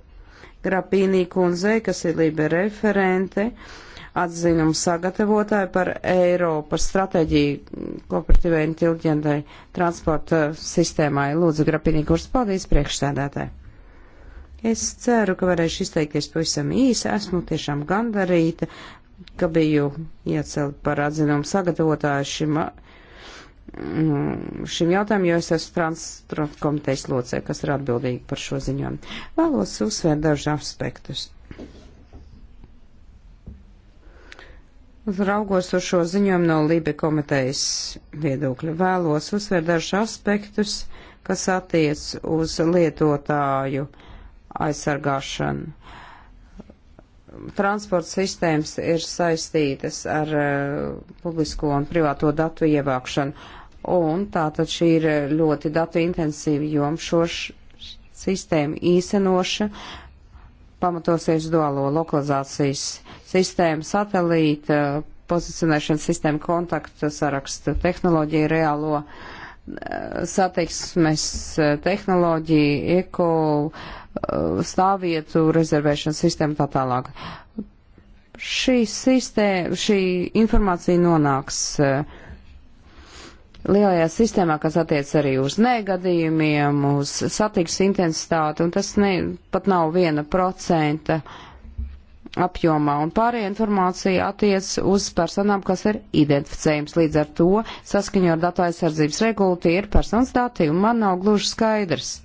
Grapīnī kundzei, kas ir Lībe referente. Uh, atzinumu sagatavotāju par Eiropas stratēģiju kooperatīvai inteliģentai transporta sistēmai. Lūdzu, Grapinī, kurš paldies priekšstādātāji. Es ceru, ka varēšu izteikties pavisam īsi. Esmu tiešām gandarīta, ka biju iecelt par atzinumu sagatavotāju šim, mm, šim jautājumam, jo es esmu transporta komitejas locē, kas ir atbildīgi par šo ziņojumu. Vēlos uzsvērt dažus aspektus. Raugos uz šo ziņojumu no Lībe komitejas viedokļa vēlos uzsvērt dažus aspektus, kas attiec uz lietotāju aizsargāšanu. Transporta sistēmas ir saistītas ar uh, publisko un privāto datu ievākšanu, un tātad šī ir ļoti datu intensīva joma šo sistēmu īsenoša pamatosies duālo lokalizācijas sistēma, satelīta pozicionēšanas sistēma, kontaktu sarakstu tehnoloģiju, reālo eh, satiksmes eh, tehnoloģiju, eko eh, stāvvietu rezervēšanas sistēmu tā tālāk. Šī, sistēma, šī informācija nonāks uh, lielajā sistēmā, kas attiec arī uz negadījumiem, uz satiks intensitāti, un tas ne, pat nav viena procenta apjomā, un pārējā informācija attiec uz personām, kas ir identificējums. Līdz ar to saskaņo ar datu aizsardzības regulu tie ir personas dati, un man nav gluži skaidrs.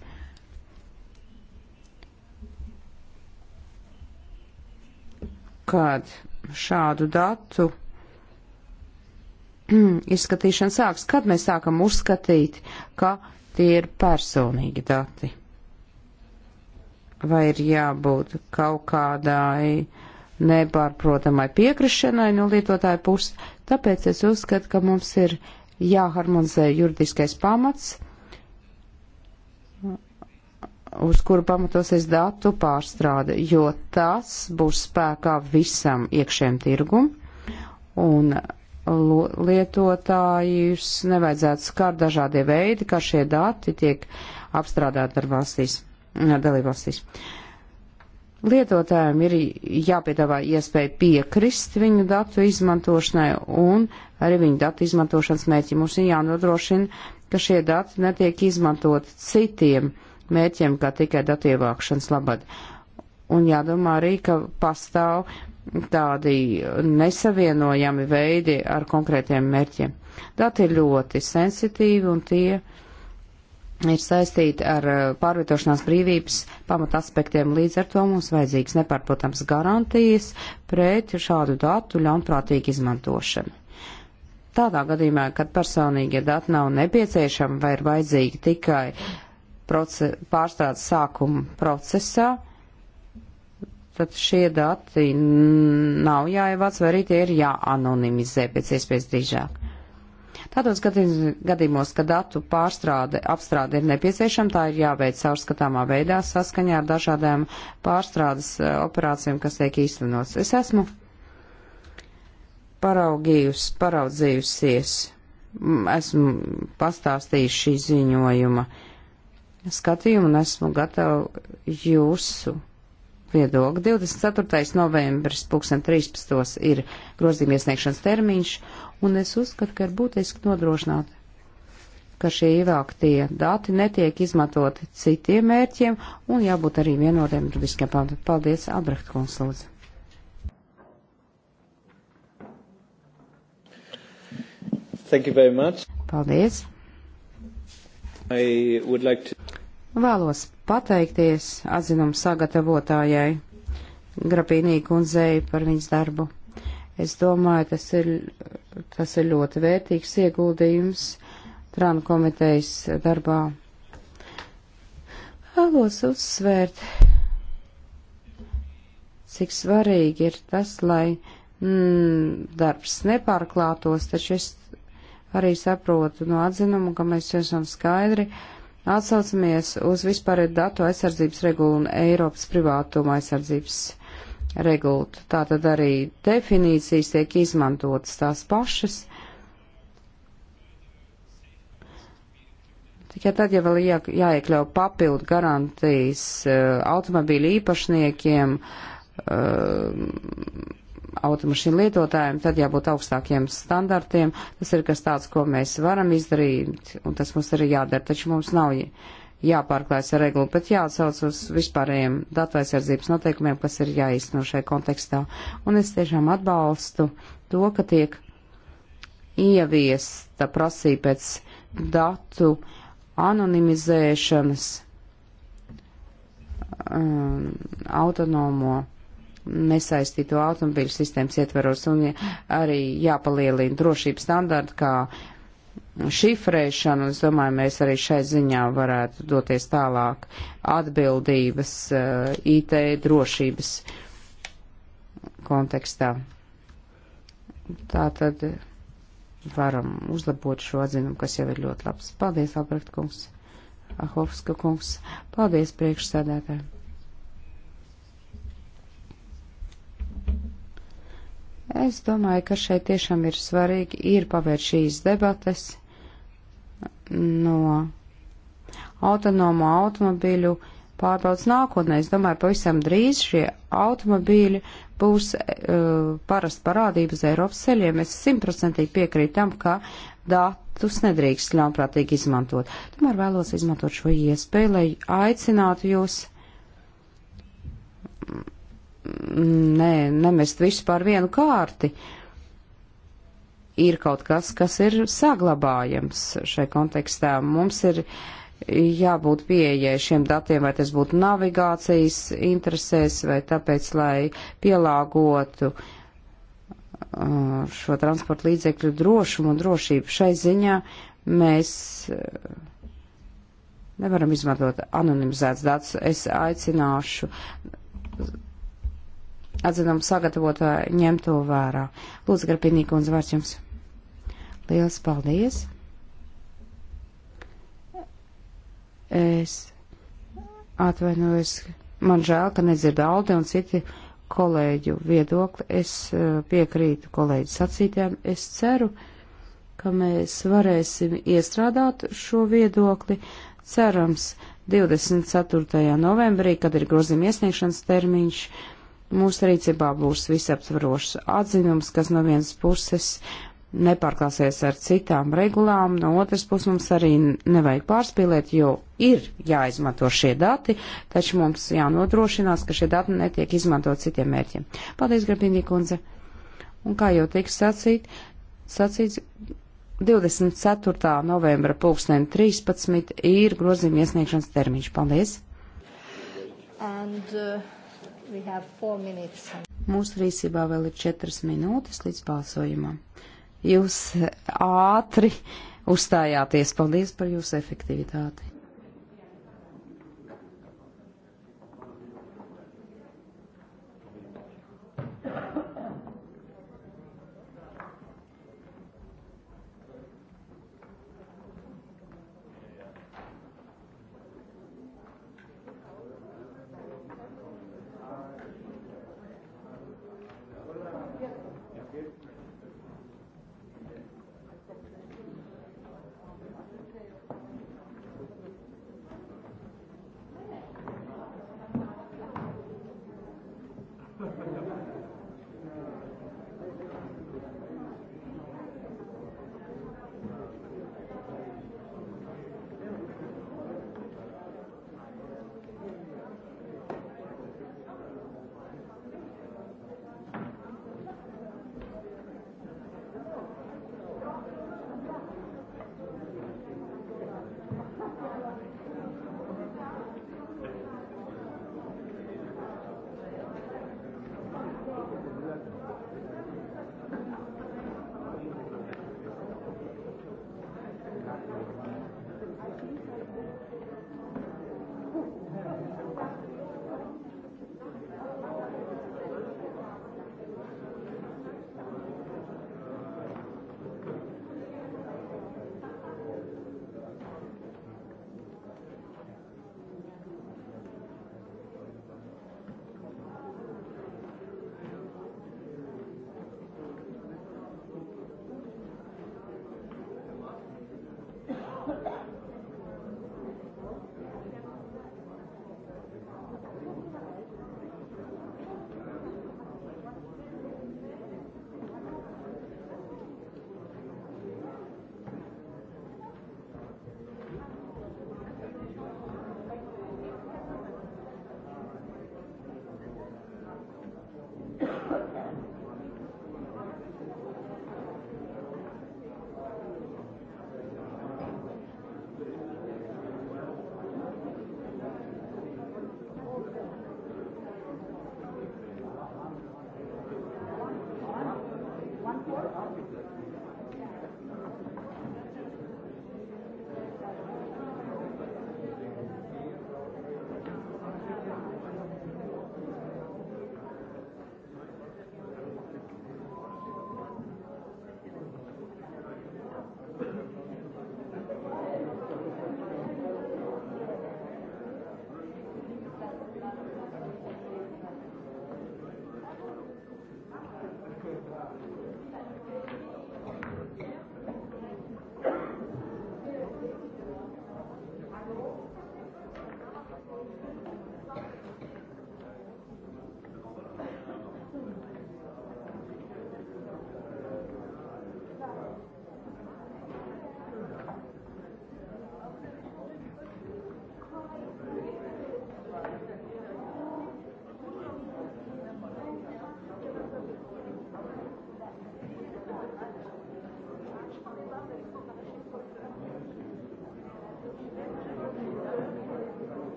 Kad šādu datu izskatīšana sāks, kad mēs sākam uzskatīt, ka tie ir personīgi dati vai ir jābūt kaut kādai nepārprotamai piekrišanai no lietotāja puses. Tāpēc es uzskatu, ka mums ir jāharmonizē juridiskais pamats, uz kuru pamatosies datu pārstrāde, jo tas būs spēkā visam iekšējiem tirgum un lietotājus nevajadzētu skart dažādie veidi, kā šie dati tiek apstrādāti ar valstīs dalībvalstīs. Lietotājiem ir jāpiedāvā iespēja piekrist viņu datu izmantošanai un arī viņu datu izmantošanas mērķi. Mums ir jānodrošina, ka šie dati netiek izmantot citiem mērķiem, kā tikai datu ievākšanas labad. Un jādomā arī, ka pastāv tādi nesavienojami veidi ar konkrētiem mērķiem. Dati ir ļoti sensitīvi un tie ir saistīti ar eh, pārvietošanās brīvības pamataspektiem. Līdz ar to mums vajadzīgs nepārprotams garantijas pret šādu datu ļaunprātīgu izmantošanu. Tādā gadījumā, kad personīgie dati nav nepieciešami vai ir vajadzīgi tikai pārstrādes sākuma procesā, tad šie dati nav jāievāc vai arī tie ir jāanonimizē pēc iespējas drīzāk. Tādos gadījumos, kad datu pārstrāde, apstrāde ir nepieciešama, tā ir jāveic caurskatāmā veidā saskaņā ar dažādām pārstrādes eh, operācijām, kas tiek īstenots. Es esmu paraugījusi, paraudzījusies, esmu pastāstījusi šī ziņojuma skatījumu un esmu gatava jūsu viedokli. 24. novembris 2013. ir grozījuma iesniegšanas termiņš, un es uzskatu, ka ir būtiski nodrošināt, ka šie ievāktie dati netiek izmantoti citiem mērķiem, un jābūt arī vienotiem juridiskiem pamatiem. Paldies, Albrecht konsulze. Thank you very much. Paldies. I would like to... Vēlos pateikties atzinumu sagatavotājai Grapīnī kundzei par viņas darbu. Es domāju, tas ir, tas ir ļoti vērtīgs ieguldījums Trānu komitejas darbā. Vēlos uzsvērt, cik svarīgi ir tas, lai mm, darbs nepārklātos, taču es arī saprotu no atzinumu, ka mēs esam skaidri. Uh, atsaucamies uz vispārēju datu aizsardzības regulu un Eiropas privātuma aizsardzības regulu. Tātad arī definīcijas tiek izmantotas tās pašas. Tikai tad, ja vēl jā, jāiekļauj papildu garantijas uh, automobīļu īpašniekiem, uh, automašīnu lietotājiem, tad jābūt augstākiem standartiem. Tas ir kas tāds, ko mēs varam izdarīt, un tas mums arī jādara, taču mums nav jāpārklājas ar regulu, bet jāatsauc uz vispārējiem datu aizsardzības noteikumiem, kas ir jāizsno šai kontekstā. Un es tiešām atbalstu to, ka tiek ieviesta prasība pēc datu anonimizēšanas um, autonomo nesaistīto automobīļu sistēmas ietveros un arī jāpalielina drošības standarti, kā šifrēšana. Es domāju, mēs arī šai ziņā varētu doties tālāk atbildības eh, IT drošības kontekstā. Tā tad varam uzlabot šo atzinumu, kas jau ir ļoti labs. Paldies, Albrecht kungs, Ahovska kungs. Paldies, priekšsēdētāji. Es domāju, ka šeit tiešām ir svarīgi ir pavērt šīs debates no autonomo automobīļu pārbaudas nākotnē. Es domāju, pavisam drīz šie automobīļi būs uh, e, parasta parādība uz Eiropas ceļiem. Es simtprocentīgi piekrītu tam, ka datus nedrīkst ļaunprātīgi izmantot. Tomēr vēlos izmantot šo iespēju, lai aicinātu jūs nē, nemest visu pār vienu kārti. Ir kaut kas, kas ir saglabājams šai kontekstā. Mums ir jābūt pieejai šiem datiem, vai tas būtu navigācijas interesēs, vai tāpēc, lai pielāgotu uh, šo transporta līdzekļu drošumu un drošību. Šai ziņā mēs uh, nevaram izmantot anonimizēts datus. Es aicināšu atzinumu sagatavotāji ņem to vērā. Lūdzu, Grapinīka un Zvārds jums. Liels paldies! Es atvainojos, man žēl, ka nedzirdu Alde un citi kolēģu viedokli. Es eh, piekrītu kolēģi sacītēm. Es ceru, ka mēs varēsim iestrādāt šo viedokli. Cerams, 24. novembrī, kad ir grozījuma iesniegšanas termiņš, uh, Mūsu rīcībā būs visaptvarošs atzinums, kas no vienas puses nepārklāsies ar citām regulām, no otras puses mums arī nevajag pārspīlēt, jo ir jāizmanto šie dati, taču mums jānodrošinās, ka šie dati netiek izmantot citiem mērķiem. Paldies, Grabīnī kundze! Un kā jau tika sacīt, sacīts, 24. novembra pulksten 13 ir grozījuma iesniegšanas termiņš. Paldies! And, uh... Mūsu rīcībā vēl ir četras minūtes līdz balsojumam. Jūs ātri uzstājāties. Paldies par jūsu efektivitāti.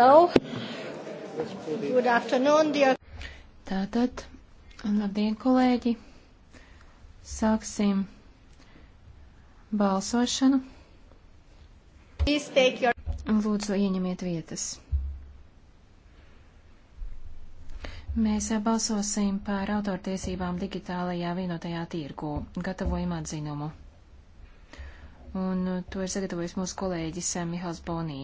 So, good afternoon, dear. Tātad, labdien, kolēģi. Sāksim balsošanu. Your... Lūdzu, ieņemiet vietas. Mēs balsosim par autortiesībām digitālajā vienotajā tirgu. Gatavojam atzinumu. Un to ir sagatavojis mūsu kolēģis eh, Mihals Bonī.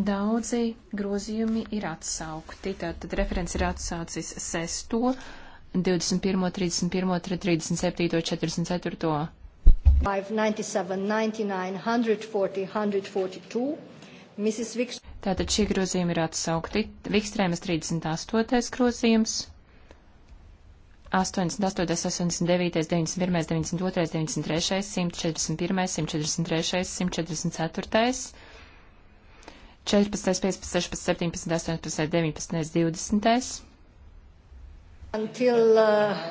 Daudzi grozījumi ir atsaukti. Tātad referents ir atsaucis 6, 21, 31, 37, 44. 5, 97, 99, 140, 142. Mrs. Vikst... Tātad šie grozījumi ir atsaukti. Vikstrēmas 38. grozījums. 88, 89, 91, 92, 93, 141, 143, 144. 14, 15, 16, 17, 18, 19, 20. Until, uh...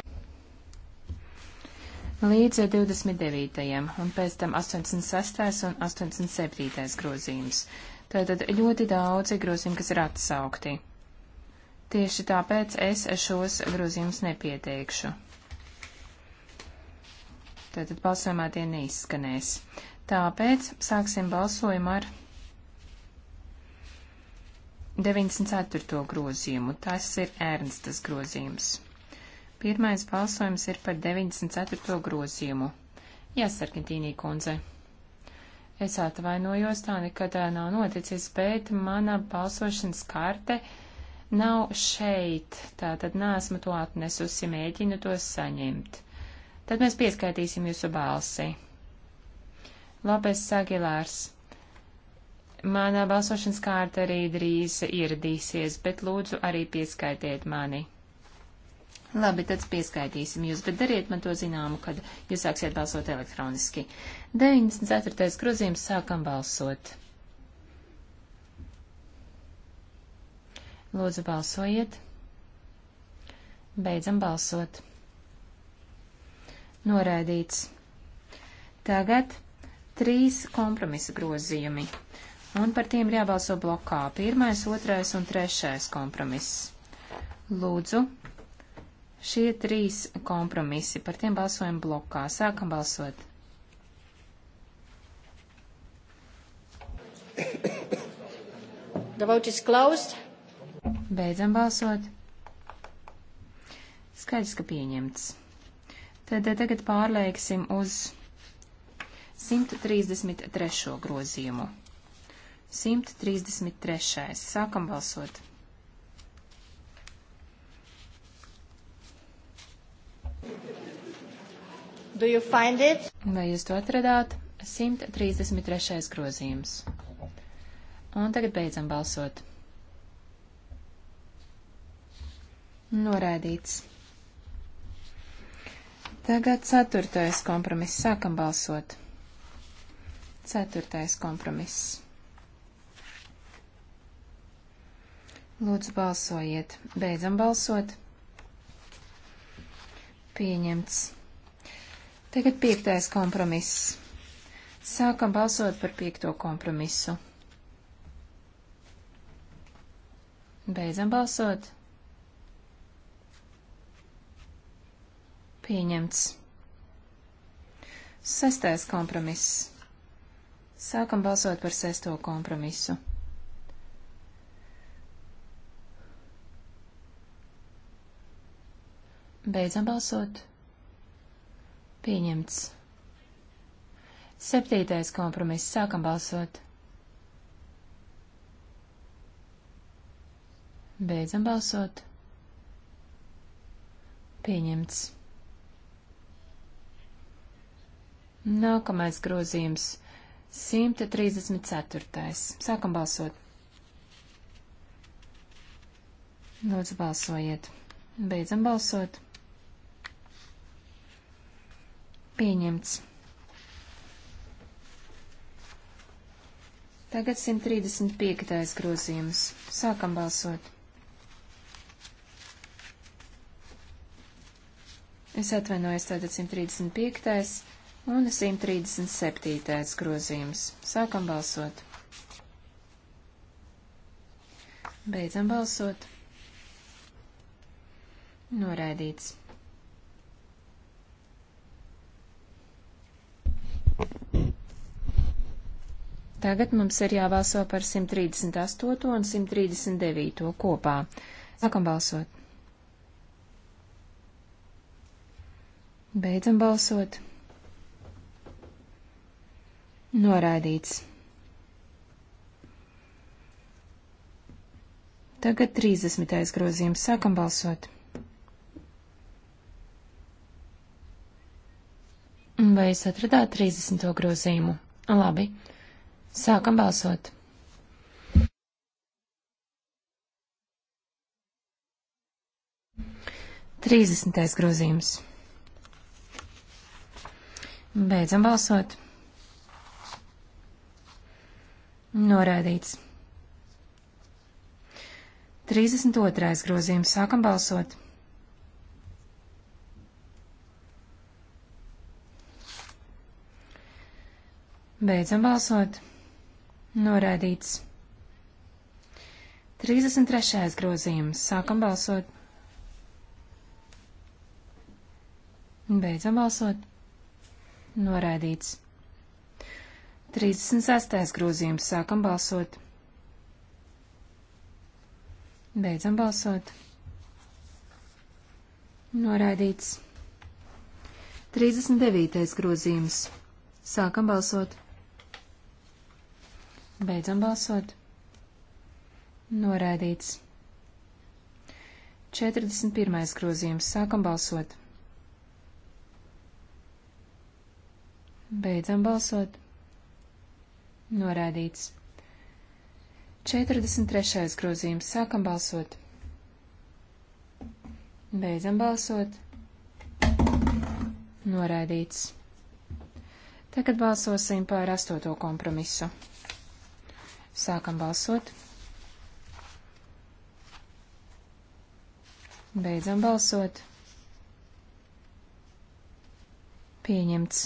Līdz 29. un pēc tam 86. un 87. grozījums. Tātad ļoti daudzi grozījumi, kas ir atsaukti. Tieši tāpēc es šos grozījumus nepieteikšu. Tātad balsojumā tie neizskanēs. Tāpēc sāksim balsojumu ar 94. grozījumu. Tas ir ērnstas grozījums. Pirmais balsojums ir par 94. grozījumu. Jā, Sargentīnī kundze. Es atvainojos, tā nekad nav noticis, bet mana balsošanas karte nav šeit, tā tad nāsmu to atnesusi, mēģinu to saņemt. Tad mēs pieskaitīsim jūsu balsi. Lopes Sagilārs. Manā balsošanas kārta arī drīz ieradīsies, bet lūdzu arī pieskaitiet mani. Labi, tad pieskaitīsim jūs, bet dariet man to zināmu, kad jūs sāksiet balsot elektroniski. 94. grozījums sākam balsot. Lūdzu, balsojiet. Beidzam balsot. Noraidīts. Tagad trīs kompromisa grozījumi un par tiem ir jābalso blokā. Pirmais, otrais un trešais kompromiss. Lūdzu, šie trīs kompromisi, par tiem balsojam blokā. Sākam balsot. The vote is closed. Beidzam balsot. Skaidrs, ka pieņemts. Tad eh, tagad pārlieksim uz 133. grozījumu. 133. Sākam balsot. Do you find it? Vai jūs to atradāt? 133. grozījums. Un tagad beidzam balsot. Noraidīts. Tagad ceturtais kompromiss. Sākam balsot. Ceturtais kompromiss. Lūdzu, balsojiet. Beidzam balsot. Pieņemts. Tagad piektais kompromiss. Sākam balsot par piekto kompromisu. Beidzam balsot. Pieņemts. Sestais kompromiss. Sākam balsot par sesto kompromisu. Beidzam balsot. Pieņemts. Septītais kompromiss. Sākam balsot. Beidzam balsot. Pieņemts. Nākamais grozījums. 134. Sākam balsot. Lūdzu, balsojiet. Beidzam balsot. Pieņemts. Tagad 135. grozījums. Sākam balsot. Es atvainojos tātad 135. un 137. grozījums. Sākam balsot. Beidzam balsot. Noraidīts. Tagad mums ir jābalso par 138 un 139 kopā. Sākam balsot. Beidzam balsot. Noraidīts. Tagad 30. grozījums. Sākam balsot. Vai es atradāt 30. grozījumu? Labi. Sākam balsot. Trīsdesmitais grozījums. Beidzam balsot. Norādīts. 32. grozījums. Sākam balsot. Beidzam balsot. Noraidīts. 33. grozījums. Sākam balsot. Beidzam balsot. Noraidīts. 36. grozījums. Sākam balsot. Beidzam balsot. Noraidīts. 39. grozījums. Sākam balsot. Beidzam balsot. Noraidīts. 41. grozījums. Sākam balsot. Beidzam balsot. Noraidīts. 43. grozījums. Sākam balsot. Beidzam balsot. Noraidīts. Tagad balsosim par astoto kompromisu. Sākam balsot. Beidzam balsot. Pieņemts.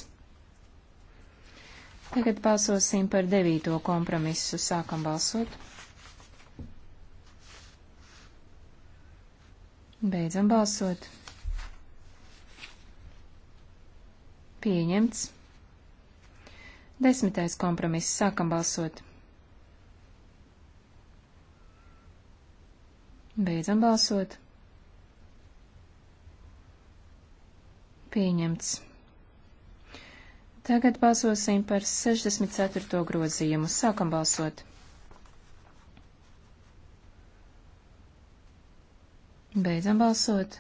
Tagad balsosim par devīto kompromisu. Sākam balsot. Beidzam balsot. Pieņemts. Desmitais kompromiss. Sākam balsot. Beidzam balsot. Pieņemts. Tagad balsosim par 64. grozījumu. Sākam balsot. Beidzam balsot.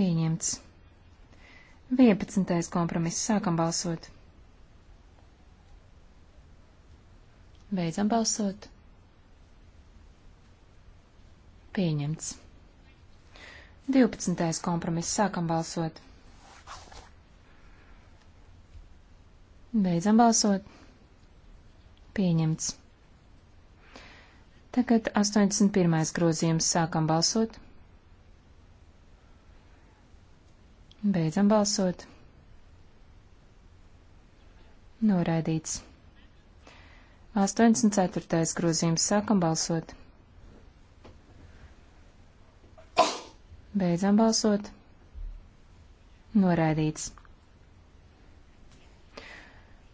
Pieņemts. 11. kompromiss. Sākam balsot. Beidzam balsot. Pieņemts. 12. kompromiss. Sākam balsot. Beidzam balsot. Pieņemts. Tagad 81. grozījums. Sākam balsot. Beidzam balsot. Noraidīts. 84. grozījums sākam balsot. Beidzam balsot. Noraidīts.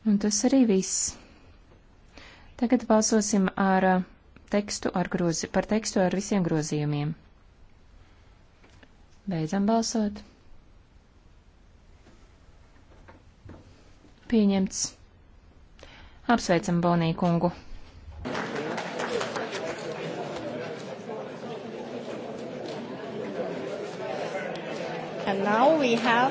Un tas arī viss. Tagad balsosim ar uh, tekstu ar grozi, par tekstu ar visiem grozījumiem. Beidzam balsot. Pieņemts. Apsveicam Bonī kungu. And now we have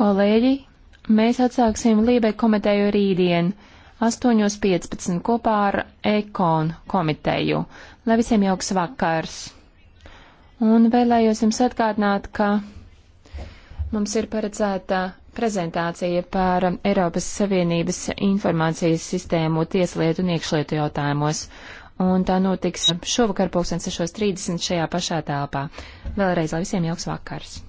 Kolēģi, mēs atsāksim Lībe komiteju rītdien 8.15 kopā ar Ekon komiteju. Lai visiem jauks vakars. Un vēlējos jums atgādināt, ka mums ir paredzēta prezentācija par Eiropas Savienības informācijas sistēmu tieslietu un iekšlietu jautājumos. Un tā notiks šovakar 6.30 šajā pašā telpā. Vēlreiz lai visiem jauks vakars!